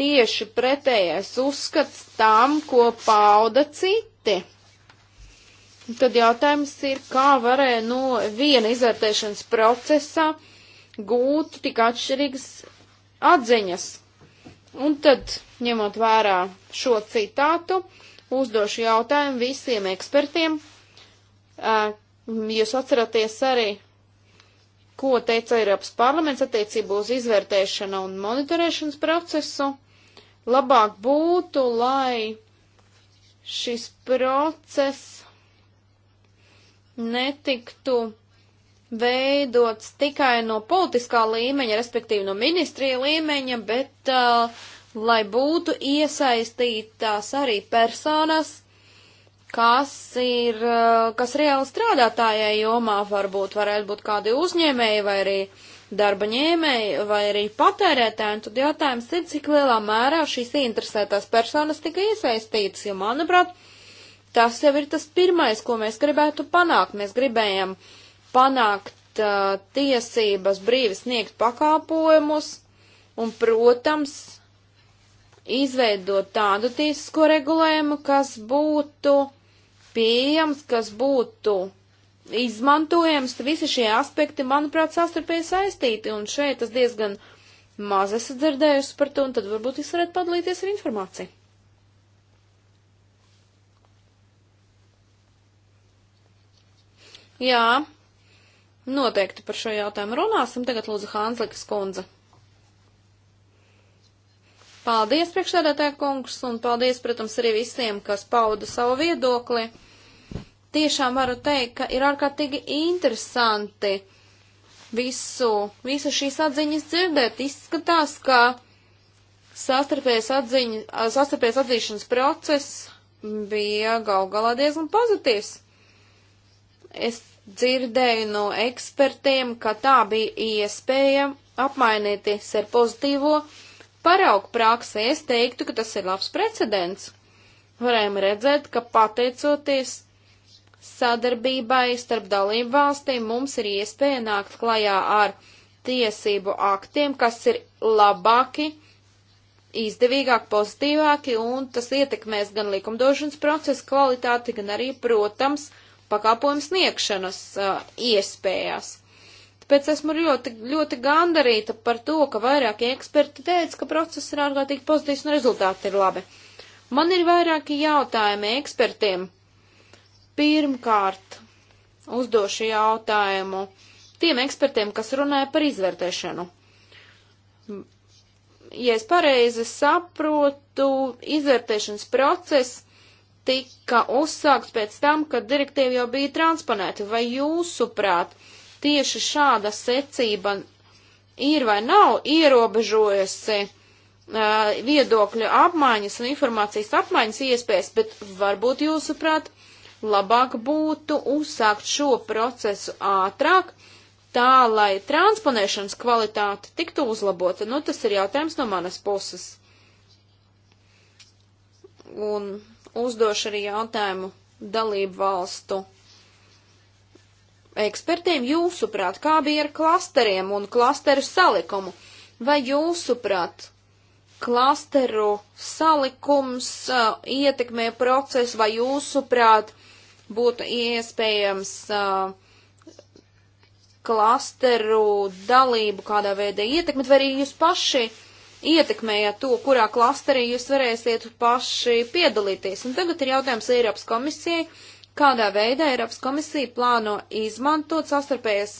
tieši pretējais uzskats tam, ko pauda citi. Tad jautājums ir, kā varēja no viena izvērtēšanas procesa gūt tik atšķirīgas atziņas. Un tad, ņemot vērā šo citātu, uzdošu jautājumu visiem ekspertiem. Jūs atceraties arī, ko teica Eiropas parlaments attiecībā uz izvērtēšanu un monitorēšanas procesu. Labāk būtu, lai šis process netiktu veidots tikai no politiskā līmeņa, respektīvi no ministrija līmeņa, bet uh, lai būtu iesaistītās arī personas, kas ir, uh, kas reāli strādā tajā jomā, varbūt varētu būt kādi uzņēmēji vai arī darba ņēmēji vai arī patērētāji, un tad jautājums ir, cik lielā mērā šīs interesētās personas tika iesaistītas, jo, manuprāt, uh, Tas jau ir tas pirmais, ko mēs gribētu panākt. Mēs gribējam panākt uh, tiesības brīvi sniegt pakāpojumus un, protams, izveidot tādu tiesisko regulējumu, kas būtu pieejams, kas būtu izmantojams. Visi šie aspekti, manuprāt, sastarpēji saistīti, un šeit tas diezgan maz esmu dzirdējusi par to, un tad varbūt jūs varētu padalīties ar informāciju. Jā, noteikti par šo jautājumu runāsim. Tagad lūdzu Hānslikas kundze. Paldies, priekšsēdētāja kungs, un paldies, protams, arī visiem, kas pauda savu viedokli. Tiešām varu teikt, ka ir ārkārtīgi interesanti visu, visu šīs atziņas dzirdēt. Izskatās, ka sastarpējas, atziņa, sastarpējas atzīšanas process bija gal galā diezgan pozitīvs. Es dzirdēju no ekspertiem, ka tā bija iespēja apmainīties ar pozitīvo paraugu praksi. Es teiktu, ka tas ir labs precedents. Varējām redzēt, ka pateicoties sadarbībai starp dalību valstīm mums ir iespēja nākt klajā ar tiesību aktiem, kas ir labāki, izdevīgāk, pozitīvāki, un tas ietekmēs gan likumdošanas procesu kvalitāti, gan arī, protams, pakāpojumu sniegšanas uh, iespējas. Tāpēc esmu ļoti, ļoti gandarīta par to, ka vairāki eksperti teica, ka process ir ārkārtīgi pozitīvs un rezultāti ir labi. Man ir vairāki jautājumi ekspertiem. Pirmkārt, uzdošu jautājumu tiem ekspertiem, kas runāja par izvērtēšanu. Ja es pareizi saprotu, izvērtēšanas process tika uzsākts pēc tam, kad direktīva jau bija transponēta. Vai jūsuprāt, tieši šāda secība ir vai nav ierobežojusi uh, viedokļu apmaiņas un informācijas apmaiņas iespējas, bet varbūt jūsuprāt, labāk būtu uzsākt šo procesu ātrāk, tā lai transponēšanas kvalitāte tiktu uzlabota. Nu, tas ir jautājums no manas puses. Un uzdošu arī jautājumu dalību valstu ekspertiem. Jūsuprāt, kā bija ar klasteriem un klasteru salikumu? Vai jūsuprāt, klasteru salikums uh, ietekmē procesu, vai jūsuprāt, būtu iespējams uh, klasteru dalību kādā veidā ietekmēt, vai arī jūs paši uh, ietekmējāt to, kurā klasterī jūs varēsiet paši piedalīties. Un tagad ir jautājums Eiropas komisijai, kādā veidā Eiropas komisija plāno izmantot sastarpējas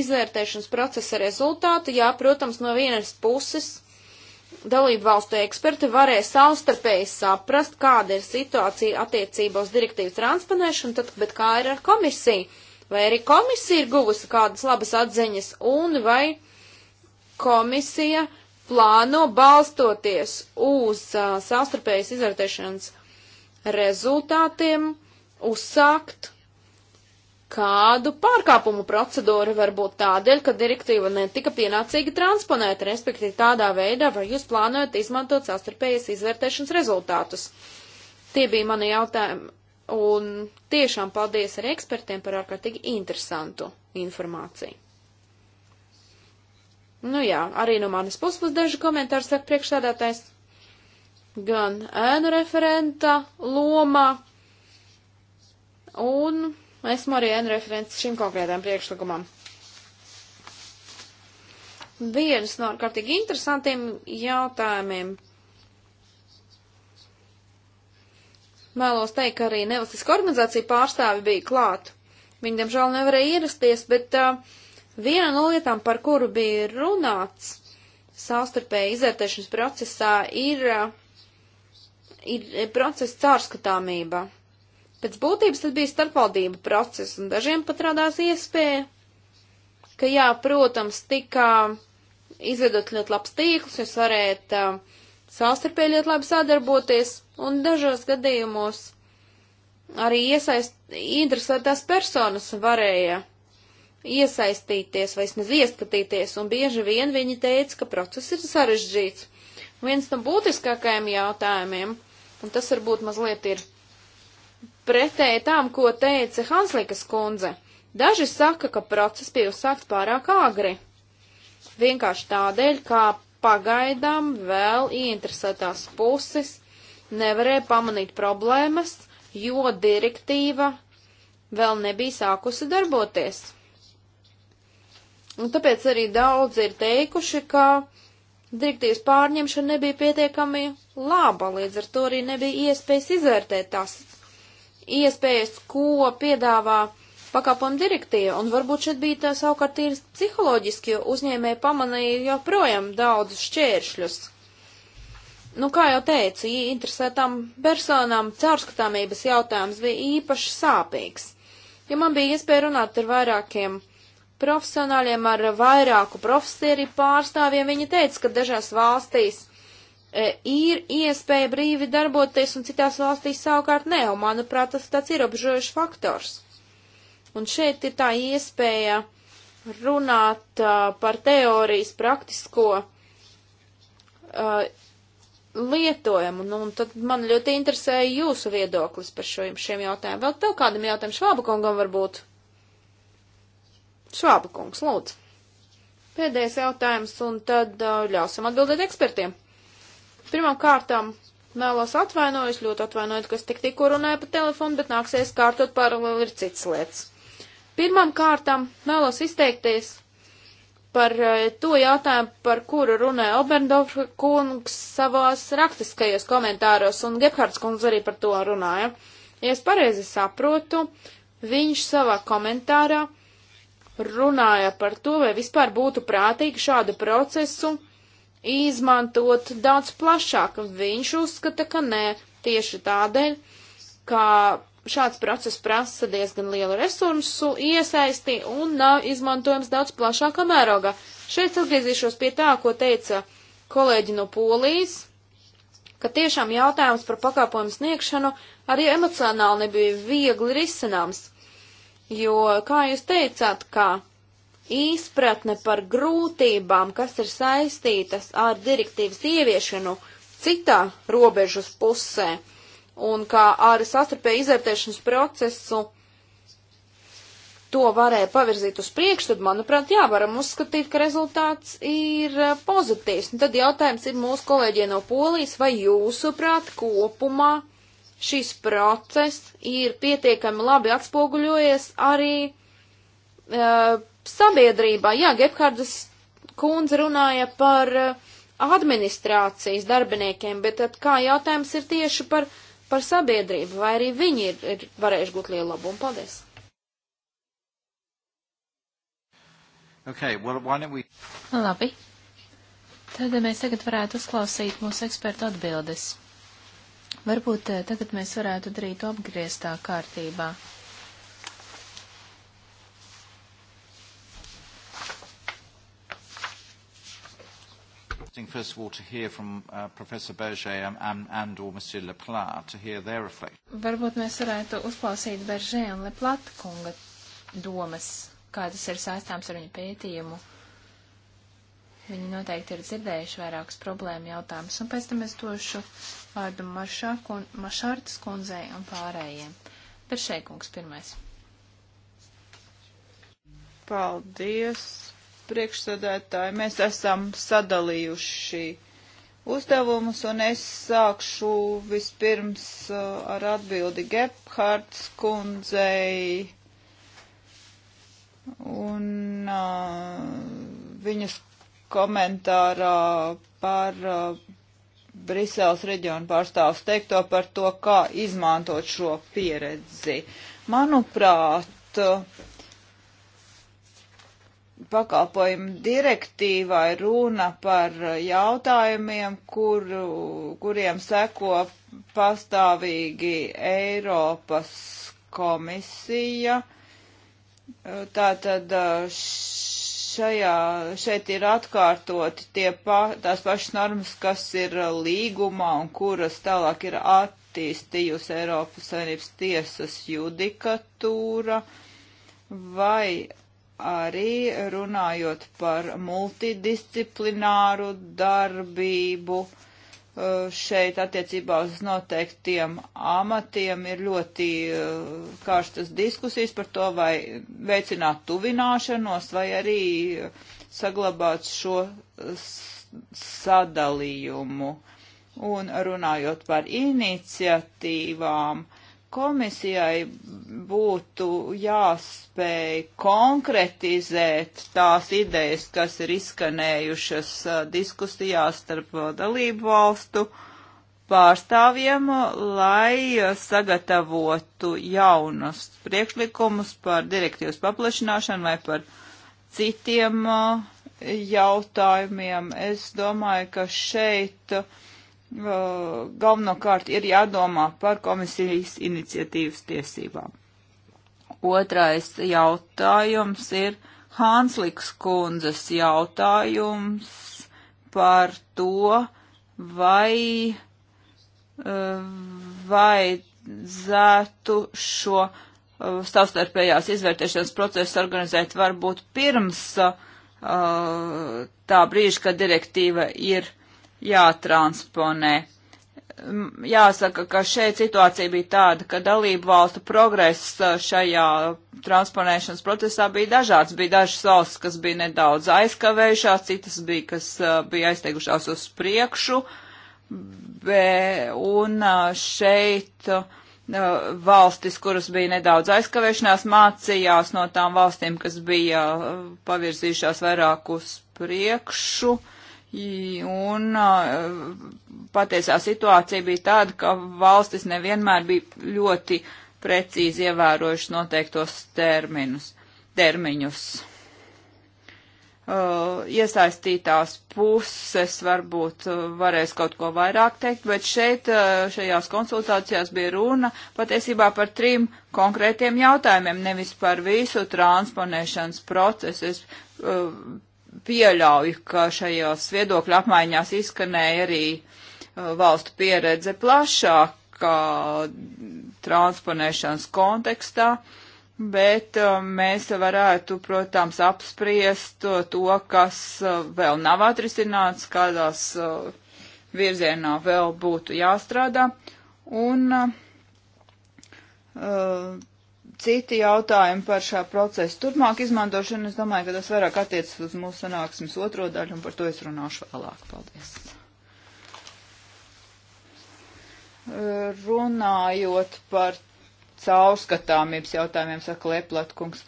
izvērtēšanas procesa rezultātu. Jā, protams, no vienas puses dalību valstu eksperti varēja savstarpēji saprast, kāda ir situācija attiecībā uz direktīvu transponēšanu, tad, bet kā ir ar komisiju? Vai arī komisija ir guvusi kādas labas atziņas un vai komisija plāno balstoties uz uh, savstarpējas izvērtēšanas rezultātiem uzsākt kādu pārkāpumu procedūru varbūt tādēļ, ka direktīva netika pienācīgi transponēta, respektīvi tādā veidā, vai jūs plānojat izmantot savstarpējas izvērtēšanas rezultātus. Tie bija mani jautājumi, un tiešām paldies arī ekspertiem par ārkārtīgi interesantu informāciju. Nu jā, arī no manis puses būs daži komentāri, saka priekšsēdētājs. Gan ēnu referenta lomā, un esmu arī ēnu referents šim konkrētajam priekšlikumam. Viens no ārkārtīgi interesantiem jautājumiem. Mēlos teikt, ka arī nevalstiska organizācija pārstāvi bija klāt. Viņi, diemžēl, nevarēja ierasties, bet uh, Viena no lietām, par kuru bija runāts savstarpēji izvērtēšanas procesā, ir, ir procesa cārskatāmība. Pēc būtības tas bija starpvaldība process, un dažiem pat radās iespēja, ka jā, protams, tika izveidot ļoti labs tīkls, jūs varētu uh, savstarpēji ļoti labi sadarboties, un dažos gadījumos arī iesaist interesētās personas varēja iesaistīties vai vismaz ieskatīties, un bieži vien viņi teica, ka process ir sarežģīts. Viens no būtiskākajiem jautājumiem, un tas varbūt mazliet ir pretēji tām, ko teica Hanslikas kundze, daži saka, ka process bija uzsākts pārāk āgri. Vienkārši tādēļ, kā pagaidām vēl ieinteresētās puses nevarēja pamanīt problēmas, jo direktīva vēl nebija sākusi darboties. Un tāpēc arī daudzi ir teikuši, ka direktīvas pārņemšana nebija pietiekami laba, līdz ar to arī nebija iespējas izvērtēt tās iespējas, ko piedāvā pakāpuma direktīva. Un varbūt šeit bija tā savukārt tīri psiholoģiski, jo uzņēmēji pamanīja joprojām daudzus šķēršļus. Nu, kā jau teicu, interesētām personām caurskatāmības jautājums bija īpaši sāpīgs. Ja man bija iespēja runāt ar vairākiem profesionāļiem, ar vairāku profesiju pārstāvjiem. Viņi teica, ka dažās valstīs e, ir iespēja brīvi darboties, un citās valstīs savukārt ne, un manuprāt, tas tāds ir apžojuši faktors. Un šeit ir tā iespēja runāt uh, par teorijas praktisko uh, lietojumu, nu, un tad man ļoti interesēja jūsu viedoklis par šo, šiem jautājumiem. Vēl tev kādam jautājumam švāba kungam varbūt? Uh, Švāba kungs, lūdzu. Pēdējais jautājums, un tad ļausim atbildēt ekspertiem. Pirmām kārtām vēlos atvainojos, ļoti atvainojos, kas tik tikko runāja pa telefonu, bet nāksies kārtot paralēli ir cits lietas. Pirmām kārtām vēlos izteikties par to jautājumu, par kuru runāja Oberndorf kungs savos raktiskajos komentāros, un Gebhards kungs arī par to runāja. Ja es pareizi saprotu, viņš savā komentārā runāja par to, vai vispār būtu prātīgi šādu procesu izmantot daudz plašāk. Viņš uzskata, ka nē, tieši tādēļ, ka šāds process prasa diezgan lielu resursu iesaisti un nav izmantojams daudz plašākā mērogā. Šeit atgriezīšos pie tā, ko teica kolēģi no Polijas, ka tiešām jautājums par pakāpojumu sniegšanu arī emocionāli nebija viegli risināms jo, kā jūs teicāt, ka izpratne par grūtībām, kas ir saistītas ar direktīvas ieviešanu citā robežas pusē, un kā ar sastarpēju izvērtēšanas procesu to varēja pavirzīt uz priekšu, tad, manuprāt, jā, varam uzskatīt, ka rezultāts ir eh, pozitīvs. Un tad jautājums ir mūsu kolēģiem no Polijas, vai jūsuprāt kopumā šis process ir pietiekami labi atspoguļojies arī uh, sabiedrībā. Jā, Gebhardas kundze runāja par uh, administrācijas darbiniekiem, bet tad kā jautājums ir tieši par, par sabiedrību, vai arī viņi ir, ir varējuši gūt lielu labumu? Paldies! Okay, well, why don't we... Labi. Tad mēs tagad varētu uzklausīt mūsu ekspertu atbildes. Varbūt eh, tagad mēs varētu darīt apgrieztā kārtībā. First of all, to hear from uh, Professor Berger and, and, and or Monsieur Leplat to hear their reflection. Varbūt mēs varētu uzklausīt Berger un Leplat kunga domas, kā tas ir saistāms ar viņu pētījumu. Uh, Viņi noteikti ir dzirdējuši vairākas problēma jautājumus, un pēc tam es došu vārdu un, Mašārtas kundzei un pārējiem. Bet šeit kungs pirmais. Paldies, priekšsēdētāji. Mēs esam sadalījuši uzdevumus, un es sākšu vispirms uh, ar atbildi Gebhards kundzei. Un uh, viņas komentārā par uh, Briseles reģionu pārstāvs teikto par to, kā izmantot šo pieredzi. Manuprāt, pakalpojumu direktīvā ir runa par jautājumiem, kur, kuriem seko pastāvīgi Eiropas komisija. Tātad š uh, šajā, šeit ir atkārtoti tie pa, tās pašas normas, kas ir līgumā un kuras tālāk ir attīstījusi Eiropas Savienības tiesas judikatūra, vai arī runājot par multidisciplināru darbību, uh, Eh, šeit attiecībā uz noteiktiem amatiem ir ļoti eh, karstas diskusijas par to, vai veicināt tuvināšanos, vai arī eh, saglabāt šo sadalījumu. Un runājot par iniciatīvām, komisijai būtu jāspēj konkretizēt tās idejas, kas ir izskanējušas uh, diskusijās starp uh, dalību valstu pārstāvjiem, lai uh, sagatavotu jaunas priekšlikumus par direktīvas paplašināšanu vai par citiem jautājumiem. Es domāju, ka šeit uh, galvenokārt ir jādomā par komisijas iniciatīvas tiesībām. Otrais jautājums ir Hānsliks kundzes jautājums par to, vai eh, vajadzētu šo eh, savstarpējās izvērtēšanas procesu organizēt varbūt pirms uh, tā brīža, kad direktīva ir jātransponē. Jāsaka, ka šeit situācija bija tāda, ka dalību valstu progress uh, šajā transponēšanas procesā bija dažāds. Bija dažas valsts, kas bija nedaudz aizkavējušās, citas bija, kas uh, bija aizteigušās uz priekšu. Be, un uh, šeit valstis, kuras bija nedaudz aizkavēšanās, mācījās no tām valstīm, kas bija pavirzījušās vairāk uz priekšu. Uh, Un uh, patiesā situācija bija tāda, ka valstis nevienmēr bija ļoti precīzi ievērojušas noteiktos terminus, termiņus. Uh, iesaistītās puses varbūt uh, varēs kaut ko vairāk teikt, bet šeit šajās konsultācijās bija runa patiesībā par trim konkrētiem jautājumiem, nevis par visu transponēšanas procesu. Es pieļauju, ka šajās viedokļu apmaiņās izskanēja arī uh, valstu pieredze plašākā transponēšanas kontekstā, bet uh, mēs varētu, protams, apspriest uh, to, kas vēl nav atrisināts, kādās virzienā vēl būtu jāstrādā. Un uh, citi jautājumi par šā procesa turpmāk izmantošanu. Es domāju, ka tas vairāk attiecas uz mūsu sanāksmes otro daļu, un par to es runāšu vēlāk. Paldies! Runājot par caurskatāmības jautājumiem, saka Leplatkungs.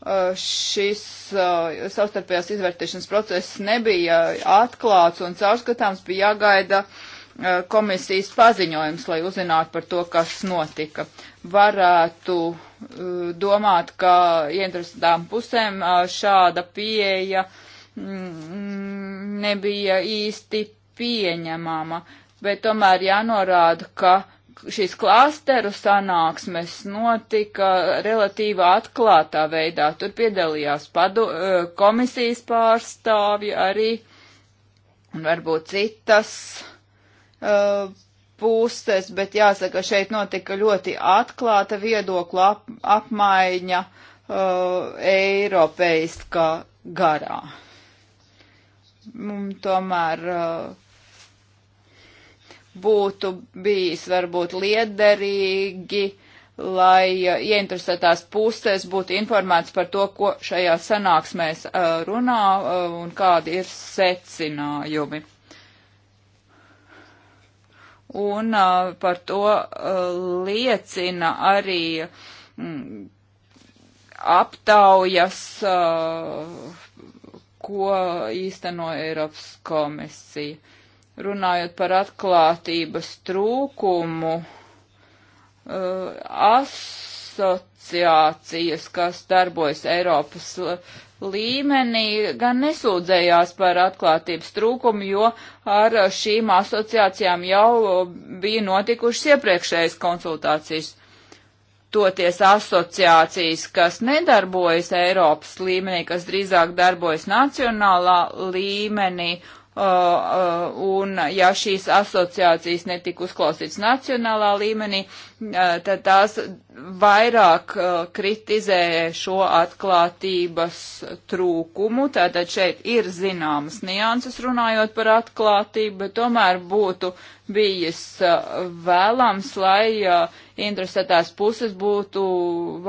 Uh, šis uh, savstarpējās izvērtēšanas process nebija atklāts un caurskatāms bija jāgaida uh, Eh, komisijas paziņojums, lai uzzinātu par to, kas notika. Varētu eh, domāt, ka ieinteresētām pusēm eh, šāda pieeja mm, nebija īsti pieņemama, bet tomēr jānorāda, ka šīs klāsteru sanāksmes notika relatīvi atklātā veidā. Tur piedalījās padu, komisijas pārstāvji arī un varbūt citas uh, uh, puses, bet jāsaka, šeit notika ļoti atklāta viedokļa ap, apmaiņa uh, eiropeiskā garā. Mums tomēr uh, būtu bijis varbūt liederīgi, lai uh, ieinteresētās puses būtu informēts par to, ko šajā sanāksmēs uh, runā uh, un kādi ir secinājumi un uh, par to uh, liecina arī mm, aptaujas, uh, ko īsteno Eiropas komisija. Runājot par atklātības trūkumu, uh, asociācijas, kas darbojas Eiropas uh, līmenī gan nesūdzējās par atklātības trūkumu, jo ar šīm asociācijām jau bija notikušas iepriekšējas konsultācijas. Toties asociācijas, kas nedarbojas Eiropas līmenī, kas drīzāk darbojas nacionālā līmenī Uh, uh, un ja šīs asociācijas netika uzklausīts nacionālā līmenī, uh, tad tās vairāk uh, kritizēja šo atklātības trūkumu. Tātad šeit ir zināmas nianses runājot par atklātību, bet tomēr būtu bijis uh, vēlams, lai uh, interesētās puses būtu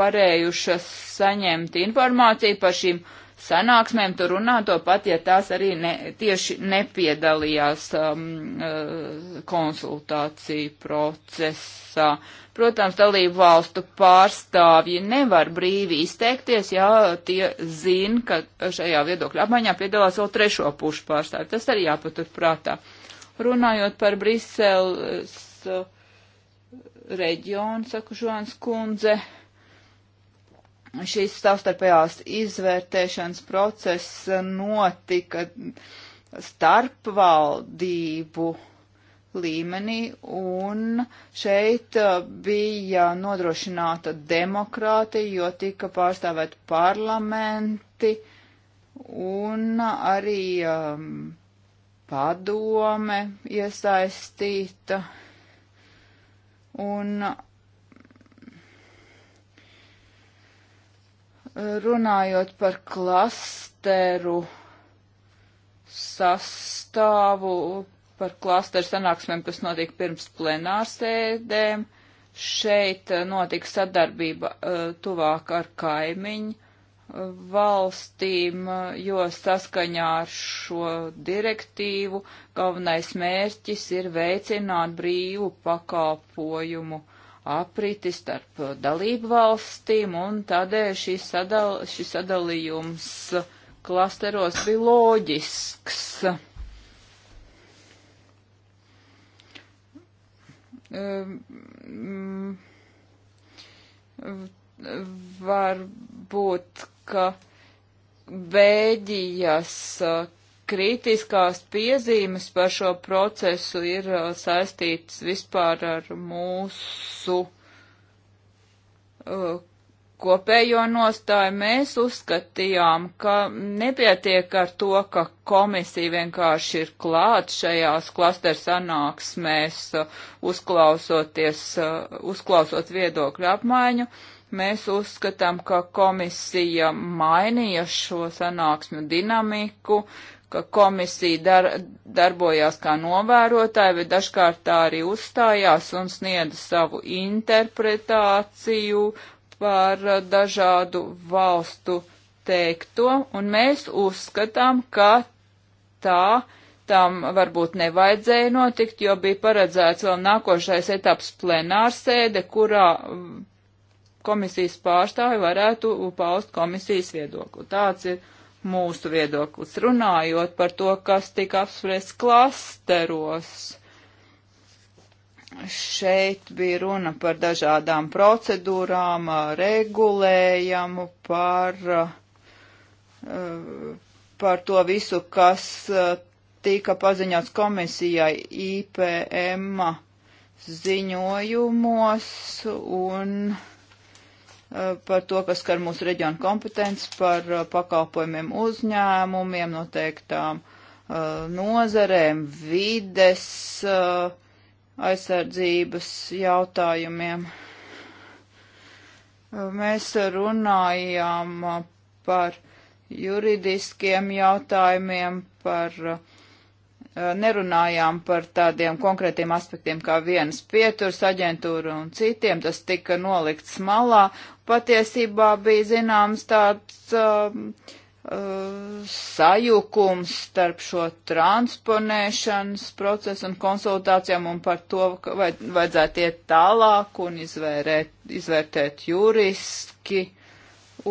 varējušas saņemt informāciju par šīm uh, sanāksmēm tur runā to pat, ja tās arī ne, tieši nepiedalījās um, uh, konsultāciju procesā. Protams, dalību valstu pārstāvji nevar brīvi izteikties, ja tie zina, ka šajā viedokļa apmaiņā piedalās vēl trešo pušu pārstāvji. Tas arī jāpatur prātā. Runājot par Briseles uh, reģionu, saka Žuans Kundze. Uh, šīs savstarpējās izvērtēšanas process notika starpvaldību līmenī, un šeit uh, bija nodrošināta demokrātija, jo tika pārstāvēt parlamenti un arī um, padome iesaistīta. Un Runājot par klasteru sastāvu, par klasteru sanāksmēm, kas notiek pirms plenārsēdēm, šeit eh, notika sadarbība eh, tuvāk ar kaimiņu eh, valstīm, jo saskaņā ar šo direktīvu galvenais mērķis ir veicināt brīvu pakalpojumu uh, apriti starp dalību valstīm, un tādēļ šis, sadal, šis sadalījums klasteros bija loģisks. Ehm, mm, varbūt, ka Bēģijas kritiskās piezīmes par šo procesu ir uh, saistītas vispār ar mūsu uh, kopējo nostāju. Mēs uzskatījām, ka nepietiek ar to, ka komisija vienkārši ir klāt šajās klasteru sanāksmēs, uh, uzklausoties, uh, uzklausot viedokļu apmaiņu. Mēs uzskatām, ka komisija mainīja šo sanāksmu dinamiku, ka komisija dar, darbojās kā novērotāja, bet dažkārt tā arī uzstājās un sniedza savu interpretāciju par eh, dažādu valstu teikto, un mēs uzskatām, ka tā tam varbūt nevajadzēja notikt, jo bija paredzēts vēl nākošais etaps plenārsēde, kurā mm, komisijas pārstāvi varētu paust komisijas viedokli. Tāds ir mūsu viedoklis, runājot par to, kas tika apspriests klasteros. Šeit bija runa par dažādām procedūrām, regulējumu, par, par to visu, kas tika paziņots komisijai IPM ziņojumos un Eh, par to, kas skar mūsu reģionu kompetenci, par eh, pakalpojumiem uzņēmumiem, noteiktām eh, nozarēm, vides aizsardzības jautājumiem. Mēs runājām par juridiskiem jautājumiem, par nerunājām par tādiem konkrētiem aspektiem kā vienas pieturas aģentūra un citiem, tas tika nolikts malā, patiesībā bija zināms tāds uh, uh, sajukums starp šo transponēšanas procesu un konsultācijām un par to, ka vajad, vajadzētu iet tālāk un izvērēt, izvērtēt juriski.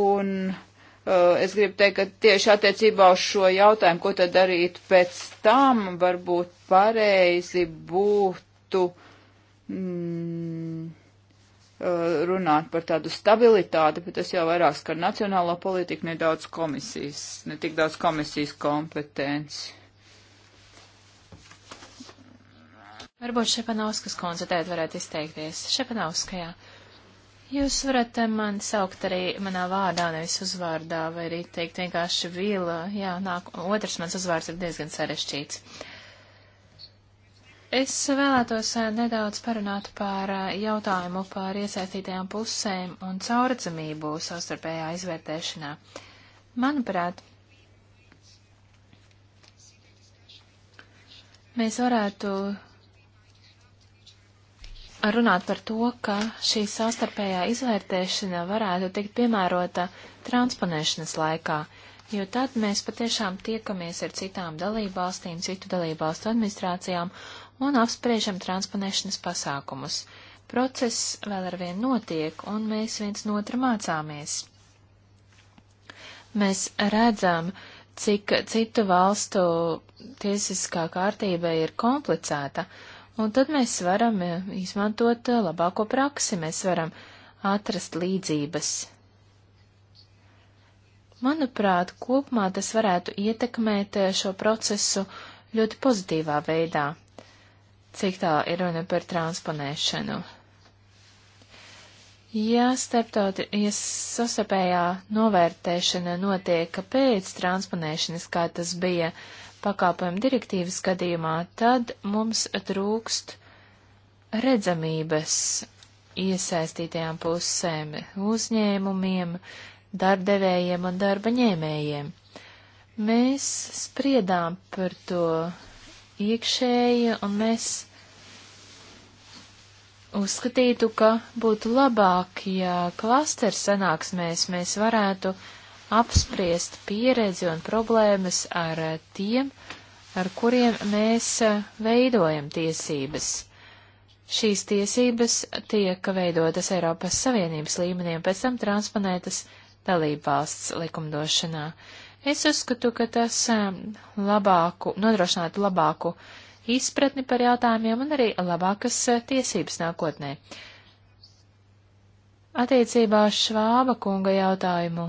Un uh, es gribu teikt, ka tieši attiecībā uz šo jautājumu, ko tad darīt pēc tam, varbūt pareizi būtu. Mm, Uh, runāt par tādu stabilitāti, bet tas jau vairāk skar nacionālo politiku, nedaudz komisijas, ne tik daudz komisijas kompetenci. Varbūt Šepanovskas koncertēt varētu izteikties. Šepanovskajā. Jūs varat eh, man saukt arī manā vārdā, nevis uzvārdā, vai arī teikt vienkārši vīla. Jā, nāk, otrs mans uzvārds ir diezgan sarešķīts. Es vēlētos eh, nedaudz parunāt par eh, jautājumu par iesaistītajām pusēm un caurredzamību savstarpējā izvērtēšanā. Manuprāt, mēs varētu runāt par to, ka šī savstarpējā izvērtēšana varētu tikt piemērota transponēšanas laikā, jo tad mēs patiešām tiekamies ar citām dalībvalstīm, citu dalībvalstu administrācijām un apspriežam transponēšanas pasākumus. Process vēl ar vien notiek, un mēs viens no otra mācāmies. Mēs redzam, cik citu valstu tiesiskā kārtība ir komplicēta, un tad mēs varam eh, izmantot eh, labāko praksi, mēs varam atrast līdzības. Manuprāt, kopumā tas varētu ietekmēt eh, šo procesu ļoti pozitīvā veidā cik tā ir runa par transponēšanu. Ja starptautiskā sasapējā novērtēšana notiek pēc transponēšanas, kā tas bija pakāpojuma direktīvas gadījumā, tad mums trūkst redzamības iesaistītajām pusēm - uzņēmumiem, darbdevējiem un darba ņēmējiem. Mēs spriedām par to iekšēji, un mēs uzskatītu, ka būtu labāk, ja klasteru sanāksmēs mēs varētu apspriest pieredzi un problēmas ar tiem, ar kuriem mēs veidojam tiesības. Šīs tiesības tiek veidotas Eiropas Savienības līmenī un pēc tam transponētas dalībvalsts likumdošanā. Uh, Es uzskatu, ka tas um, labāku, nodrošinātu labāku izpratni par jautājumiem un arī labākas uh, tiesības nākotnē. Attiecībā uz Švāba kunga jautājumu.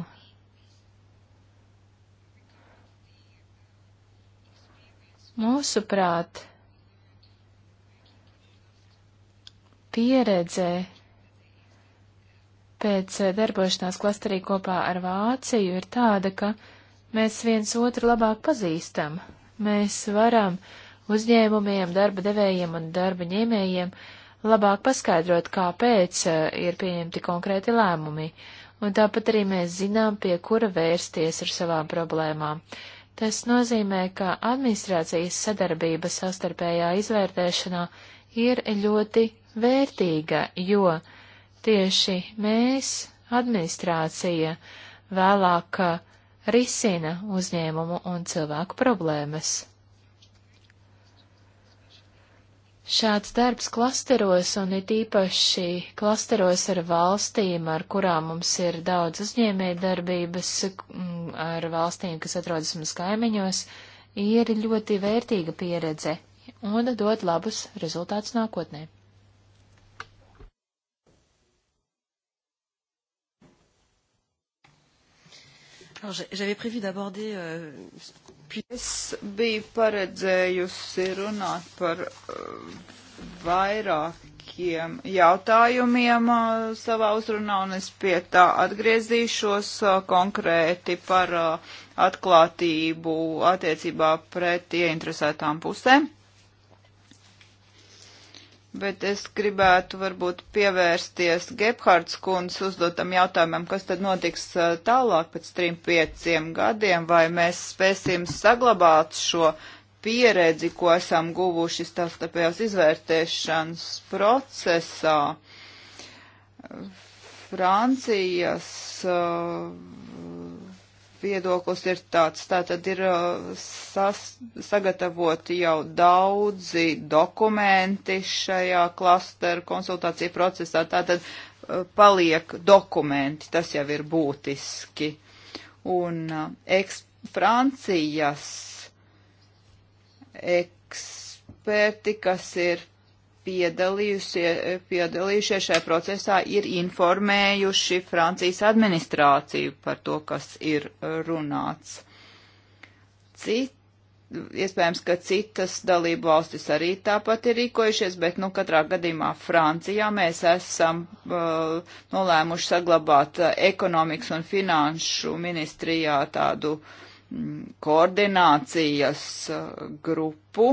Mūsuprāt, pieredzē pēc uh, darbošanās klasterī kopā ar Vāciju ir tāda, ka Mēs viens otru labāk pazīstam. Mēs varam uzņēmumiem, darba devējiem un darba ņēmējiem labāk paskaidrot, kāpēc e, ir pieņemti konkrēti lēmumi, un tāpat arī mēs zinām, pie kura vērsties ar savām problēmām. Tas nozīmē, ka administrācijas sadarbība sastarpējā izvērtēšanā ir ļoti vērtīga, jo tieši mēs, administrācija, vēlāk e, risina uzņēmumu un cilvēku problēmas. Šāds darbs klasteros un it īpaši klasteros ar valstīm, ar kurām mums ir daudz uzņēmējdarbības, mm, ar valstīm, kas atrodas mums kaimiņos, ir ļoti vērtīga pieredze un dod labus rezultātus nākotnē. Euh, es biju paredzējusi runāt par uh, vairākiem jautājumiem uh, savā uzrunā, un es pie tā atgriezīšos uh, konkrēti par atklātību attiecībā pret ieinteresētām pusēm bet es gribētu varbūt pievērsties Gebhards kundas uzdotam jautājumam, kas tad notiks tālāk pēc trim pieciem gadiem, vai mēs spēsim saglabāt šo pieredzi, ko esam guvuši starptautējās izvērtēšanas procesā. Francijas uh, viedoklis ir tāds. Tātad ir uh, sas, sagatavoti jau daudzi dokumenti šajā klasteru konsultāciju procesā. Tātad uh, paliek dokumenti, tas jau ir būtiski. Un uh, eks, Francijas eksperti, kas ir piedalījušies šajā procesā, ir informējuši Francijas administrāciju par to, kas ir runāts. Cit, iespējams, ka citas dalību valstis arī tāpat ir rīkojušies, bet, nu, katrā gadījumā Francijā mēs esam uh, nolēmuši saglabāt uh, ekonomikas un finanšu ministrijā tādu mm, koordinācijas uh, grupu.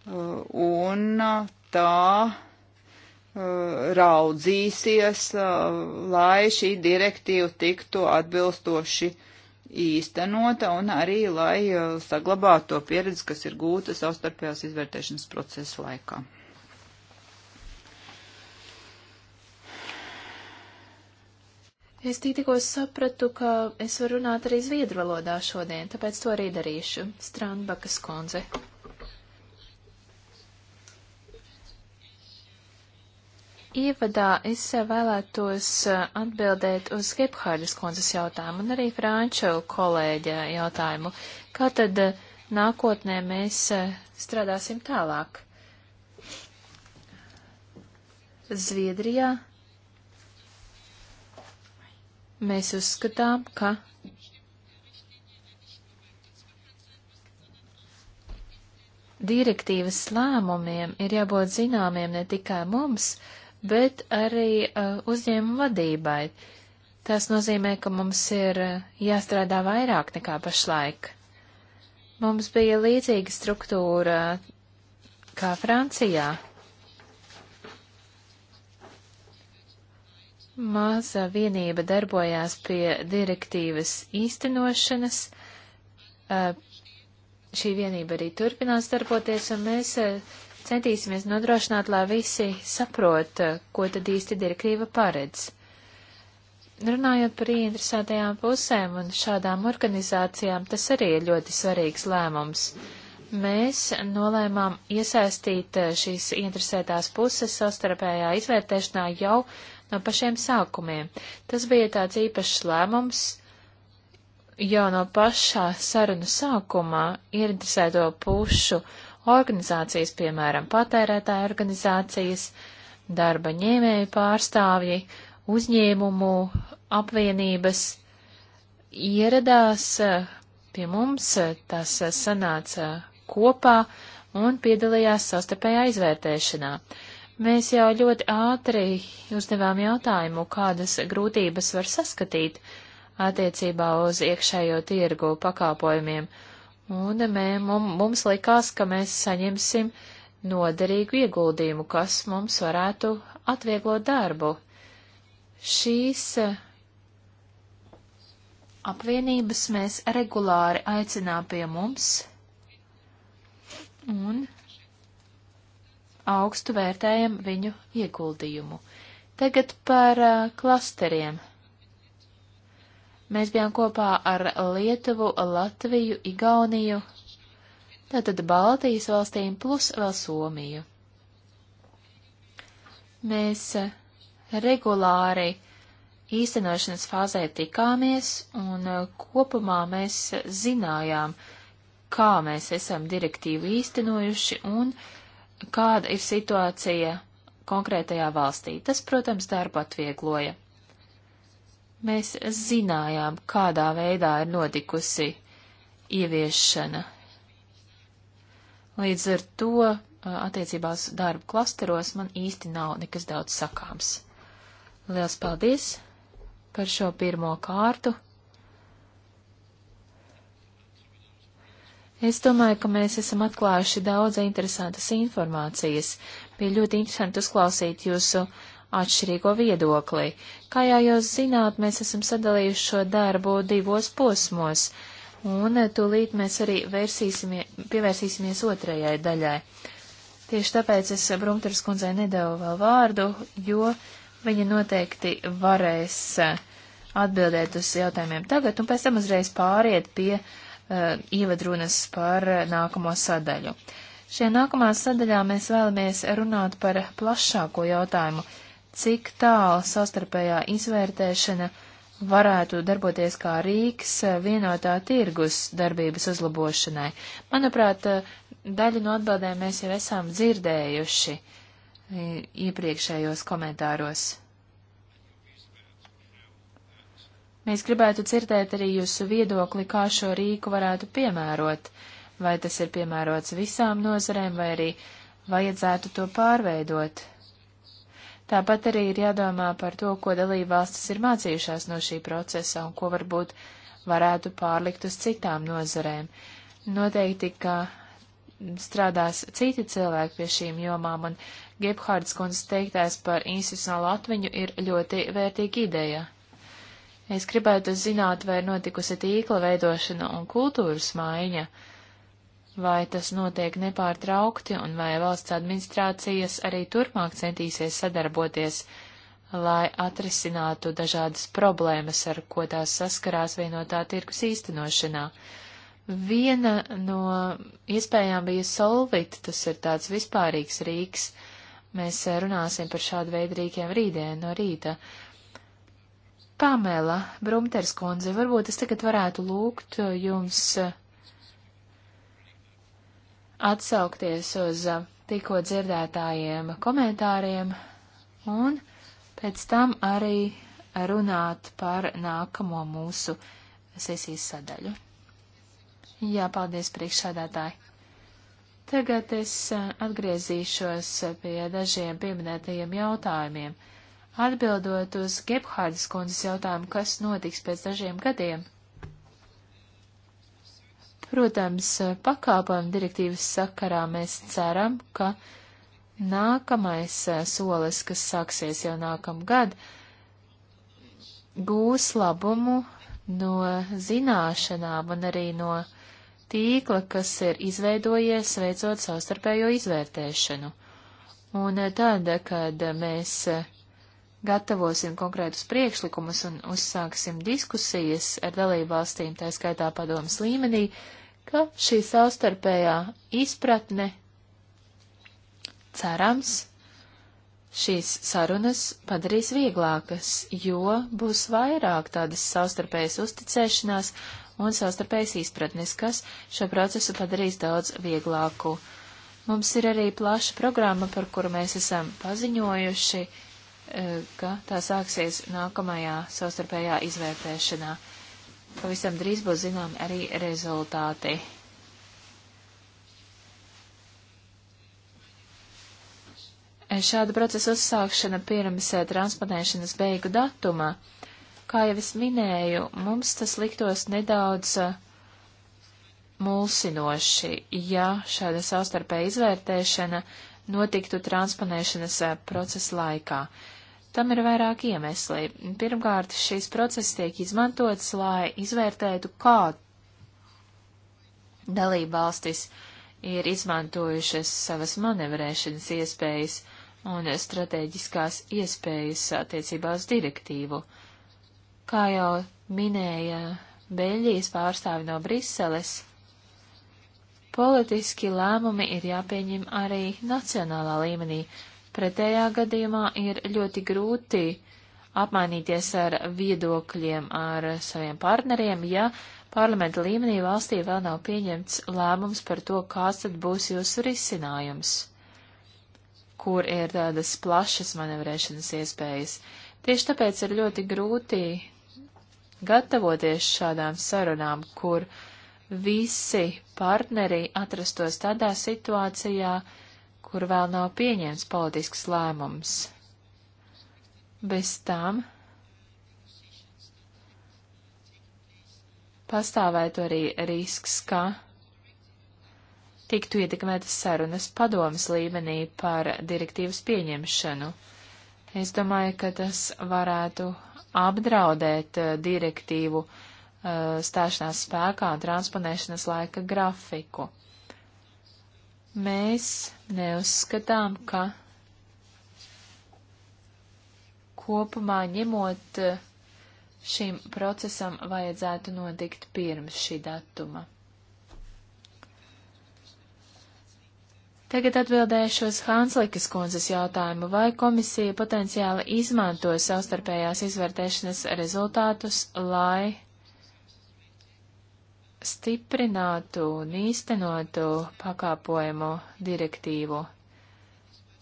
Uh, un uh, tā uh, raudzīsies, uh, lai šī direktīva tiktu atbilstoši īstenota un arī, lai uh, saglabātu to pieredzi, kas ir gūta savstarpējās izvērtēšanas procesa laikā. Es tikko sapratu, ka es varu runāt arī zviedru valodā šodien, tāpēc to arī darīšu. Strandbakas konze. Ievadā es vēlētos eh, atbildēt uz Gebhārdas kundzes jautājumu un arī Franču kolēģa jautājumu. Kā tad eh, nākotnē mēs eh, strādāsim tālāk? Zviedrijā mēs uzskatām, ka direktīvas lēmumiem ir jābūt zināmiem ne tikai mums, bet arī uh, uzņēmumu vadībai. Tas nozīmē, ka mums ir uh, jāstrādā vairāk nekā pašlaik. Mums bija līdzīga struktūra uh, kā Francijā. Mazā vienība darbojās pie direktīvas īstenošanas. Uh, šī vienība arī turpinās darboties, un mēs centīsimies nodrošināt, lai visi saprot, eh, ko tad īsti direktīva paredz. Runājot par ieinteresētajām pusēm un šādām organizācijām, tas arī ir ļoti svarīgs lēmums. Mēs nolēmām iesaistīt eh, šīs interesētās puses sastarpējā izvērtēšanā jau no pašiem sākumiem. Tas bija tāds īpašs lēmums, jau no pašā sarunu sākumā ieinteresēto pušu uh, organizācijas, piemēram, patērētāja organizācijas, darba ņēmēju pārstāvji, uzņēmumu apvienības ieradās eh, pie mums, eh, tas eh, sanāca kopā un piedalījās sastapējā izvērtēšanā. Mēs jau ļoti ātri uzdevām jautājumu, kādas grūtības var saskatīt attiecībā uz iekšējo tirgu pakāpojumiem Un eh, mē, mums likās, ka mēs saņemsim noderīgu ieguldījumu, kas mums varētu atvieglot darbu. Šīs eh, apvienības mēs regulāri aicinām pie mums un augstu vērtējam viņu ieguldījumu. Tagad par uh, klasteriem. Mēs bijām kopā ar Lietuvu, Latviju, Igauniju, tātad Baltijas valstīm plus vēl Somiju. Mēs eh, regulāri īstenošanas fāzē tikāmies un eh, kopumā mēs zinājām, kā mēs esam direktīvu īstenojuši un kāda ir situācija konkrētajā valstī. Tas, protams, darbu atviegloja. Mēs zinājām, kādā veidā ir notikusi ieviešana. Līdz ar to attiecībās darba klasteros man īsti nav nekas daudz sakāms. Liels paldies par šo pirmo kārtu. Es domāju, ka mēs esam atklājuši daudz interesantas informācijas. Bija ļoti interesanti uzklausīt jūsu atšķirīgo viedokli. Kā jau jūs zināt, mēs esam sadalījuši šo darbu divos posmos, un tūlīt mēs arī pievērsīsimies otrajai daļai. Tieši tāpēc es Brumters kundzei nedevu vēl vārdu, jo viņa noteikti varēs atbildēt uz jautājumiem tagad, un pēc tam uzreiz pāriet pie uh, ievadrunas par nākamo sadaļu. Šajā nākamā sadaļā mēs vēlamies runāt par plašāko jautājumu cik tālu sastarpējā izvērtēšana varētu darboties kā rīks vienotā tirgus darbības uzlabošanai. Manuprāt, daļu no atbildēm mēs jau esam dzirdējuši iepriekšējos komentāros. Mēs gribētu dzirdēt arī jūsu viedokli, kā šo rīku varētu piemērot, vai tas ir piemērots visām nozarēm, vai arī vajadzētu to pārveidot, Tāpat arī ir jādomā par to, ko dalībvalstis ir mācījušās no šī procesa un ko varbūt varētu pārlikt uz citām nozarēm. Noteikti, ka strādās citi cilvēki pie šīm jomām, un Gebhards kundze teiktais par institucionālu atmiņu ir ļoti vērtīga ideja. Es gribētu zināt, vai ir notikusi tīkla veidošana un kultūras maiņa. Uh, vai tas notiek nepārtraukti un vai valsts administrācijas arī turpmāk centīsies sadarboties, lai atrisinātu dažādas problēmas, ar ko tās saskarās vienotā tirkus īstenošanā. Viena no iespējām bija solvit, tas ir tāds vispārīgs rīks. Mēs runāsim par šādu veidu rīkiem rītdien no rīta. Pamela Brumterskundze, varbūt es tagad varētu lūgt jums atsaukties uz uh, tikko dzirdētājiem komentāriem un pēc tam arī runāt par nākamo mūsu sesijas sadaļu. Jā, paldies priekšsādātāji. Tagad es uh, atgriezīšos pie dažiem pieminētajiem jautājumiem. Atbildot uz Gebhārdas kundzes jautājumu, kas notiks pēc dažiem gadiem, Protams, pakāpojumu direktīvas sakarā mēs ceram, ka nākamais eh, solis, kas sāksies jau nākamgad, gūs labumu no zināšanām un arī no tīkla, kas ir izveidojies veicot savstarpējo izvērtēšanu. Un eh, tad, kad mēs eh, gatavosim konkrētus priekšlikumus un uzsāksim diskusijas ar dalībvalstīm, tā skaitā padomas līmenī, uh, ka šī savstarpējā izpratne, cerams, šīs sarunas padarīs vieglākas, jo būs vairāk tādas savstarpējas uzticēšanās un savstarpējas izpratnes, kas šo procesu padarīs daudz vieglāku. Mums ir arī plaša programma, par kuru mēs esam paziņojuši, eh, ka tā sāksies nākamajā savstarpējā izvērtēšanā pavisam drīz būs zinām arī rezultāti. Šāda procesa uzsākšana pirms eh, transplantēšanas beigu datuma, kā jau es minēju, mums tas liktos nedaudz eh, mulsinoši, ja šāda savstarpēja izvērtēšana notiktu transponēšanas eh, procesa laikā. Uh, Tam ir vairāk iemesli. Pirmkārt, šīs procesas tiek izmantotas, lai izvērtētu, kā dalībvalstis ir izmantojušas savas manevrēšanas iespējas un strateģiskās iespējas attiecībā uz direktīvu. Kā jau minēja Beļģijas pārstāvi no Briseles, politiski lēmumi ir jāpieņem arī nacionālā līmenī, Pretējā gadījumā ir ļoti grūti apmainīties ar viedokļiem ar saviem partneriem, ja parlamenta līmenī valstī vēl nav pieņemts lēmums par to, kāds tad būs jūsu risinājums, kur ir tādas plašas manevrēšanas iespējas. Tieši tāpēc ir ļoti grūti gatavoties šādām sarunām, kur visi partneri atrastos tādā situācijā, uh, kur vēl nav pieņemts politisks lēmums. Bez tam pastāvētu arī risks, ka tiktu ietekmētas sarunas padomas līmenī par direktīvas pieņemšanu. Es domāju, ka tas varētu apdraudēt eh, direktīvu uh, stāšanās spēkā un transponēšanas laika grafiku. Mēs neuzskatām, ka kopumā ņemot eh, šim procesam vajadzētu notikt pirms šī datuma. Tagad atbildēšu uz Hānslikas kundzes jautājumu, vai komisija potenciāli izmanto savstarpējās izvērtēšanas rezultātus, lai stiprinātu un īstenotu pakāpojumu direktīvu.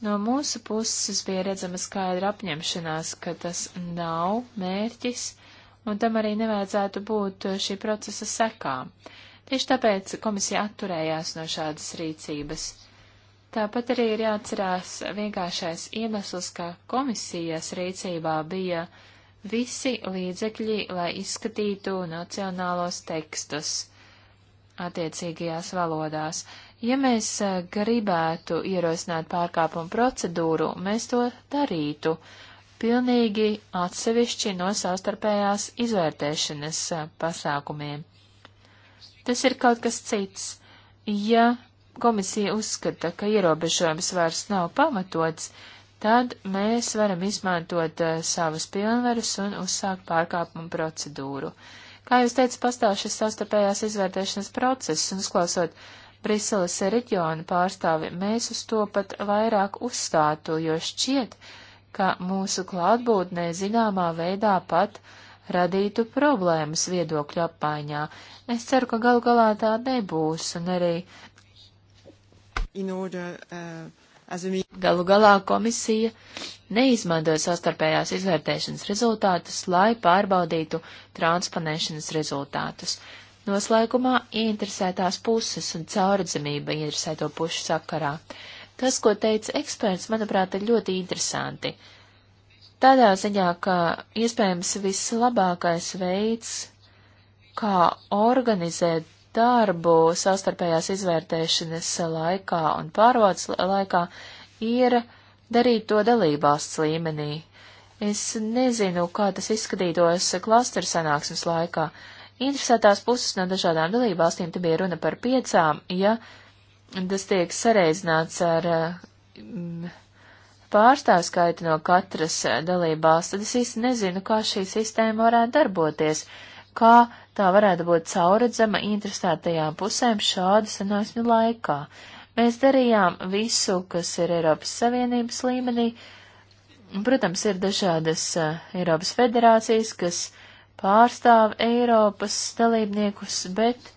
No mūsu puses bija redzama skaidra apņemšanās, ka tas nav mērķis, un tam arī nevajadzētu būt šī procesa sekām. Tieši tāpēc komisija atturējās no šādas rīcības. Tāpat arī ir jāatcerās vienkāršais iemesls, ka komisijas rīcībā bija uh, visi līdzekļi, lai izskatītu nacionālos tekstus attiecīgajās valodās. Ja mēs eh, gribētu ierosināt pārkāpumu procedūru, mēs to darītu pilnīgi atsevišķi no savstarpējās izvērtēšanas eh, pasākumiem. Tas ir kaut kas cits. Ja komisija uzskata, ka ierobežojums vairs nav pamatots, tad mēs varam izmantot uh, eh, savas pilnvaras un uzsākt pārkāpumu procedūru. Kā jūs teicat, pastāv šis savstarpējās izvērtēšanas process, un uzklausot Briseles reģiona pārstāvi, mēs uz to pat vairāk uzstātu, jo šķiet, ka mūsu klātbūtnē zināmā veidā pat radītu problēmas viedokļu apmaiņā. Es ceru, ka galu galā tā nebūs, un arī. In order, uh Galu galā komisija neizmantoja sastarpējās izvērtēšanas rezultātus, lai pārbaudītu transponēšanas rezultātus. Noslēgumā ieinteresētās puses un caurredzamība ieinteresēto pušu sakarā. Tas, ko teica eksperts, manuprāt, ir ļoti interesanti. Tādā ziņā, ka iespējams vislabākais veids, kā organizēt darbu savstarpējās izvērtēšanas laikā un pārvaldes laikā ir darīt to dalībvalsts līmenī. Es nezinu, kā tas izskatītos klasteru sanāksmes laikā. Interesētās puses no dažādām dalībvalstīm te bija runa par piecām, ja tas tiek sareizināts ar mm, pārstāvu skaitu no katras dalībās, tad es īsti nezinu, kā šī sistēma varētu darboties, kā Tā varētu būt cauredzama interesētajām pusēm šādu sanāksmi laikā. Mēs darījām visu, kas ir Eiropas Savienības līmenī. Protams, ir dažādas Eiropas federācijas, kas pārstāv Eiropas dalībniekus, bet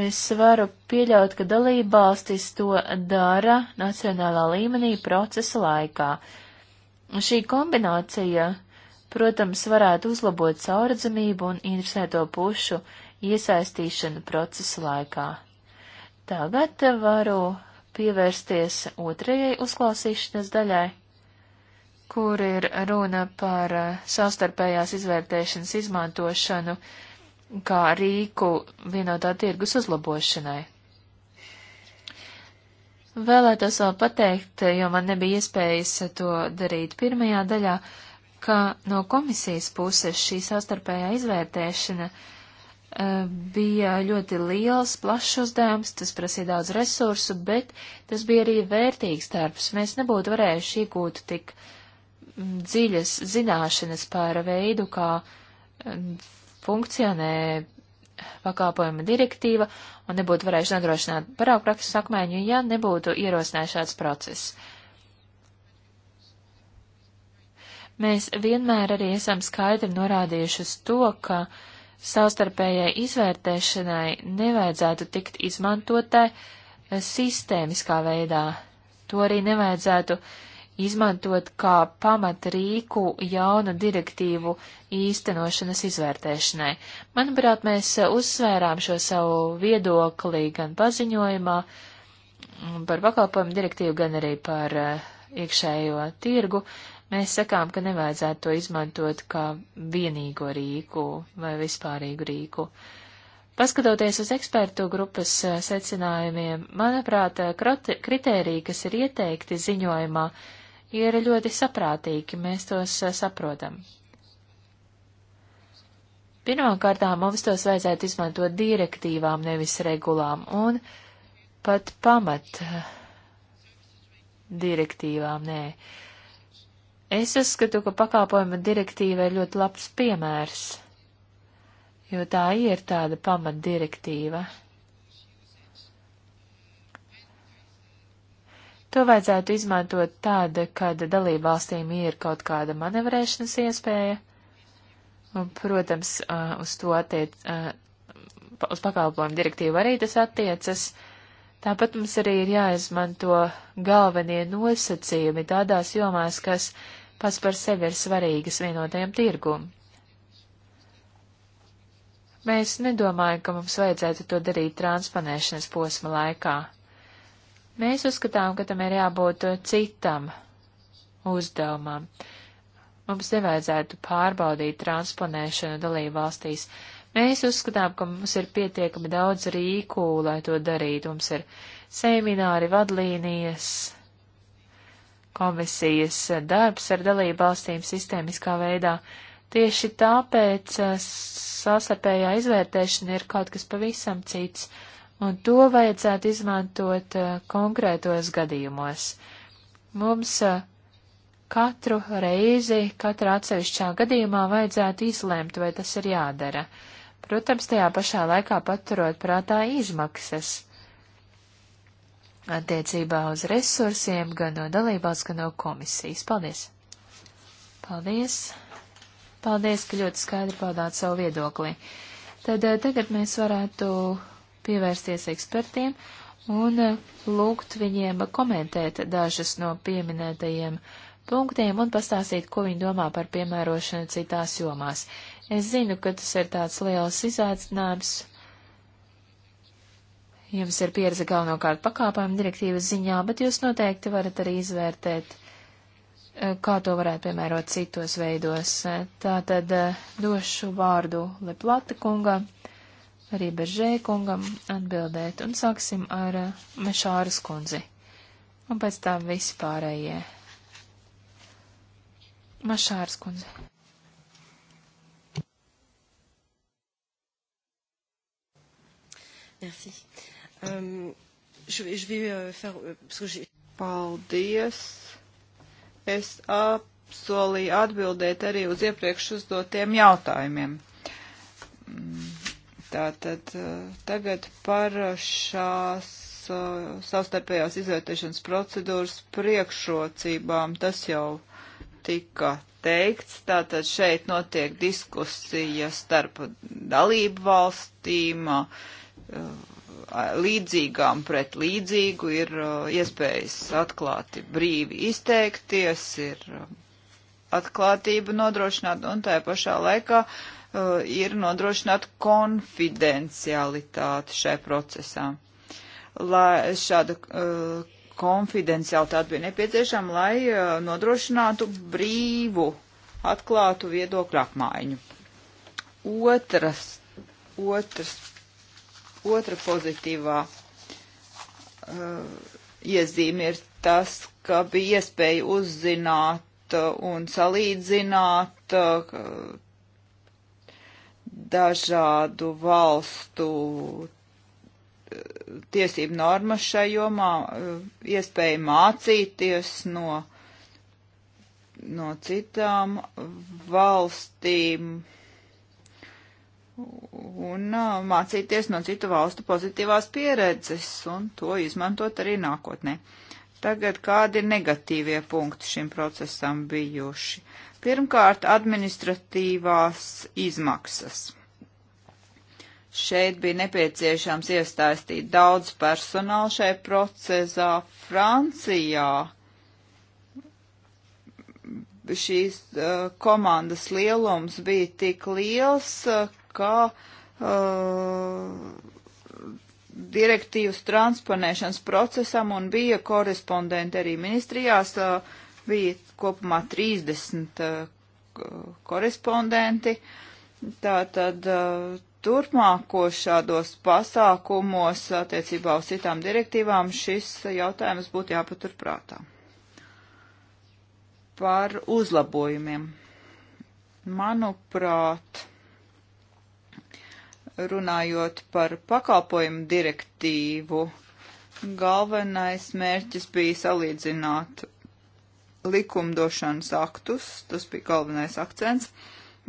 Es varu pieļaut, ka dalībvalstis to dara nacionālā līmenī procesa laikā. Šī kombinācija protams, varētu uzlabot caurredzamību un interesēto pušu iesaistīšanu procesa laikā. Tagad varu pievērsties otrajai uzklausīšanas daļai, kur ir runa par eh, savstarpējās izvērtēšanas izmantošanu kā rīku vienotā tirgus uzlabošanai. Vēlētos vēl pateikt, jo man nebija iespējas to darīt pirmajā daļā, uh, ka no komisijas puses šī sastarpējā izvērtēšana uh, bija ļoti liels, plašs uzdevums, tas prasīja daudz resursu, bet tas bija arī vērtīgs darbs. Mēs nebūtu varējuši iegūt tik mm, dziļas zināšanas par veidu, kā mm, funkcionē pakāpojuma direktīva un nebūtu varējuši nodrošināt parāku prakses apmaiņu, ja nebūtu ierosinājis šāds process. Mēs vienmēr arī esam skaidri norādījuši uz to, ka savstarpējai izvērtēšanai nevajadzētu tikt izmantotai eh, sistēmiskā veidā. To arī nevajadzētu izmantot kā pamatrīku jaunu direktīvu īstenošanas izvērtēšanai. Manuprāt, mēs eh, uzsvērām šo savu viedokli gan paziņojumā mm, par pakalpojumu direktīvu, gan arī par eh, iekšējo tirgu, Mēs sakām, ka nevajadzētu to izmantot kā vienīgo rīku vai vispārīgu rīku. Paskatoties uz ekspertu grupas eh, secinājumiem, manuprāt, eh, kritēriji, kas ir ieteikti ziņojumā, ir ļoti saprātīgi, mēs tos eh, saprotam. Pirmkārtām mums tos vajadzētu izmantot direktīvām, nevis regulām, un pat pamat direktīvām, nē. Es uzskatu, ka pakalpojuma direktīva ir ļoti labs piemērs, jo tā ir tāda pamatdirektīva. To vajadzētu izmantot tāda, kad dalībvalstīm ir kaut kāda manevrēšanas iespēja, un, protams, uz to attiec, uz pakalpojumu direktīvu arī tas attiecas. Tāpat mums arī ir jāizmanto galvenie nosacījumi tādās jomās, kas pats par sevi ir svarīgas vienotajam tirgum. Mēs nedomājam, ka mums vajadzētu to darīt transponēšanas posma laikā. Mēs uzskatām, ka tam ir jābūt citam uzdevumam. Mums nevajadzētu pārbaudīt transponēšanu dalību valstīs. Mēs uzskatām, ka mums ir pietiekami daudz rīku, lai to darītu. Mums ir semināri, vadlīnijas, komisijas darbs ar dalību valstīm sistēmiskā veidā. Tieši tāpēc eh, sasarpējā izvērtēšana ir kaut kas pavisam cits, un to vajadzētu izmantot eh, konkrētos gadījumos. Mums eh, katru reizi, katrā atsevišķā gadījumā vajadzētu izlēmt, vai tas ir jādara. Protams, tajā pašā laikā paturot prātā izmaksas attiecībā uz resursiem gan no dalībās, gan no komisijas. Paldies! Paldies! Paldies, ka ļoti skaidri paudāt savu viedokli. Tad eh, tagad mēs varētu pievērsties ekspertiem un eh, lūgt viņiem komentēt dažas no pieminētajiem punktiem un pastāstīt, ko viņi domā par piemērošanu citās jomās. Es zinu, ka tas ir tāds liels izaicinājums, Jums ir pieredze galvenokārt pakāpājuma direktīvas ziņā, bet jūs noteikti varat arī izvērtēt, e, kā to varētu piemērot citos veidos. E, Tātad e, došu vārdu Leplata kungam, arī Beržē kungam atbildēt, un sāksim ar Mešāras kundzi, un pēc tam visi pārējie. Mašāras kundze. Merci. Um, je, je vais faire, parce que j'ai... Paldies! Es apsolīju atbildēt arī uz iepriekš uzdotiem jautājumiem. Mm, tātad uh, tagad par šās uh, savstarpējās izvērtēšanas procedūras priekšrocībām. Tas jau tika teikts. Tātad šeit notiek diskusija starp dalību valstīm, uh, līdzīgām pret līdzīgu ir uh, iespējas atklāti brīvi izteikties, ir uh, atklātība nodrošināta un tajā pašā laikā uh, ir nodrošināta konfidencialitāte šai procesā. Lai šāda konfidencialitāte bija nepieciešama, lai nodrošinātu brīvu, atklātu viedokļu apmaiņu. Otras, otrs Otra pozitīvā uh, iezīme ir tas, ka bija iespēja uzzināt uh, un salīdzināt uh, dažādu valstu uh, tiesību normas šai jomā, uh, iespēja mācīties no, no citām valstīm un mācīties no citu valstu pozitīvās pieredzes un to izmantot arī nākotnē. Tagad kādi ir negatīvie punkti šim procesam bijuši? Pirmkārt, administratīvās izmaksas. Šeit bija nepieciešams iestāstīt daudz personālu šai procesā Francijā. Šīs uh, komandas lielums bija tik liels, uh, kā uh, direktīvas transponēšanas procesam un bija korespondenti arī ministrijās. Uh, bija kopumā 30 uh, korespondenti. Tātad uh, turpmāko šādos pasākumos attiecībā uz citām direktīvām šis jautājums būtu jāpaturprātā. Par uzlabojumiem. Manuprāt, runājot par pakalpojumu direktīvu, galvenais mērķis bija salīdzināt likumdošanas aktus, tas bija galvenais akcents,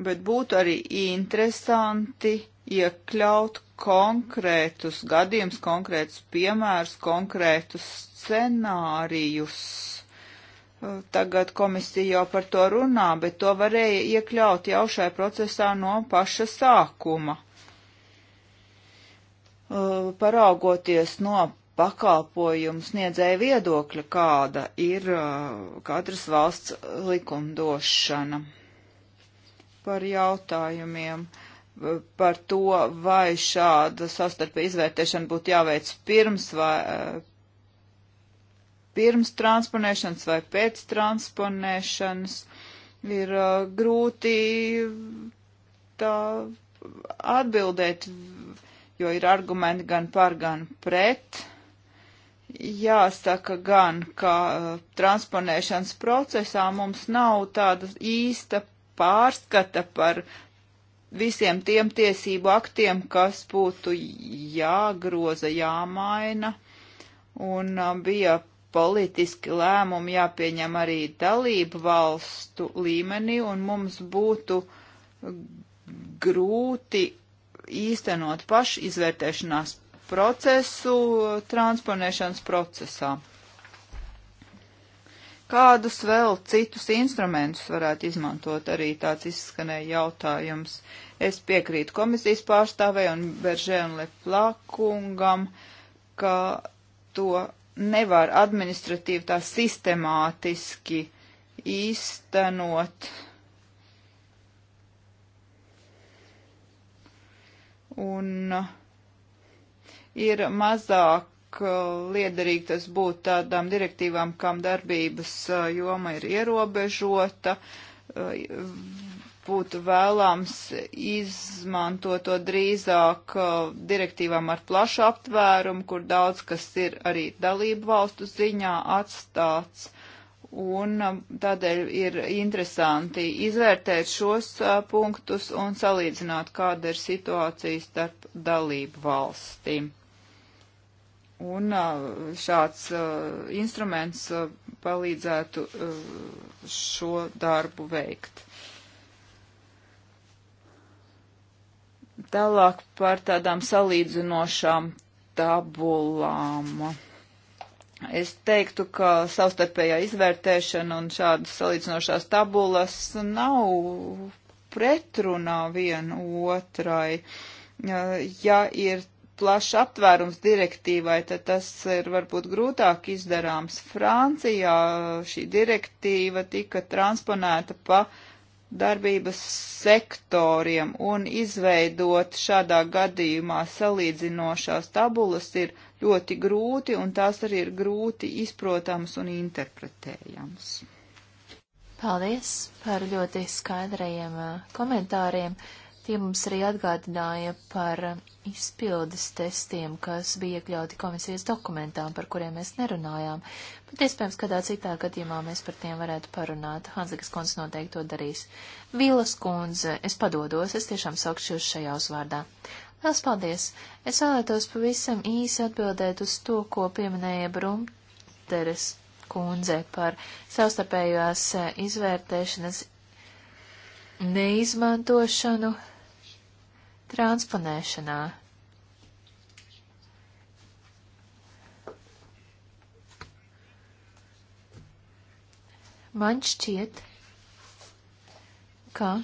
bet būtu arī interesanti iekļaut konkrētus gadījumus, konkrētus piemērus, konkrētus scenārijus. Tagad komisija jau par to runā, bet to varēja iekļaut jau šai procesā no paša sākuma Uh, paraugoties no pakalpojumu sniedzēja viedokļa, kāda ir uh, katras valsts likumdošana. Par jautājumiem uh, par to, vai šāda sastarpē izvērtēšana būtu jāveic pirms vai pirms transponēšanas vai pēc transponēšanas, ir grūti tā atbildēt jo ir argumenti gan par, gan pret. Jāsaka gan, ka uh, transponēšanas procesā mums nav tāda īsta pārskata par visiem tiem tiesību aktiem, kas būtu jāgroza, jāmaina, un uh, bija politiski lēmumi jāpieņem arī dalību valstu līmenī, un mums būtu grūti īstenot pašizvērtēšanās procesu transponēšanas procesā. Kādus vēl citus instrumentus varētu izmantot arī tāds izskanēja jautājums? Es piekrītu komisijas pārstāvē un Beržē un Leplakungam, ka to nevar administratīvi tā sistemātiski īstenot un uh, ir mazāk uh, liederīgi tas būt tādām direktīvām, kam darbības uh, joma ir ierobežota, būtu vēlams izmantot to drīzāk direktīvām ar plašu aptvērumu, kur daudz kas ir arī dalību valstu ziņā atstāts un um, tādēļ ir interesanti izvērtēt šos uh, punktus un salīdzināt, kāda ir situācija starp dalību valstīm. Un uh, šāds uh, instruments palīdzētu šo darbu veikt. Tālāk par tādām salīdzinošām tabulām. Es teiktu, ka savstarpējā izvērtēšana un šādas salīdzinošās tabulas nav pretrunā viena otrai. Ja ir plašs aptvērums direktīvai, tad tas ir varbūt grūtāk izdarāms. Francijā šī direktīva tika transponēta pa darbības sektoriem un izveidot šādā gadījumā salīdzinošās tabulas ir ļoti grūti, un tās arī ir grūti izprotams un interpretējams. Paldies par ļoti skaidrajiem komentāriem. Tie mums arī atgādināja par izpildes testiem, kas bija iekļauti komisijas dokumentā, par kuriem mēs nerunājām, bet iespējams, kādā citā gadījumā mēs par tiem varētu parunāt. Hanzikas kundze noteikti to darīs. Vīlas kundze, es padodos, es tiešām saukšu jūs šajā uzvārdā. Lielas paldies! Es vēlētos pavisam īsi atbildēt uz to, ko pieminēja Brumteres kundze par savstarpējās eh, izvērtēšanas neizmantošanu transponēšanā. Man šķiet, ka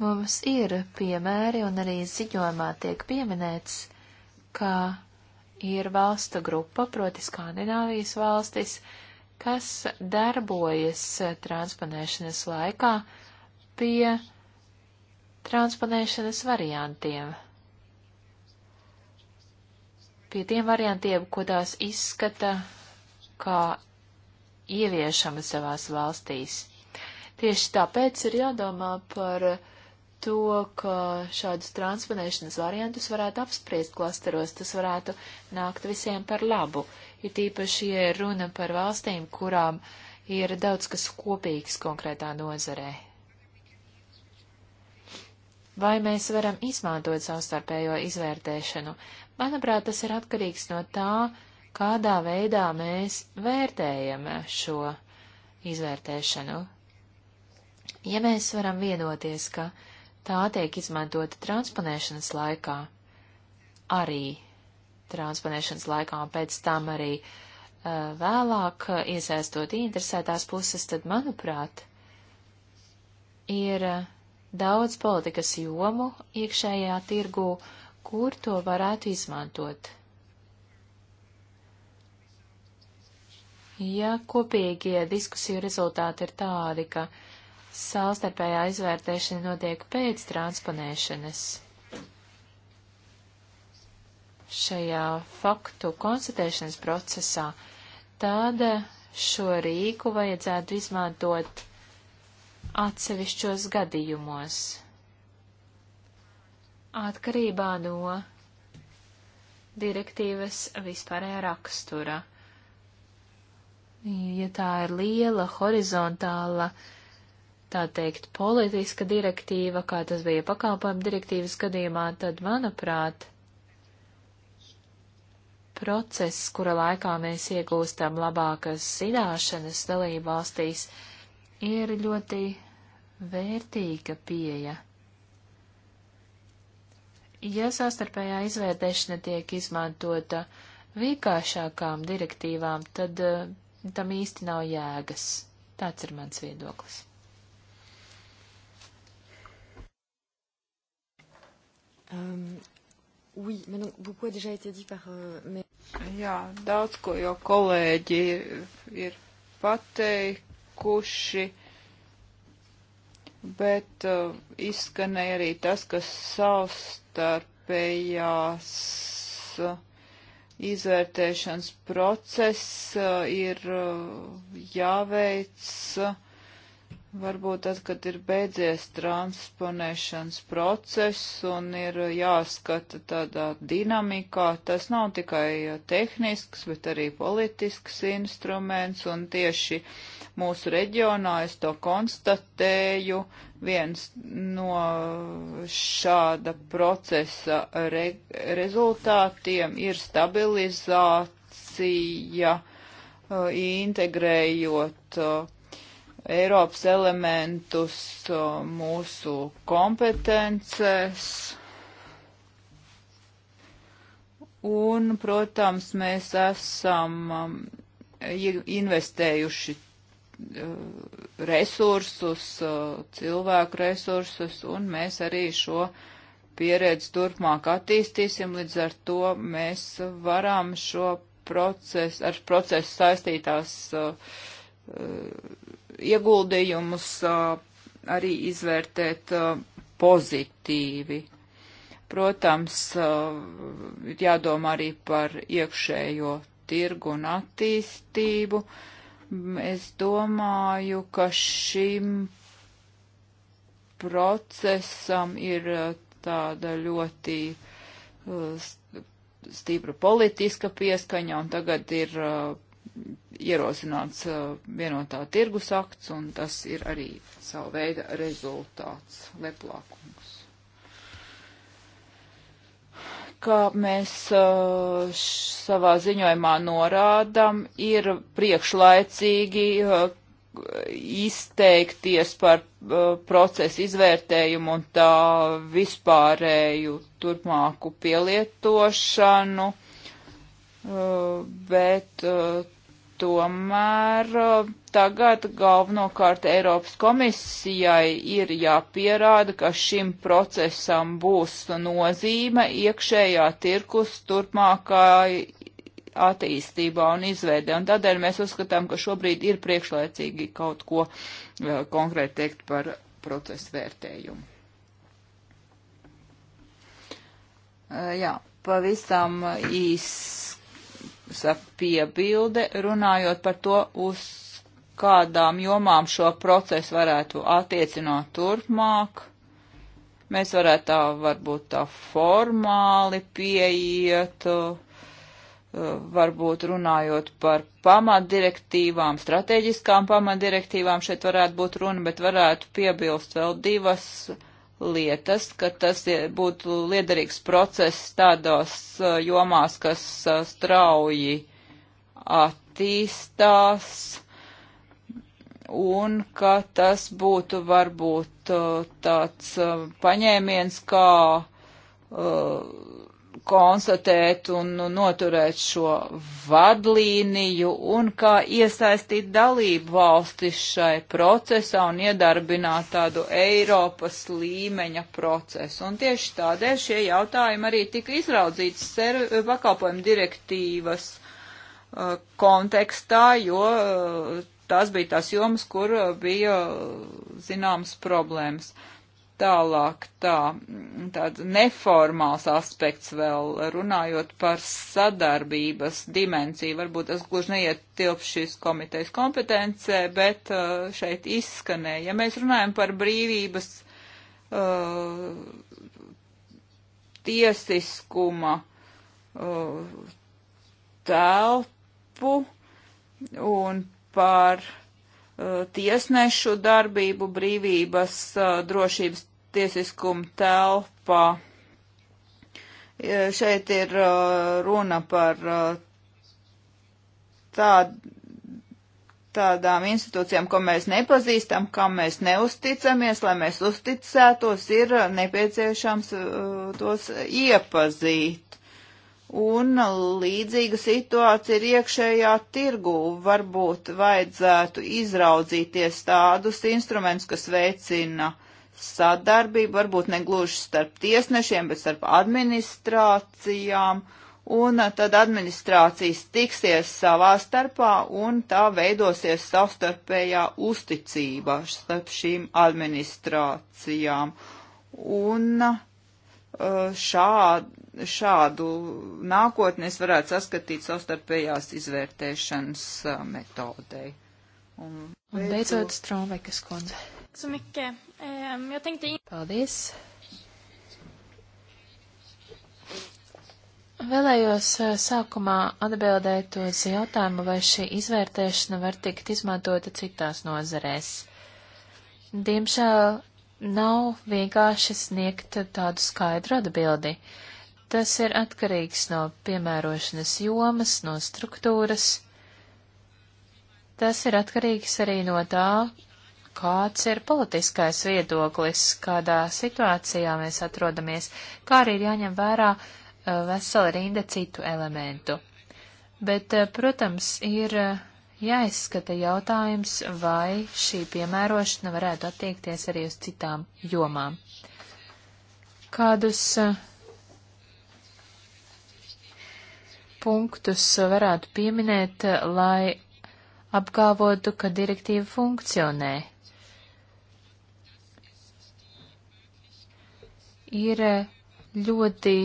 Mums ir piemēri un arī ziņojumā tiek pieminēts, ka ir valstu grupa, proti Skandināvijas valstis, kas darbojas transponēšanas laikā pie transponēšanas variantiem. Pie tiem variantiem, ko tās izskata kā ieviešama savās valstīs. Tieši tāpēc ir jādomā par uh, to, ka šādus transponēšanas variantus varētu apspriest klasteros, tas varētu nākt visiem par labu, ir tīpaši, ja runa par valstīm, kurām ir daudz kas kopīgs konkrētā nozarē. Vai mēs varam izmantot savstarpējo izvērtēšanu? Manuprāt, tas ir atkarīgs no tā, kādā veidā mēs vērtējam šo izvērtēšanu. Ja mēs varam vienoties, ka uh, Tā tiek izmantota transponēšanas laikā, arī transponēšanas laikā un pēc tam arī uh, vēlāk iesaistot interesētās puses, tad, manuprāt, ir daudz politikas jomu iekšējā tirgū, kur to varētu izmantot. Ja kopīgie diskusiju rezultāti ir tādi, ka uh, Sālstarpējā izvērtēšana notiek pēc transponēšanas. Šajā faktu konstatēšanas procesā tad šo rīku vajadzētu izmantot atsevišķos gadījumos. Atkarībā no direktīvas vispārējā rakstura. Ja tā ir liela horizontāla uh, tā teikt, politiska direktīva, kā tas bija pakalpojuma direktīvas gadījumā, tad, manuprāt, process, kura laikā mēs iegūstam labākas zināšanas dalību valstīs, ir ļoti vērtīga pieeja. Ja sastarpējā izvērtēšana tiek izmantota vienkāršākām direktīvām, tad eh, tam īsti nav jēgas. Tāds ir mans viedoklis. Euh, oui, mais donc, beaucoup a déjà été dit par... Euh, mais... Jā, daudz ko jau kolēģi ir pateikuši, bet uh, izskanēja arī tas, ka savstarpējās uh, izvērtēšanas process uh, ir uh, jāveic. Uh, Varbūt tad, kad ir beidzies transponēšanas process un ir jāskata tādā dinamikā, tas nav tikai tehnisks, bet arī politisks instruments, un tieši mūsu reģionā es to konstatēju, viens no šāda procesa re rezultātiem ir stabilizācija, uh, integrējot uh, Eiropas elementus mūsu kompetences. Un, protams, mēs esam um, investējuši resursus, cilvēku resursus, un mēs arī šo pieredzi turpmāk attīstīsim, līdz ar to mēs varam šo procesu, ar procesu saistītās uh, ieguldījumus arī izvērtēt pozitīvi. Protams, ir jādomā arī par iekšējo tirgu un attīstību. Es domāju, ka šim procesam ir tāda ļoti stīpra politiska pieskaņa, un tagad ir ierosināts uh, vienotā tirgus akts, un tas ir arī savu veidu rezultāts leplākums. Kā mēs uh, savā ziņojumā norādam, ir priekšlaicīgi uh, izteikties par procesu izvērtējumu un tā vispārēju turpmāku pielietošanu, bet Tomēr tagad galvenokārt Eiropas komisijai ir jāpierāda, ka šim procesam būs nozīme iekšējā tirkus turpmākai attīstībā un izveidē. Un tādēļ mēs uzskatām, ka šobrīd ir priekšlaicīgi kaut ko e, konkrēti teikt par procesu vērtējumu. E, jā, pavisam īs piebilde, runājot par to, uz kādām jomām šo procesu varētu attiecināt turpmāk. Mēs varētu tā varbūt tā formāli pieiet, uh, varbūt runājot par pamatdirektīvām, strateģiskām pamatdirektīvām šeit varētu būt runa, bet varētu piebilst vēl divas lietas, ka tas būtu liederīgs process tādos uh, jomās, kas uh, strauji attīstās un ka tas būtu varbūt uh, tāds paņēmiens kā uh, konstatēt un noturēt šo vadlīniju un kā iesaistīt dalību valstis šai procesā un iedarbināt tādu Eiropas līmeņa procesu. Un tieši tādēļ šie jautājumi arī tika izraudzīts pakalpojumu direktīvas uh, kontekstā, jo uh, tās bija tās jomas, kur uh, bija uh, zināmas problēmas. Uh, Tālāk tā, tāds neformāls aspekts vēl runājot par sadarbības dimensiju. Varbūt tas gluži neiet tilp šīs komitejas kompetencē, bet uh, šeit izskanēja. Ja mēs runājam par brīvības uh, tiesiskuma uh, telpu un par uh, Uh, tiesnešu darbību brīvības uh, drošības tiesiskuma telpā. Uh, šeit ir runa par tād, tādām institūcijām, ko mēs nepazīstam, kam mēs neusticamies, lai mēs uzticētos, ir nepieciešams tos iepazīt. Un līdzīga situācija ir iekšējā tirgū. Varbūt vajadzētu izraudzīties tādus instrumentus, kas veicina sadarbību, varbūt ne gluži starp tiesnešiem, bet starp administrācijām. Un tad administrācijas tiksies savā starpā un tā veidosies savstarpējā uzticība starp šīm administrācijām. Un uh, šādi šādu nākotni es varētu saskatīt savstarpējās izvērtēšanas metodei. Un, un beidzot, Strāvekas kundze. Um, Paldies! Vēlējos sākumā atbildēt uz jautājumu, vai šī izvērtēšana var tikt izmantota citās nozarēs. Diemžēl nav vienkārši sniegt tādu skaidru atbildi. Uh, Tas ir atkarīgs no piemērošanas jomas, no struktūras. Tas ir atkarīgs arī no tā, kāds ir politiskais viedoklis, kādā situācijā mēs atrodamies, kā arī ir jāņem vērā eh, vesela rinda citu elementu. Bet, eh, protams, ir eh, jāizskata jautājums, vai šī piemērošana varētu attiekties arī uz citām jomām. Kādus punktus varētu pieminēt, lai apgalvotu, ka direktīva funkcionē. Ir ļoti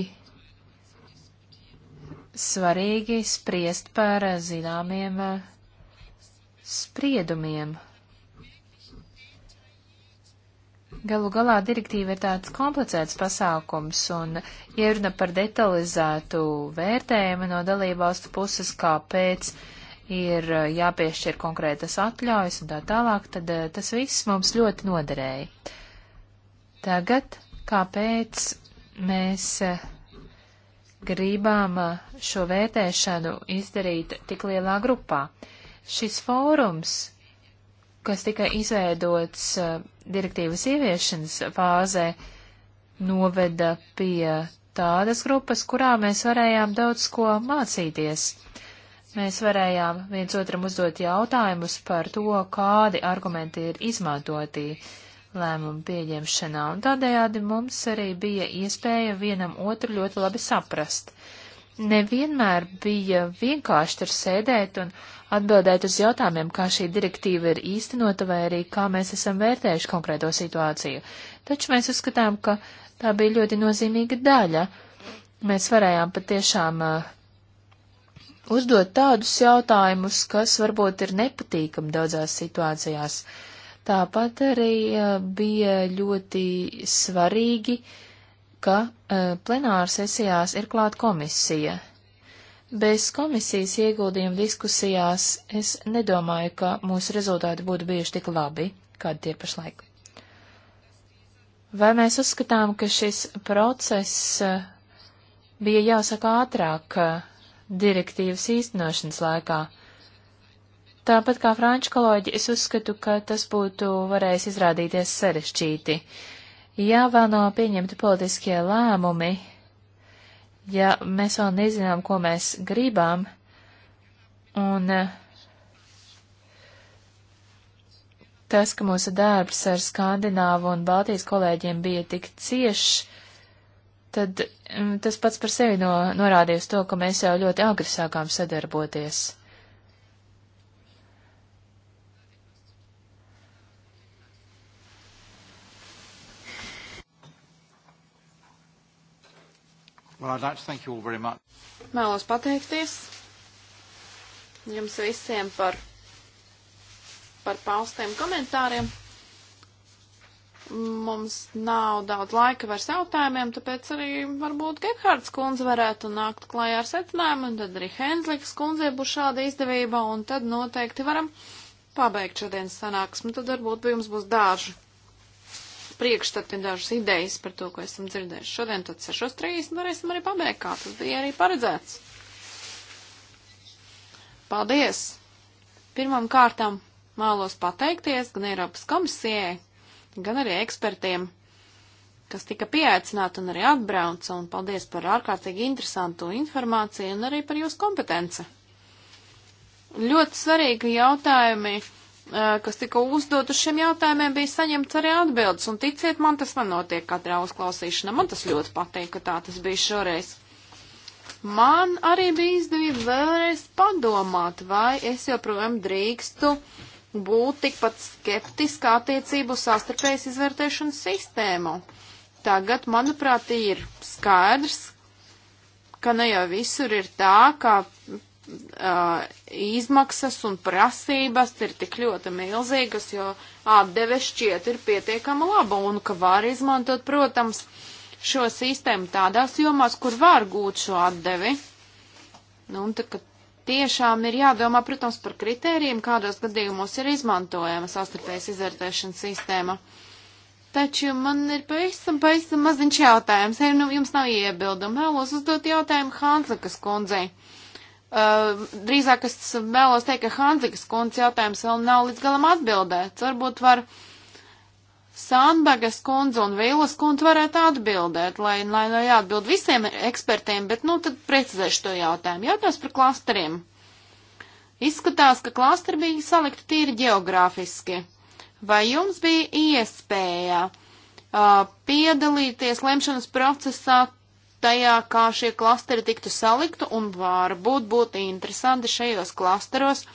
svarīgi spriest par zināmiem spriedumiem, Galu galā direktīva ir tāds komplicēts pasākums, un ieruna par detalizētu vērtējumu no dalībvalstu puses, kāpēc ir eh, jāpiešķir konkrētas atļaujas un tā tālāk, tad eh, tas viss mums ļoti noderēja. Tagad, kāpēc mēs eh, gribām šo vērtēšanu izdarīt tik lielā grupā? Šis fórums, kas tika izveidots direktīvas ieviešanas fāzē noveda pie tādas grupas, kurā mēs varējām daudz ko mācīties. Mēs varējām viens otram uzdot jautājumus par to, kādi argumenti ir izmantoti lēmumu pieņemšanā, un tādējādi mums arī bija iespēja vienam otru ļoti labi saprast. Nevienmēr bija vienkārši tur sēdēt un atbildēt uz jautājumiem, kā šī direktīva ir īstenota vai arī kā mēs esam vērtējuši konkrēto situāciju. Taču mēs uzskatām, ka tā bija ļoti nozīmīga daļa. Mēs varējām patiešām uh, uzdot tādus jautājumus, kas varbūt ir nepatīkami daudzās situācijās. Tāpat arī uh, bija ļoti svarīgi, ka uh, plenāra sesijās ir klāt komisija, Bez komisijas ieguldījuma diskusijās es nedomāju, ka mūsu rezultāti būtu bijuši tik labi, kādi tie pašlaik. Vai mēs uzskatām, ka šis process eh, bija jāsaka ātrāk eh, direktīvas īstenošanas laikā? Tāpat kā franču kolēģi, es uzskatu, ka tas būtu varējis izrādīties sarešķīti. Ja vēl nav pieņemti politiskie lēmumi, ja mēs vēl nezinām, ko mēs gribam, un eh, tas, ka mūsu darbs ar Skandināvu un Baltijas kolēģiem bija tik ciešs, tad mm, tas pats par sevi no, norādīja uz to, ka mēs jau ļoti agri sākām sadarboties. Well, like Mēlos pateikties jums visiem par, par paustiem komentāriem. Mums nav daudz laika vairs jautājumiem, tāpēc arī varbūt Gekhards kundze varētu nākt klājā ar secinājumu, un tad arī Hendlikas kundzei būs šāda izdevība, un tad noteikti varam pabeigt šodienas sanāksmi, tad varbūt jums būs daži priekšstati dažas idejas par to, ko esam dzirdējuši. Šodien tad 6.30 varēsim arī pabeigt, kā tas bija arī paredzēts. Paldies! Pirmam kārtam mālos pateikties gan Eiropas komisijai, gan arī ekspertiem, kas tika pieaicināti un arī atbrauca, un paldies par ārkārtīgi interesantu informāciju un arī par jūsu kompetenci. Ļoti svarīgi jautājumi Eh, kas tika uzdot uz šiem jautājumiem, bija saņemts arī atbildes, un ticiet man, tas nenotiek katrā uzklausīšanā. Man tas ļoti patīk, ka tā tas bija šoreiz. Man arī bija izdevība vēlreiz padomāt, vai es joprojām drīkstu būt tikpat skeptiska attiecību sastarpējas izvērtēšanas sistēmu. Tagad, manuprāt, ir skaidrs, ka ne jau visur ir tā, ka uh, izmaksas un prasības ir tik ļoti milzīgas, jo atdeve šķiet ir pietiekama laba un ka var izmantot, protams, šo sistēmu tādās jomās, kur var gūt šo atdevi. Nu, un tad, kad tiešām ir jādomā, protams, par kritērijiem, kādos gadījumos ir izmantojama sastarpējas izvērtēšanas sistēma. Taču man ir pavisam, pavisam maziņš jautājums, ja nu jums nav iebildumi, vēlos uzdot jautājumu Hansakas kundzei. Uh, Uh, drīzāk es vēlos teikt, ka Hanzikas kundzes jautājums vēl nav līdz galam atbildēts. Varbūt var Sandbagas kundze un Vīlas kundze varētu atbildēt, lai, lai, lai atbild visiem ekspertiem, bet nu tad precizēšu to jautājumu. Jautājums par klasteriem. Izskatās, ka klasteri bija salikti tīri geogrāfiski. Vai jums bija iespēja uh, piedalīties lemšanas procesā tajā, kā šie klasteri tiktu saliktu, un varbūt būtu interesanti šajos klasteros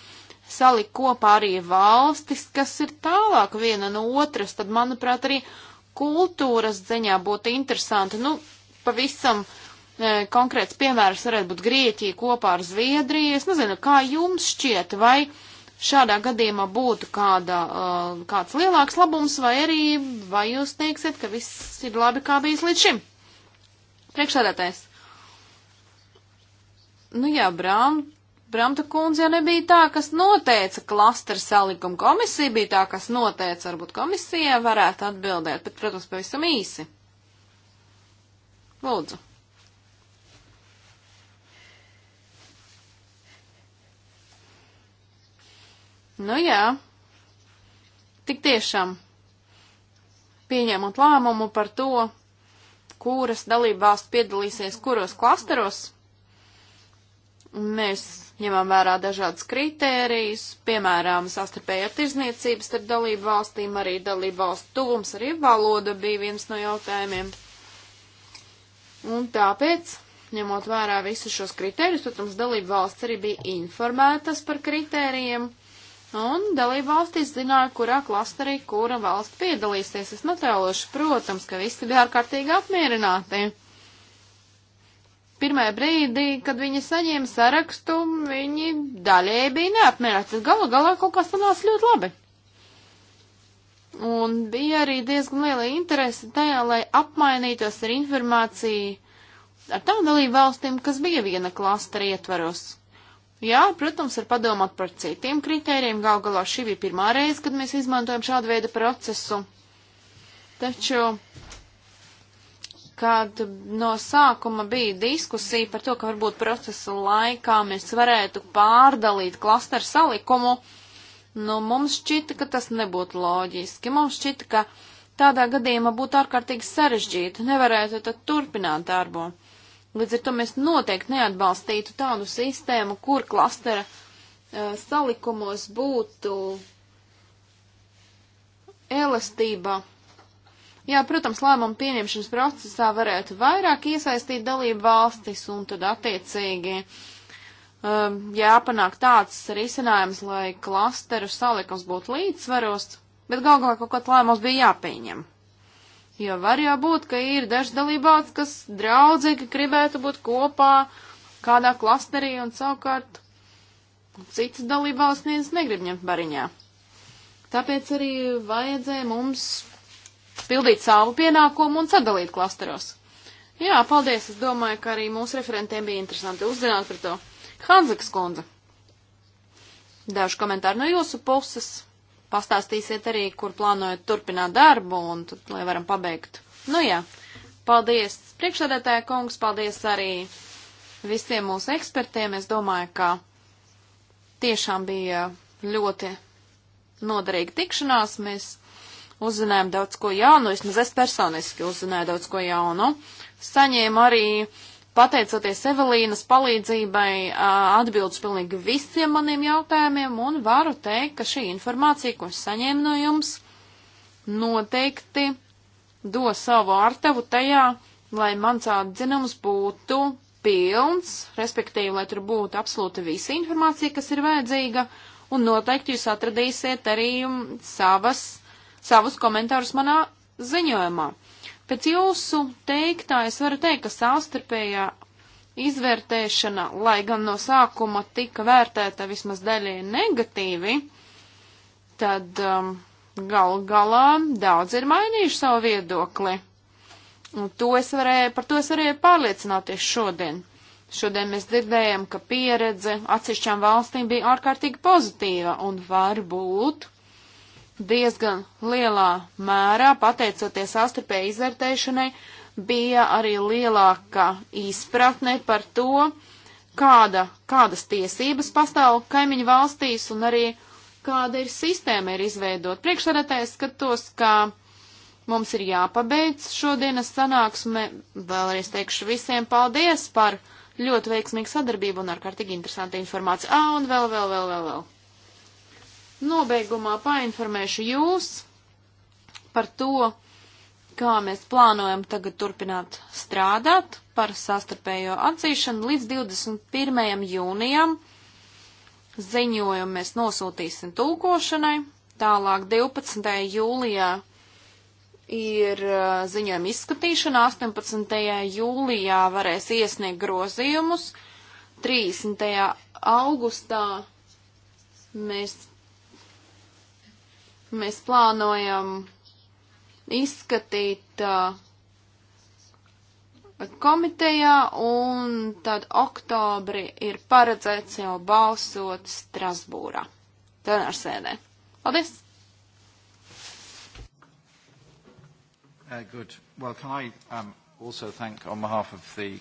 salikt kopā arī valstis, kas ir tālāk viena no otras, tad, manuprāt, arī kultūras ziņā būtu interesanti. Nu, pavisam e, konkrēts piemērs varētu būt Grieķija kopā ar Zviedriju. Es nezinu, kā jums šķiet, vai šādā gadījumā būtu kāda, uh, kāds lielāks labums, vai arī vai jūs teiksiet, ka viss ir labi, kā bijis līdz šim? Priekšsēdētājs. Nu jā, Brām, Bramta kundze jau nebija tā, kas noteica klasteru salikumu. Komisija bija tā, kas noteica, varbūt komisija varētu atbildēt, bet, protams, pavisam īsi. Lūdzu. Nu jā, tik tiešām pieņemot lēmumu par to, kuras dalība valsts piedalīsies kuros klasteros. Mēs ņemam vērā dažādas kritērijas, piemēram, sastarpējā tirzniecības starp dalību valstīm, arī dalību valstu tuvums, arī valoda bija viens no jautājumiem. Un tāpēc, ņemot vērā visus šos kritērijus, protams, dalību valsts arī bija informētas par kritērijiem. Un dalībvalstis zināja, kurā klasterī kura valsts piedalīsies. Es netēlošu, protams, ka visi bija ārkārtīgi apmierināti. Pirmajā brīdī, kad viņi saņēma sarakstu, viņi daļēji bija neapmierināti. Galu galā kaut kas sanāca ļoti labi. Un bija arī diezgan liela interese tajā, lai apmainītos ar informāciju ar tām dalībvalstīm, kas bija viena klastera ietvaros. Jā, protams, var padomāt par citiem kritērijiem. Gal galā šī bija pirmā reize, kad mēs izmantojam šādu veidu procesu. Taču, kad no sākuma bija diskusija par to, ka varbūt procesa laikā mēs varētu pārdalīt klasteru salikumu, nu, mums šķita, ka tas nebūtu loģiski. Mums šķita, ka tādā gadījumā būtu ārkārtīgi sarežģīti, nevarētu tad turpināt darbu. Līdz ar to mēs noteikti neatbalstītu tādu sistēmu, kur klastera uh, salikumos būtu elastība. Jā, protams, lēmumu pieņemšanas procesā varētu vairāk iesaistīt dalību valstis un tad attiecīgi um, jāpanāk tāds risinājums, lai klasteru salikums būtu līdzsvaros, bet galvā kaut kāds lēmums bija jāpieņem. Jo var jau būt, ka ir dažs dalībās, kas draudzīgi gribētu būt kopā kādā klasterī un savukārt citas dalībās neviens negrib ņemt bariņā. Tāpēc arī vajadzēja mums pildīt savu pienākumu un sadalīt klasteros. Jā, paldies, es domāju, ka arī mūsu referentiem bija interesanti uzzināt par to. Hanzikas kundze, dažu komentāru no jūsu puses pastāstīsiet arī, kur plānojat turpināt darbu, un tad, lai varam pabeigt. Nu jā, paldies priekšsēdētāja kungs, paldies arī visiem mūsu ekspertiem. Es domāju, ka tiešām bija ļoti noderīga tikšanās. Mēs uzzinājām daudz ko jaunu, vismaz es personiski uzzināju daudz ko jaunu. Saņēmu arī uh, pateicoties Evelīnas palīdzībai, atbildes pilnīgi visiem maniem jautājumiem un varu teikt, ka šī informācija, ko es saņēmu no jums, noteikti do savu artavu tajā, lai mans atzinums būtu pilns, respektīvi, lai tur būtu absolūti visa informācija, kas ir vajadzīga, un noteikti jūs atradīsiet arī savas, savus komentārus manā ziņojumā. Pēc jūsu teiktā es varu teikt, ka savstarpējā izvērtēšana, lai gan no sākuma tika vērtēta vismaz daļēji negatīvi, tad um, gal galā daudz ir mainījuši savu viedokli. Un to es varēju, par to es varēju pārliecināties šodien. Šodien mēs dzirdējam, ka pieredze atsevišķām valstīm bija ārkārtīgi pozitīva un varbūt diezgan lielā mērā, pateicoties astarpēji izvērtēšanai, bija arī lielāka izpratne par to, kāda, kādas tiesības pastāv kaimiņu valstīs un arī kāda ir sistēma ir izveidot. Priekšsēdētājs skatos, ka mums ir jāpabeidz šodienas sanāksme. Vēlreiz teikšu visiem paldies par ļoti veiksmīgu sadarbību un ārkārtīgi interesantu informāciju. Ā, un vēl, vēl, vēl, vēl, vēl. Nobeigumā painformēšu jūs par to, kā mēs plānojam tagad turpināt strādāt par sastarpējo atzīšanu līdz 21. jūnijam. Ziņojumu mēs nosūtīsim tūkošanai. Tālāk 12. jūlijā ir uh, ziņojuma izskatīšana, 18. jūlijā varēs iesniegt grozījumus, 30. augustā mēs Mēs plānojam izskatīt uh, komitejā un tad oktobri ir paredzēts jau balsot Strasbūrā. Plenārsēdē. Paldies! Uh, good. Well, can I um, also thank on behalf of the...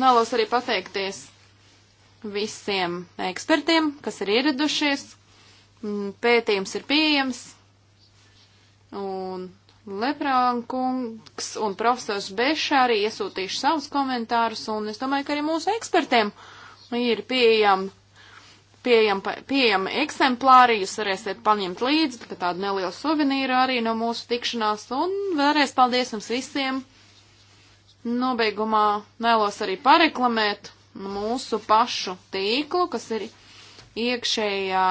Vēlos arī pateikties visiem ekspertiem, kas ir ieradušies. Mm, pētījums ir pieejams un Leprānkungs un profesors Bešā arī iesūtīšu savus komentārus, un es domāju, ka arī mūsu ekspertiem ir pieejami pieejam, pieejam eksemplāri, jūs varēsiet paņemt līdzi, tā tādu nelielu suvenīru arī no mūsu tikšanās, un vēlreiz paldies jums visiem. Nobeigumā vēlos arī pareklamēt mūsu pašu tīklu, kas ir iekšējā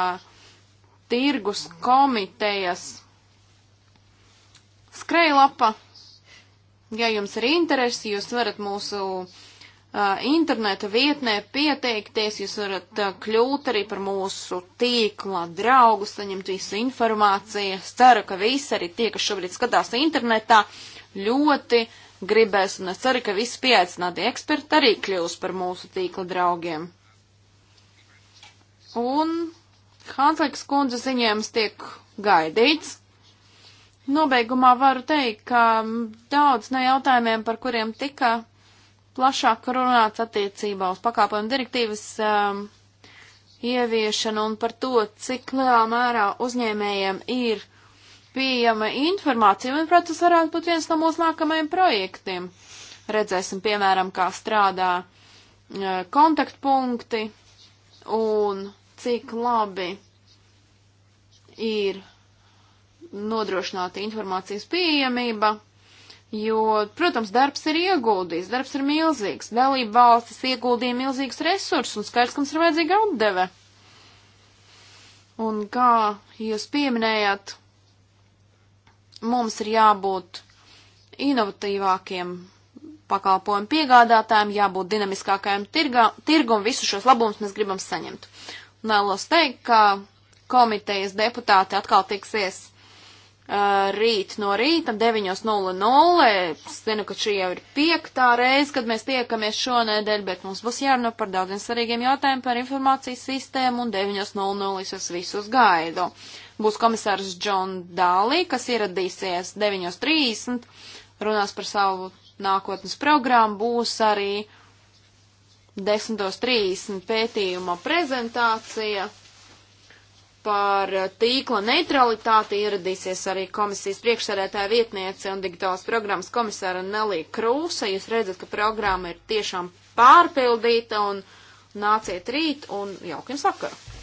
tirgus komitejas skrejlapa. Ja jums ir interesi, jūs varat mūsu uh, interneta vietnē pieteikties, jūs varat uh, kļūt arī par mūsu tīkla draugu, saņemt visu informāciju. Es ceru, ka visi arī tie, kas šobrīd skatās internetā, ļoti gribēs, un es ceru, ka visi pieaicināti eksperti arī kļūs par mūsu tīkla draugiem. Un Hanslīks kundze ziņojums tiek gaidīts. Nobeigumā varu teikt, ka daudz no jautājumiem, par kuriem tika plašāk runāts attiecībā uz pakāpojumu direktīvas um, ieviešanu un par to, cik lielā mērā uzņēmējiem ir pieejama informācija, manuprāt, tas varētu būt viens no mūsu nākamajiem projektiem. Redzēsim, piemēram, kā strādā uh, kontaktpunkti un cik labi ir nodrošināta informācijas pieejamība, jo, protams, darbs ir ieguldījis, darbs ir milzīgs, dalība valstis ieguldīja milzīgs resursus un skaidrs, ka mums ir vajadzīga atdeve. Un kā jūs pieminējāt, mums ir jābūt inovatīvākiem pakalpojumu piegādātājiem, jābūt dinamiskākajam tirgum, visus šos labumus mēs gribam saņemt. Un vēlos teikt, ka komitejas deputāti atkal tiksies Eh, rīt no rīta 9.00. Es zinu, ka šī jau ir piektā reize, kad mēs tiekamies šonēdēļ, bet mums būs jārunā par daudziem svarīgiem jautājumiem par informācijas sistēmu un 9.00 es jūs visus gaidu. Būs komisārs John Dālī, kas ieradīsies 9.30, runās par savu nākotnes programmu, būs arī 10.30 pētījuma prezentācija par tīkla neutralitāti ieradīsies arī komisijas priekšsarētāja vietniece un digitālās programmas komisāra Nelija Krūsa. Jūs redzat, ka programma ir tiešām pārpildīta un nāciet rīt un jaukiem sakaru!